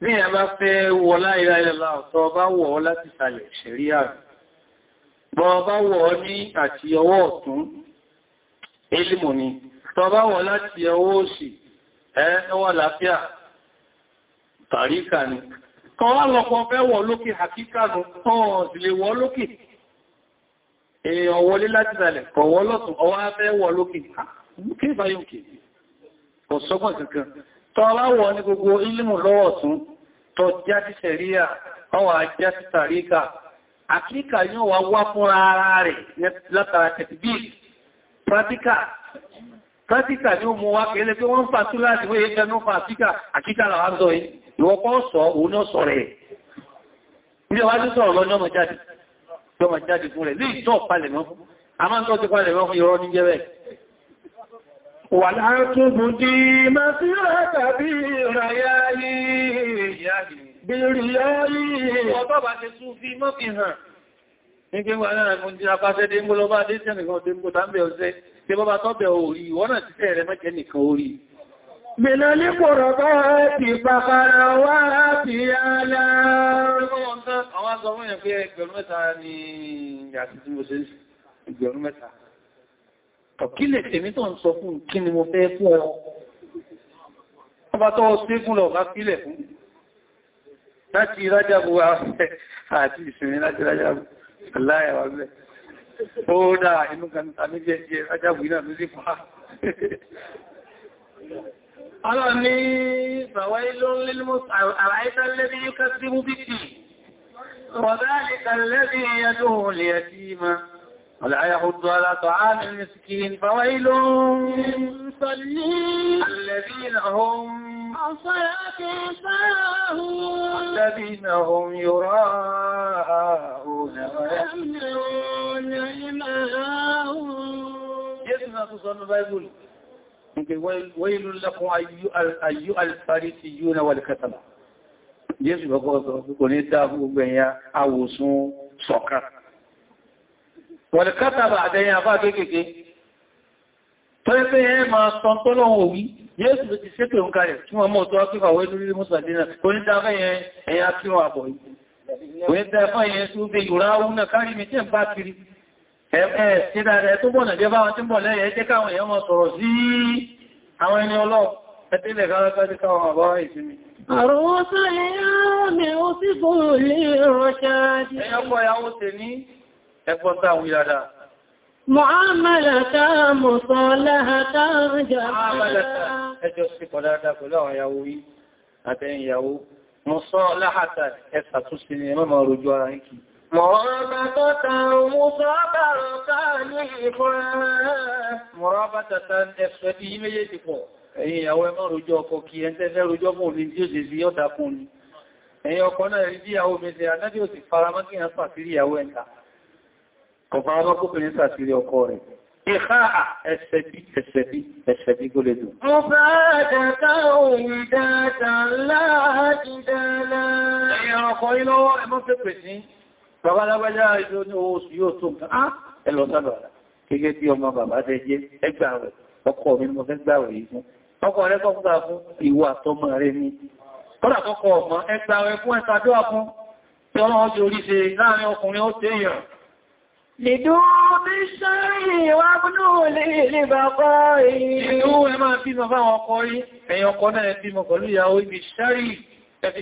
ní ẹ̀bá fẹ́ wọ láìlá ìlàlá ọ̀tọ́ bá wọ̀ ọ́ láti sàlẹ̀ ṣẹ̀ríà bọ́ bá wọ̀ ọ́ ní àti ọwọ́ ọ̀tún ilmù ni tọ bá wọ̀ láti ọwọ́ òsì ẹwọ́ èèyàn wọlé láti ìsàlẹ̀ kọ̀wọ́ lọ́tún ọwọ́ afẹ́ wọ lókè ah, kí ìbáyókè kò sọ́gbọ̀n kankan tọ́ aláwọ̀ ní gbogbo ilmù lọ́wọ́ tún tọ́ já sí sẹ̀ríà ọwọ́ ajá sí tàríkà àkíkà yóò wá wá fún ara rẹ̀ látara tẹ̀tìbí pratica pratica ni ó mú wá kẹ́lẹ́ pé wọ́n ń fà tú láti wọ́n yẹ jẹ́ ní fàtíkà àkíkà làwọn àzọ yìí ìwọ́pọ̀ sọ òun náà sọ rẹ̀ ilé wájú sọ̀rọ̀ lọ́jọ́ mọ̀ jáde tó ma jáde fún rẹ̀ lè tọ́ palẹ̀ mọ́ fún àmá tó ti palẹ̀ mọ́ fún ìrọ́ ní jẹ́rẹ̀ wà látúbù dí mẹ́sílẹ̀ tàbí ìràyáyí bíríyáyí ọ̀tọ́ bá ti tún fi mọ́ fi hàn Bìnàlí pọ̀rọ̀ bá ti pàpàrà wá láti ààlá. Àwọn aṣọ fún ìyẹn pé ẹgbẹ̀rún mẹ́ta ni àti tí mo ṣe ẹgbẹ̀rún mẹ́ta. Ọ̀kílẹ̀ tèmi tó ń sọ fún kí ni mo fẹ́ fún ọ. Ọba tọ́ sí fún lọ bá fílẹ̀ fún. Láti rájábù àti ìsinmi láti rájábù. Aláyàwà bẹ́ẹ̀. Ó dáa inú kan tàbí jẹ́ jẹ́ rájábù iná ló sí fún ọlọ́run ní fawailun lil ara'ayta alladhi yukazzibu bid ولا يحض على طعام المسكين فويل الذين هم الذين هم يراءون ويمنعون الماء يسمع تصنع wailul lakum ayyu al-farisiyuna wal kataba Jésù kọ́kọ́ sọ kò ní dáàbò gbogbo ẹ̀yà awòsùn sọ̀ká. Wal kataba àdẹ́yìn àbá kéèkéé, tó yẹ pé ẹ máa sọ tó lọ́wọ́ òwí, Jésù ló ti ṣépè ń kalẹ̀ tí wọ́n mọ́ tó ápífà wé lórí Mùsàdínà, kò ní dáàbẹ́ yẹn ẹ̀yà kí wọ́n àbọ̀ yìí. Kò ní yẹn tó ẹ̀ẹ́ ṣe dáadáa tó bọ̀nà jẹ́ báwọn tí ń bọ̀ lẹ́yẹ jẹ́ káwọn èèyàn wọn sọ̀rọ̀ sí àwọn ẹni ọlọ́run ẹ̀tẹ́lẹ̀ káwọn káwọn àbá ìsinmi. àrùn sọ́lẹ̀ yáà mẹ́ ó sì kò lè rọ̀ṣà jẹ́ ẹ̀yọ́kọ̀ ìyàwó tẹ̀ ní ẹgbọ́n táwọn ìlàdà Mọ̀ámàlàtà mọ̀sánláhàtà jàmàlàtà. Ẹjọ́ sí kọ̀dáadáa pẹ̀lú àwọn ìyàwó yìí àtẹ́yìn ìyàwó. Mọ̀sánláhàtà ẹ̀sàtúnṣe ni ẹmọ́ Mọ̀rọ̀bátọ́ta mọ́sọ́bàrọ̀ káàlì ìfúnra. Mọ̀rọ̀bátọ́ta ẹ̀fẹ́ bí i méjèèjì pọ̀. Ẹ̀yin ìyàwó ẹmọ́ rojọ́ ọkọ kí ẹ ń tẹ́fẹ́ rojọ́ fún olè tí ó ṣe sí ọ̀dá fún ni. Ẹ̀yin ọkọ náà rí bí ìyàwó méjì àdájí ò sì faramọ́ kí ẹ pàtírí ìyàwó ẹ̀ta. Kọ̀fà ọmọkùnrin sàtírí ọkọ rẹ̀. Ìhá ẹ̀ṣẹ̀bí ẹ̀ṣẹ̀bí ẹ̀ṣẹ̀bí kó dùn. Mo fẹ́ ẹ̀dẹ̀ta òun dáadáa bàbá lábájá ìjọ ní oṣù yóò tó nǹkan á ah, ẹlọ sábàrà gẹ́gẹ́ bí ọmọ bàbá tẹ́ jẹ́ ẹgbà rẹ̀ ọkọ mi mo fẹ́ gbàwẹ̀ yìí fún ọkọ rẹ̀ kọ́ fúnta fún ìwọ àtọmọ rẹ̀ ní kọ́dà kọ́kọ́ ọmọ ẹgbà rẹ̀ fún ẹta dọ́wà fún tí ọmọ ọjọ́ orí ṣe láàrin ọkùnrin ó tẹ́ èèyàn Ìdú bí ṣẹ́rì wá búnú lè lè bàbá yìí. ẹ máa bímọ fáwọn ọkọ yìí, ẹ̀yin ọkọ náà bímọ pẹ̀lú ìyàwó ibi ṣẹ́rì ẹbí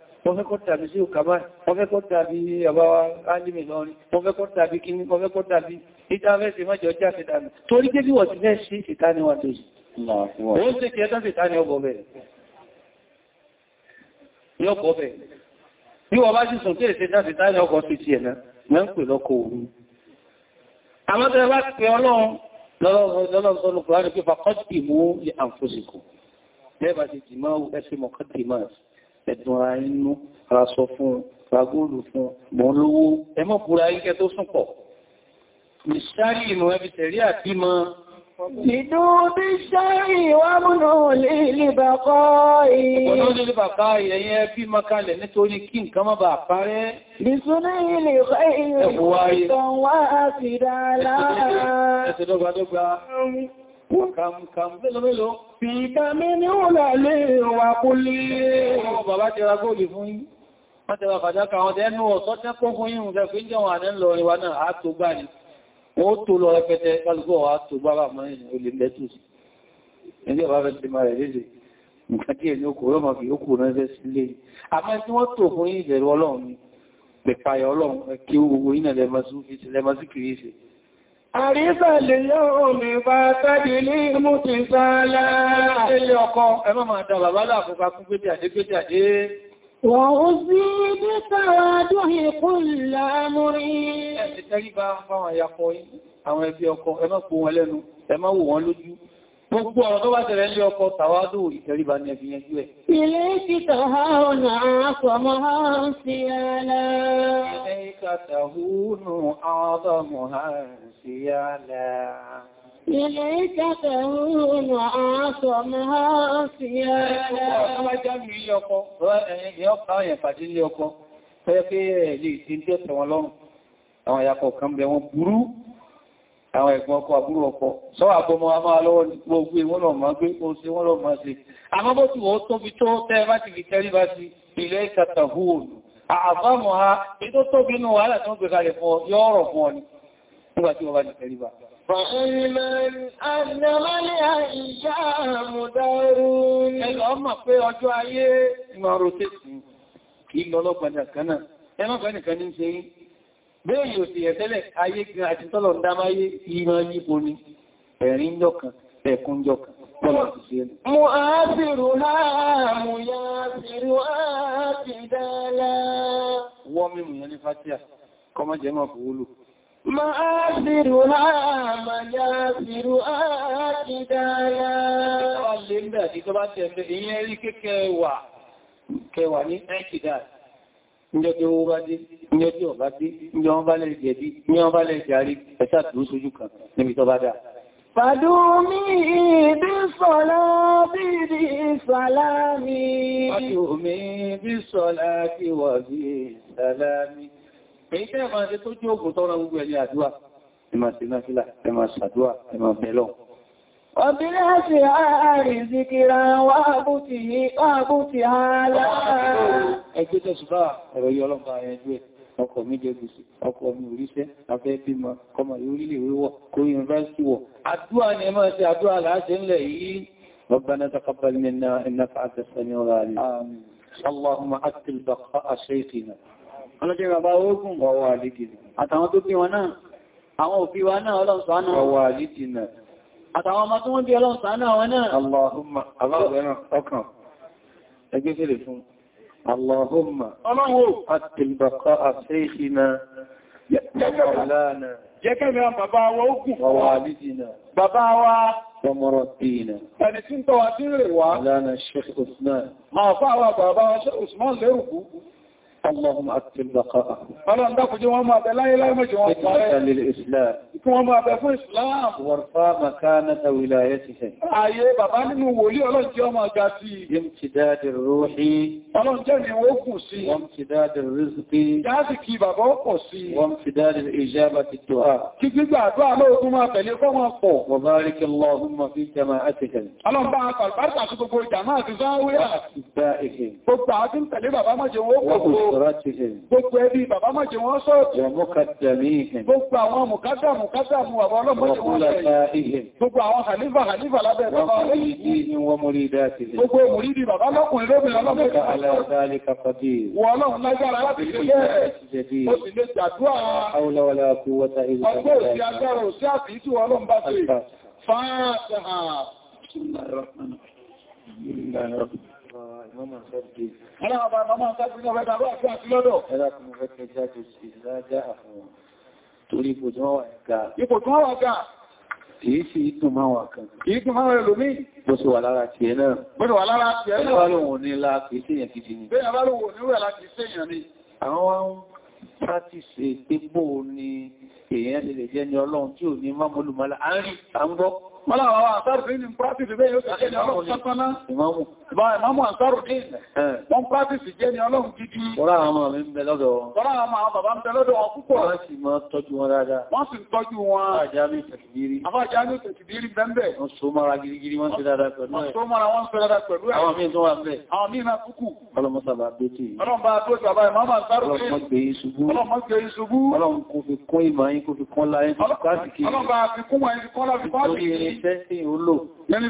wọ́n fẹ́ kọ́ tàbí sí òkàbá wọ́n fẹ́ kọ́ tàbí àbáwá alìmì lọ́rin wọ́n fẹ́ kọ́ tàbí kíní wọ́n fẹ́ kọ́ tàbí ìtàfẹ́sì mọ́jọ jẹ́ àfẹ́dàmì torí pé bí wọ́n ti fẹ́ sí ìtaníwà tó sì ó ń tẹ́kẹ́ tán fìtaní ọgbọ̀ bẹ̀rẹ̀ yọ́kọ̀ bẹ̀rẹ̀ bí wọ́n bá sì sùn tí èsẹ́ tán fìtaní ọkọ̀ sí ti ẹ̀nà mẹ́ ẹ̀dùn ara inú ara sọ fún ragóòlù fún mọ́ lówó ẹmọ́ fúra ikẹ́ tó sún pọ̀ ìṣáàrí ìmọ̀ ẹbí tẹ̀rí àti mọ́ Ìdú bí ṣáàrí wà múnà lè lè bàkọ́ ìyẹn. Ọ̀nà lè Kàmkàmlélọ́mélò fi kàmí ní ọ̀nà lè wà kú lè. Ọmọ bàbá ti ra góòlì fún yín. Wọ́n ti ra fàjákà wọn tẹ́ ẹnu ọ̀sọ́ tẹ́ kó fún yín fẹ́ fíjọ wà ní lọ ríwá náà á tó gbá ní. Ó tó lọ rẹpẹtẹ kálùkọ́ wà tó gbá bà mọ́ ìrìn olè lẹ́tù sí. Ẹgbẹ́ bá fẹ́ ti máa rẹ̀ léde. Nǹkan tí ẹni okùn rọ́mà fi okùn rẹ̀ fẹ́ sí lé. Àmọ́ tí wọ́n tó fún yín ìbẹ̀rù Ọlọ́run ni, pẹ̀pàyà Ọlọ́run, Àríṣà lè lọ́rùn mi bá tàbí ní mú ti sáàlá. Ilé ọkọ, ẹ má máa dá bàbá láàfúnfà fún gbéjì àdé gbéjì àdé. Wọ́n ó sí ní tàwà dúhì kún lámúrí. Ẹ Gbogbo ọ̀rọ̀ tó bá tẹ̀rẹ ní ọkọ̀ tàwádò ìtẹríba ní ẹbí ẹjú ẹ̀. Ilé títà ha ọ̀nà àkọ̀mọ́ ha ń sí ààlá. Ilé ìkàtàhúnù àádọ́mù ha ń sí ààlá. Ilé ìkàtàhúnù àádọ́mù ha ń sí ààlá. Ọ̀rọ̀ tó ilé ọkọ̀, ẹ̀yẹ ọkọ̀ àwọn àwọn ẹ̀gbọ́n ọkọ àbúrò ọkọ sọ́wọ́ àbọmọ a máa lọ́wọ́ ní gbogbo ìwọ́n lọ máa gbé kó sí wọ́n lọ máa ṣe àmọ́ bó ti wọ́n tóbi tó tẹ́ bá ti fi tẹ́rí bá ti ilẹ̀ ìkàtà hùwòlù àbámọ̀ ha ètò tóbi inú wàhálà tó ń gbé kalẹ̀ fún ọ yọ́ ọ̀rọ̀ bẹ́ẹ̀ yóò sì ẹ̀tẹ́lẹ̀ ayé gan àti tọ́lọ̀ dámáyé ìmọ̀ yípo ni ẹ̀rin jọkàn ẹ̀kún jọkàn tọ́lọ̀ ti ṣe ẹ̀lẹ̀. mo á sì rò láàmù ya sì rò áàtì dáálá wọ́n mímù yẹn ma á sì rò láàmù ya sì lè ń bẹ̀ àti tó bá tẹ̀ níjọ́ tí owó bá dé níjọ́ tí ọ̀bá dé níjọ́ wọn bá lẹ́rẹ̀ jẹ̀bí ní wọn bá lẹ́rẹ̀ jàrí ẹ̀ṣà tí ó sojú kan níbi tó bá dá Fàdúmí bí sọ́lá bí bí sàlámi. Fàdúmí bí sọ́lá bí wà bí sàlámi. Èyí tẹ́ máa ṣe tó jí tọ́rọ gbogbo ẹni àdúwà, ẹ وبالعشر آل ذكرا وأبوته وأبوتها لا Ẹgbẹ́ tẹ́ṣùbá ẹ̀rọ yọ ọlọ́pàá ẹgbẹ́ ọkọ̀ mi jẹ́ gbèsè, ọkọ̀ mi oríṣẹ́, afẹ́ bímọ, kọmọ orílẹ̀ wíwọ̀, kó yunifásitì wọ̀. Àdúwà ni máa ṣe àdúwà láàṣẹ ńlẹ̀ yìí. ربنا تقبل منا إنك أنت السميع العليم. آمين. اللهم أكل بقاء شيخنا. Ọlọ́jẹ́ bàbá ogun. Wọ́wọ́ àlídìí. Àtàwọn tó bí wọn náà, àwọn òbí wa náà ọlọ́sọ̀ àtàwọn ọmọ tó wọ́n bí ọlọ́run ṣàánú àwọn náà Allahumma aláwọ̀ẹ́nà ọkàn ẹgbẹ́ fèrè fún Allahumma àtìlbàkọ́ àṣíṣìna jẹ́kẹ́ mẹ́wàá bàbá wa ó kù fún wa bàbá wa ومربينا فنسين اللهم أكتب بقاءه أنا أندق جوامع لا إله مجوامع إطلاقا للإسلام جوامع بفو إسلام وارفع مكانة ولايته أيه بابا نمو ولي الله جوامع جاتي امتداد الروح الله جاني وقوسي وامتداد الرزق جاتي كي بابا وقوسي وامتداد الإجابة الدعاء كي بابا لو كما تليفون وقو وبارك اللهم في جماعتهم الله بارك البركة تقول جماعة زاوية أحبائهم فبعد تلي بابا مجوامع وقوسي gbogbo ẹbí bàbá mọ́jẹ wọ́n sọ́ọ̀tì gbogbo àwọn mùkádàmù kádàmù àwọn ọlọ́mọ́jẹ wọ́n sọ́ọ̀tì gbogbo àwọn halifa halifa lábẹ́ bàbá gbogbo mùrídì bàbá lọ́kùnrin lóbìnrin ọlọ́mọ́jẹ wọ́n ọlọ́run lágbára láti ṣe bẹ́ẹ̀ ó sì lè jàdúrà ọgbọ́ òsì ماما صدقي أنا أبا ماما صدقي وبدا روح شاك لدو إلاكم مفتك ذات إذا جاء أخوان تولي بجمع وإنكا يبجمع وإنكا Kìí sí ìdùn máa wà kan. Ìdùn máa rẹ̀ lómi? Bó ṣe wà lára ti ẹ̀ náà. Bó ṣe wà lára ti ẹ̀ náà. Bẹ́ẹ̀ bá lòun ní láà kìí sí èyàn kìí sí ni. Bẹ́ẹ̀ bá lòun ní láà kìí sí èyàn ni. Àwọn wá ń pàtìsẹ̀ pé bóò ni èyàn lè jẹ́ ni Ọlọ́run tí ò ní máa mọ́lùmọ́lá. À ń rí, à ń gbọ́. Mọ́láwàwà àṣàrùfin ní pàtìsì bẹ́ yóò kàṣẹ́ ni ọlọ́run sọ́tọ́ná. Ìmọ́mù àṣàrùfin wọ́n pàtìsì jẹ́ ni ọlọ́run gidi. Wọ́n àwọn ọmọ mi ń bẹ lọ́dọ̀ wọn. Wọ́n àwọn bàbá ń bẹ lọ́dọ̀ wọn púpọ̀. Wọ́n sì mọ́ tọ́jú wọn dáadáa. Wọ́n sì tọ́jú wọn. Àjámi tẹ̀kìdírí. Àbájámi tẹ̀kìdírí bẹ́m̀bẹ̀. Wọ́n so mara gidigidi wọ́n ṣe dáadáa pẹ̀lú ẹ̀. Wọ́n so mara wọ́n ṣe dáadáa pẹ̀lú ẹ̀. Àwọn míì tó wà bẹ̀. Àwọn míì náà kúkú. Ọlọ́mọ sábà gbé tì. Ọlọ́mọ bá tó sábà ìmọ́mà sáré. Ọlọ́mọ gbé fi kún ìmọ̀ yín kò fi kún iṣẹ́ tí ó lò. Ẹni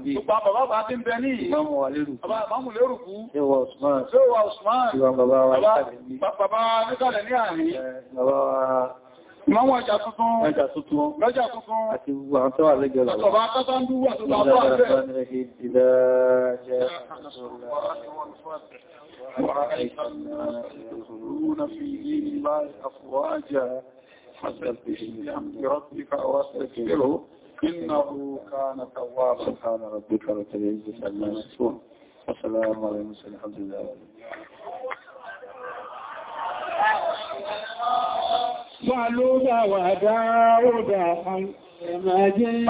bí i. Bàbá bàbá ti ń bẹ ní yìí. Mọ́mù wà lérù. Mọ́mù lérù kú. Ṣéwà Osman. Ṣéwà Osman. Ṣéwà bàbá wa nítàlẹ̀ ní. Bàbá nítàlẹ̀ ní àárín. Bàbá wa. Mọ́mù ọjà tuntun. Ọjà tuntun. Lọ́jà tuntun. Àti gbogbo àwọn tó wà lẹ́jọ́ lọ. Bàbá tátá ń dúwà tó tàbí wà bẹ́ẹ̀. ورأيت الناس يدخلون في دين الله أفواجا فسبح بحمد ربك واستغفره إنه كان تواب سبحان ربك رب العزة عما يصفون السلام عليكم ورحمة الله وبركاته ما جئت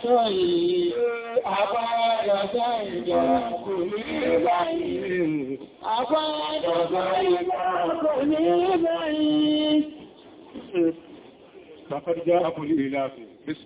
aṣọ yìí, àbáradọ́gbà ìjà kò ní báyìí. Àbáradọ́gbà ìjà kò ní báyìí. Bàbá